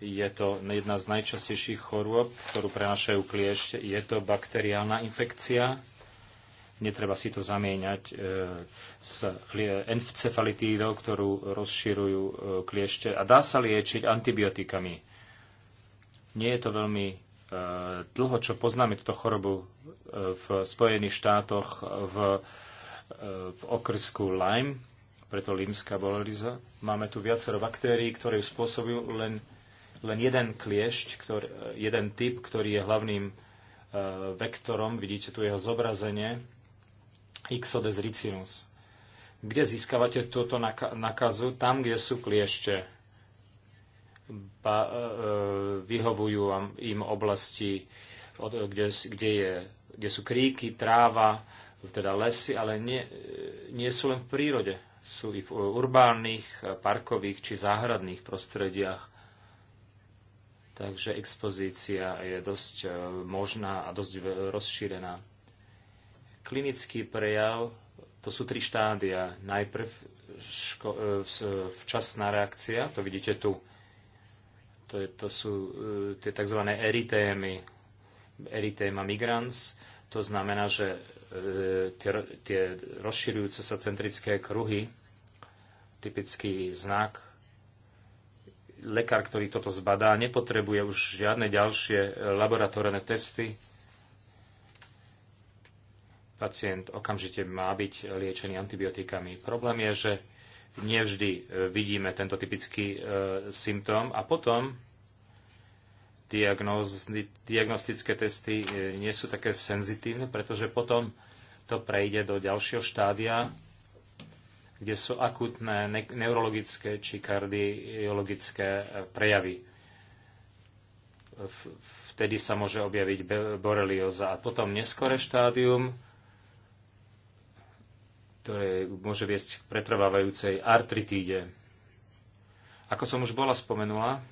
je to jedna z najčastejších chorôb, ktorú prenašajú kliešte. Je to bakteriálna infekcia. Netreba si to zamieňať e, s encefalitídou, ktorú rozširujú e, kliešte. A dá sa liečiť antibiotikami. Nie je to veľmi e, dlho, čo poznáme túto chorobu e, v Spojených štátoch v, e, v okrsku Lyme preto límska boleliza. Máme tu viacero baktérií, ktoré ju spôsobil len, len jeden kliešť, ktorý, jeden typ, ktorý je hlavným uh, vektorom. Vidíte tu jeho zobrazenie. Ixodes ricinus. Kde získavate túto nakazu? Tam, kde sú kliešte. Ba, uh, vyhovujú im oblasti, kde, kde, je, kde sú kríky, tráva, teda lesy, ale nie, nie sú len v prírode sú i v urbánnych, parkových či záhradných prostrediach. Takže expozícia je dosť e, možná a dosť e, rozšírená. Klinický prejav, to sú tri štádia. Najprv e, včasná reakcia, to vidíte tu, to, je, to sú tie tzv. eritémy, eritéma migrans, to znamená, že E, tie, tie rozširujúce sa centrické kruhy, typický znak, lekár, ktorý toto zbadá, nepotrebuje už žiadne ďalšie laboratórne testy. Pacient okamžite má byť liečený antibiotikami. Problém je, že nevždy e, vidíme tento typický e, symptóm a potom diagnostické testy e, nie sú také senzitívne, pretože potom to prejde do ďalšieho štádia, kde sú akutné ne- neurologické či kardiologické e, prejavy. Vtedy sa môže objaviť borelioza. A potom neskore štádium, ktoré môže viesť k pretrvávajúcej artritíde. Ako som už bola spomenula,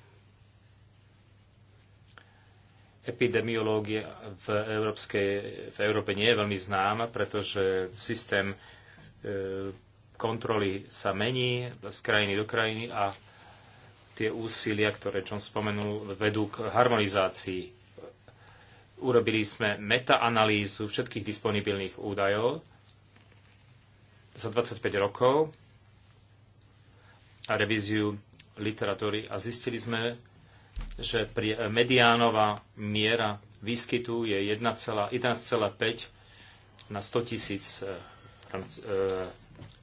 epidemiológie v, Európskej, v Európe nie je veľmi známa, pretože systém e, kontroly sa mení z krajiny do krajiny a tie úsilia, ktoré John spomenul, vedú k harmonizácii. Urobili sme metaanalýzu všetkých disponibilných údajov za 25 rokov a revíziu literatúry a zistili sme, že pri eh, mediánová miera výskytu je 1,5 na 100 tisíc eh, eh,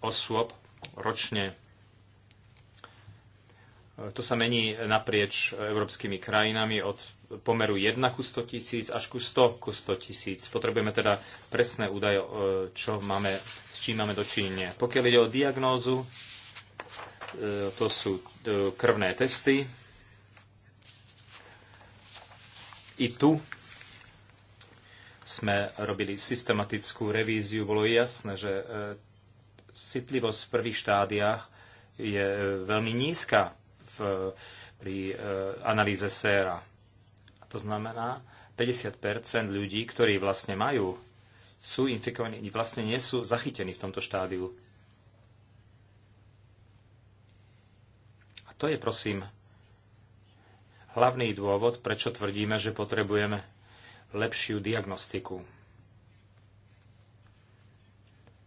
osôb ročne. To sa mení naprieč európskymi krajinami od pomeru 1 ku 100 tisíc až ku 100 ku 100 tisíc. Potrebujeme teda presné údaje, čo máme, s čím máme dočinenie. Pokiaľ ide o diagnózu, to sú krvné testy, i tu sme robili systematickú revíziu, bolo jasné, že e, citlivosť v prvých štádiách je e, veľmi nízka v, pri e, analýze séra. A to znamená, 50 ľudí, ktorí vlastne majú, sú infikovaní, vlastne nie sú zachytení v tomto štádiu. A to je, prosím, hlavný dôvod, prečo tvrdíme, že potrebujeme lepšiu diagnostiku.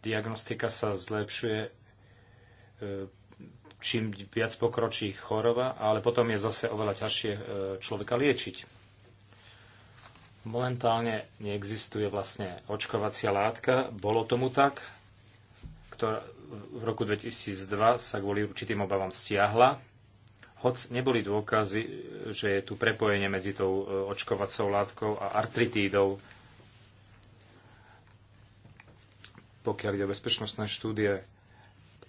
Diagnostika sa zlepšuje e, čím viac pokročí choroba, ale potom je zase oveľa ťažšie e, človeka liečiť. Momentálne neexistuje vlastne očkovacia látka, bolo tomu tak, ktorá v roku 2002 sa kvôli určitým obavám stiahla, Hoc neboli dôkazy, že je tu prepojenie medzi tou e, očkovacou látkou a artritídou, pokiaľ ide o bezpečnostné štúdie.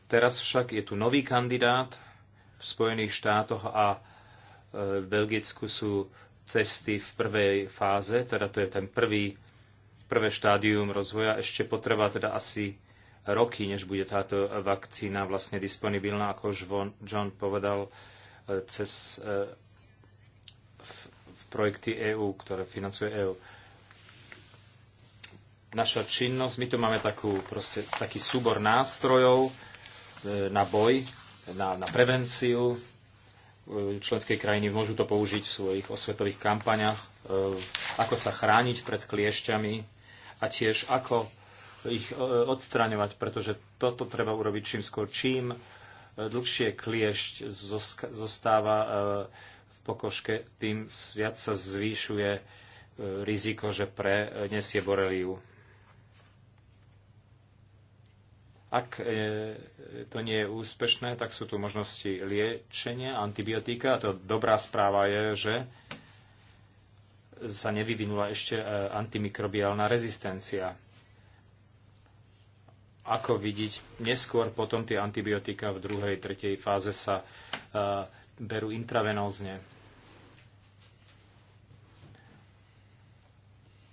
Teraz však je tu nový kandidát v Spojených štátoch a e, v Belgicku sú cesty v prvej fáze, teda to je ten prvý, prvé štádium rozvoja. Ešte potreba teda asi roky, než bude táto vakcína vlastne disponibilná, ako už John povedal, cez e, projekty EÚ, ktoré financuje EÚ. Naša činnosť, my tu máme takú, proste, taký súbor nástrojov e, na boj, na, na prevenciu. E, členské krajiny môžu to použiť v svojich osvetových kampaniach, ako sa chrániť pred kliešťami a tiež ako ich odstraňovať, pretože toto treba urobiť čím skôr, čím dlhšie kliešť zostáva e, v pokožke, tým viac sa zvýšuje e, riziko, že prenesie boreliu. Ak e, to nie je úspešné, tak sú tu možnosti liečenia, antibiotika. A to dobrá správa je, že sa nevyvinula ešte antimikrobiálna rezistencia ako vidieť, neskôr potom tie antibiotika v druhej, tretej fáze sa e, berú intravenózne.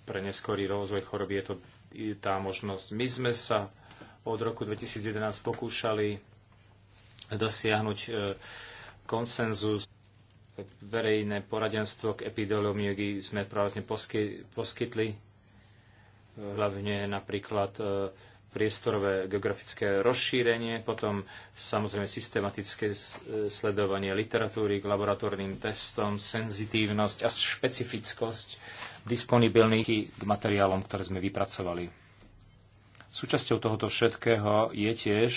Pre neskorý rozvoj choroby je to tá možnosť. My sme sa od roku 2011 pokúšali dosiahnuť e, konsenzus verejné poradenstvo k epidemiológii sme práve posky, poskytli, e, hlavne napríklad priestorové geografické rozšírenie, potom samozrejme systematické sledovanie literatúry k laboratórnym testom, senzitívnosť a špecifickosť disponibilných k materiálom, ktoré sme vypracovali. Súčasťou tohoto všetkého je tiež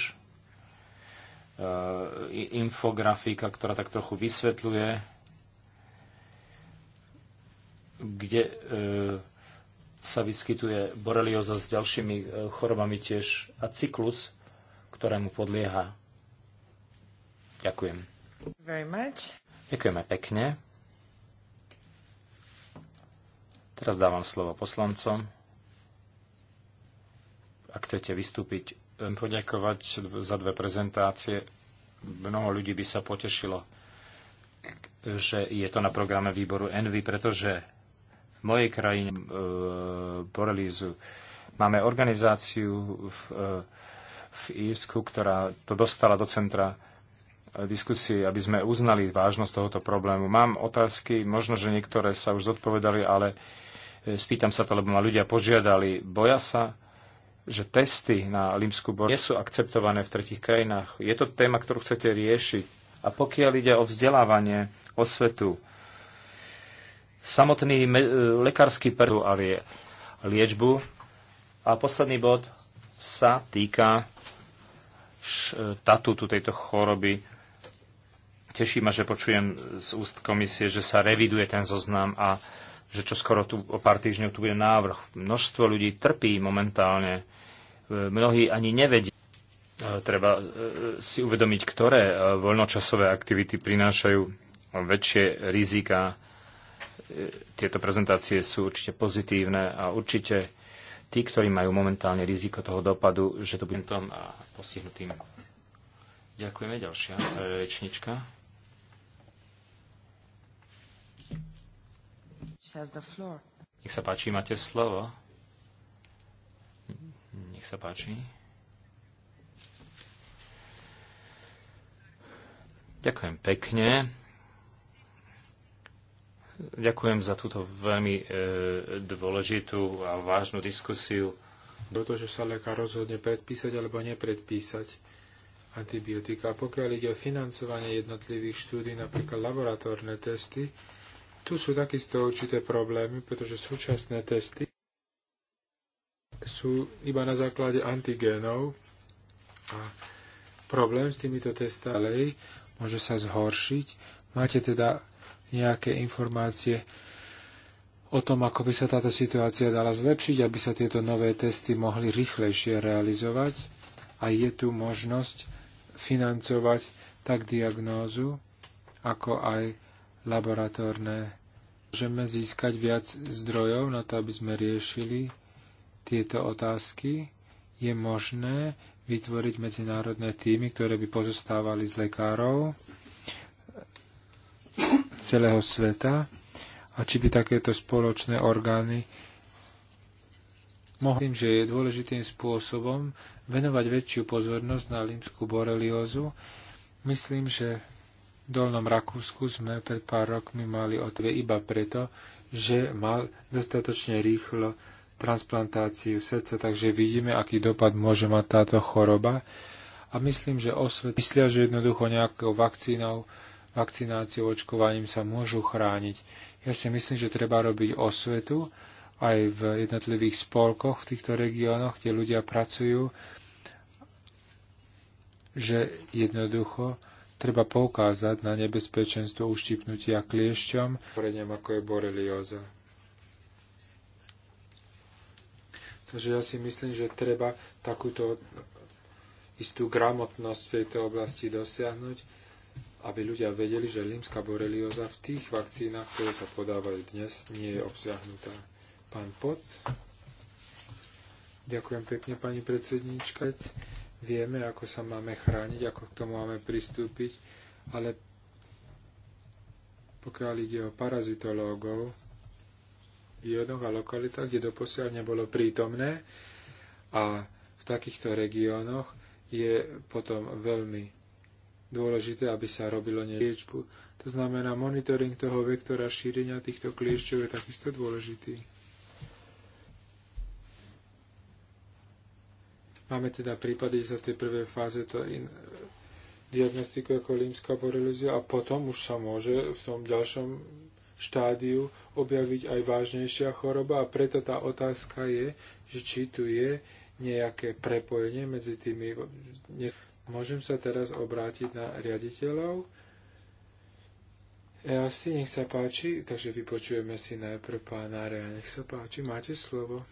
uh, infografika, ktorá tak trochu vysvetľuje, kde uh, sa vyskytuje borelioza s ďalšími e, chorobami tiež a cyklus, ktorému podlieha. Ďakujem. Ďakujeme pekne. Teraz dávam slovo poslancom. Ak chcete vystúpiť, poďakovať za dve prezentácie. Mnoho ľudí by sa potešilo, že je to na programe výboru Envy, pretože v mojej krajine e, borelízu. Máme organizáciu v, e, v Írsku, ktorá to dostala do centra e, diskusie, aby sme uznali vážnosť tohoto problému. Mám otázky, možno, že niektoré sa už zodpovedali, ale e, spýtam sa to, lebo ma ľudia požiadali. Boja sa, že testy na limskú bor nie sú akceptované v tretich krajinách. Je to téma, ktorú chcete riešiť. A pokiaľ ide o vzdelávanie, osvetu, samotný e, lekársky personál a liečbu. A posledný bod sa týka štatútu e, tejto choroby. Teší ma, že počujem z úst komisie, že sa reviduje ten zoznam a že čo skoro tu o pár týždňov tu bude návrh. Množstvo ľudí trpí momentálne. E, mnohí ani nevedia. Treba si uvedomiť, ktoré voľnočasové aktivity prinášajú väčšie rizika tieto prezentácie sú určite pozitívne a určite tí, ktorí majú momentálne riziko toho dopadu, že to bude tom a postihnutým. Ďakujeme. Ďalšia e, rečnička. Nech sa páči, máte slovo. Nech sa páči. Ďakujem pekne. Ďakujem za túto veľmi e, dôležitú a vážnu diskusiu. Pretože sa lekár rozhodne predpísať alebo nepredpísať antibiotika. A pokiaľ ide o financovanie jednotlivých štúdí, napríklad laboratórne testy, tu sú takisto určité problémy, pretože súčasné testy sú iba na základe antigénov a problém s týmito testami môže sa zhoršiť. Máte teda nejaké informácie o tom, ako by sa táto situácia dala zlepšiť, aby sa tieto nové testy mohli rýchlejšie realizovať. A je tu možnosť financovať tak diagnózu, ako aj laboratórne. Môžeme získať viac zdrojov na to, aby sme riešili tieto otázky. Je možné vytvoriť medzinárodné týmy, ktoré by pozostávali z lekárov, celého sveta a či by takéto spoločné orgány mohli, že je dôležitým spôsobom venovať väčšiu pozornosť na limskú boreliózu. Myslím, že v Dolnom Rakúsku sme pred pár rokmi mali otve iba preto, že mal dostatočne rýchlo transplantáciu srdca, takže vidíme, aký dopad môže mať táto choroba. A myslím, že osvet myslia, že jednoducho nejakou vakcínou vakcináciou, očkovaním sa môžu chrániť. Ja si myslím, že treba robiť osvetu aj v jednotlivých spolkoch v týchto regiónoch, kde ľudia pracujú, že jednoducho treba poukázať na nebezpečenstvo uštipnutia kliešťom, choreniam ako je borelioza. Takže ja si myslím, že treba takúto istú gramotnosť v tejto oblasti dosiahnuť aby ľudia vedeli, že límska borelioza v tých vakcínach, ktoré sa podávajú dnes, nie je obsiahnutá. Pán Poc. Ďakujem pekne, pani predsedníčka. Vieme, ako sa máme chrániť, ako k tomu máme pristúpiť, ale pokiaľ ide o parazitológov, jednoch a lokalitách, kde doposiaľ nebolo prítomné a v takýchto regiónoch je potom veľmi dôležité, aby sa robilo liečbu. To znamená, monitoring toho vektora šírenia týchto kliešťov je takisto dôležitý. Máme teda prípady, že sa tej prvej fáze to in, diagnostiku ako límska borelizia a potom už sa môže v tom ďalšom štádiu objaviť aj vážnejšia choroba a preto tá otázka je, že či tu je nejaké prepojenie medzi tými Môžem sa teraz obrátiť na riaditeľov. Ja e, si nech sa páči, takže vypočujeme si najprv pána Rea. Nech sa páči, máte slovo.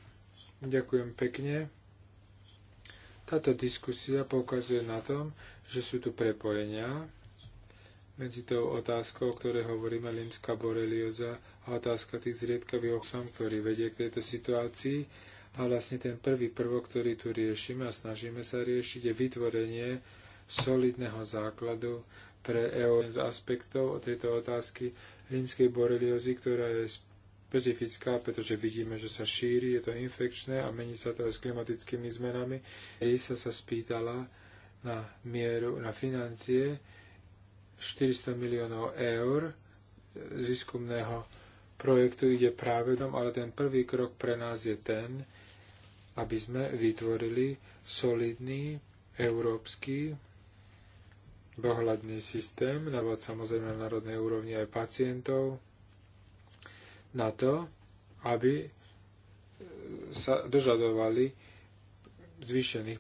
Ďakujem pekne. Táto diskusia poukazuje na tom, že sú tu prepojenia medzi tou otázkou, o ktorej hovoríme Limská borelioza a otázka tých zriedkavých osom, ktorý vedie k tejto situácii a vlastne ten prvý prvok, ktorý tu riešime a snažíme sa riešiť, je vytvorenie solidného základu pre EO z aspektov tejto otázky rímskej boreliozy, ktorá je špecifická, pretože vidíme, že sa šíri, je to infekčné a mení sa to aj s klimatickými zmenami. Elisa sa spýtala na mieru, na financie 400 miliónov eur ziskumného projektu ide práve ale ten prvý krok pre nás je ten, aby sme vytvorili solidný európsky dohľadný systém, navod samozrejme na národnej úrovni aj pacientov, na to, aby sa dožadovali zvýšených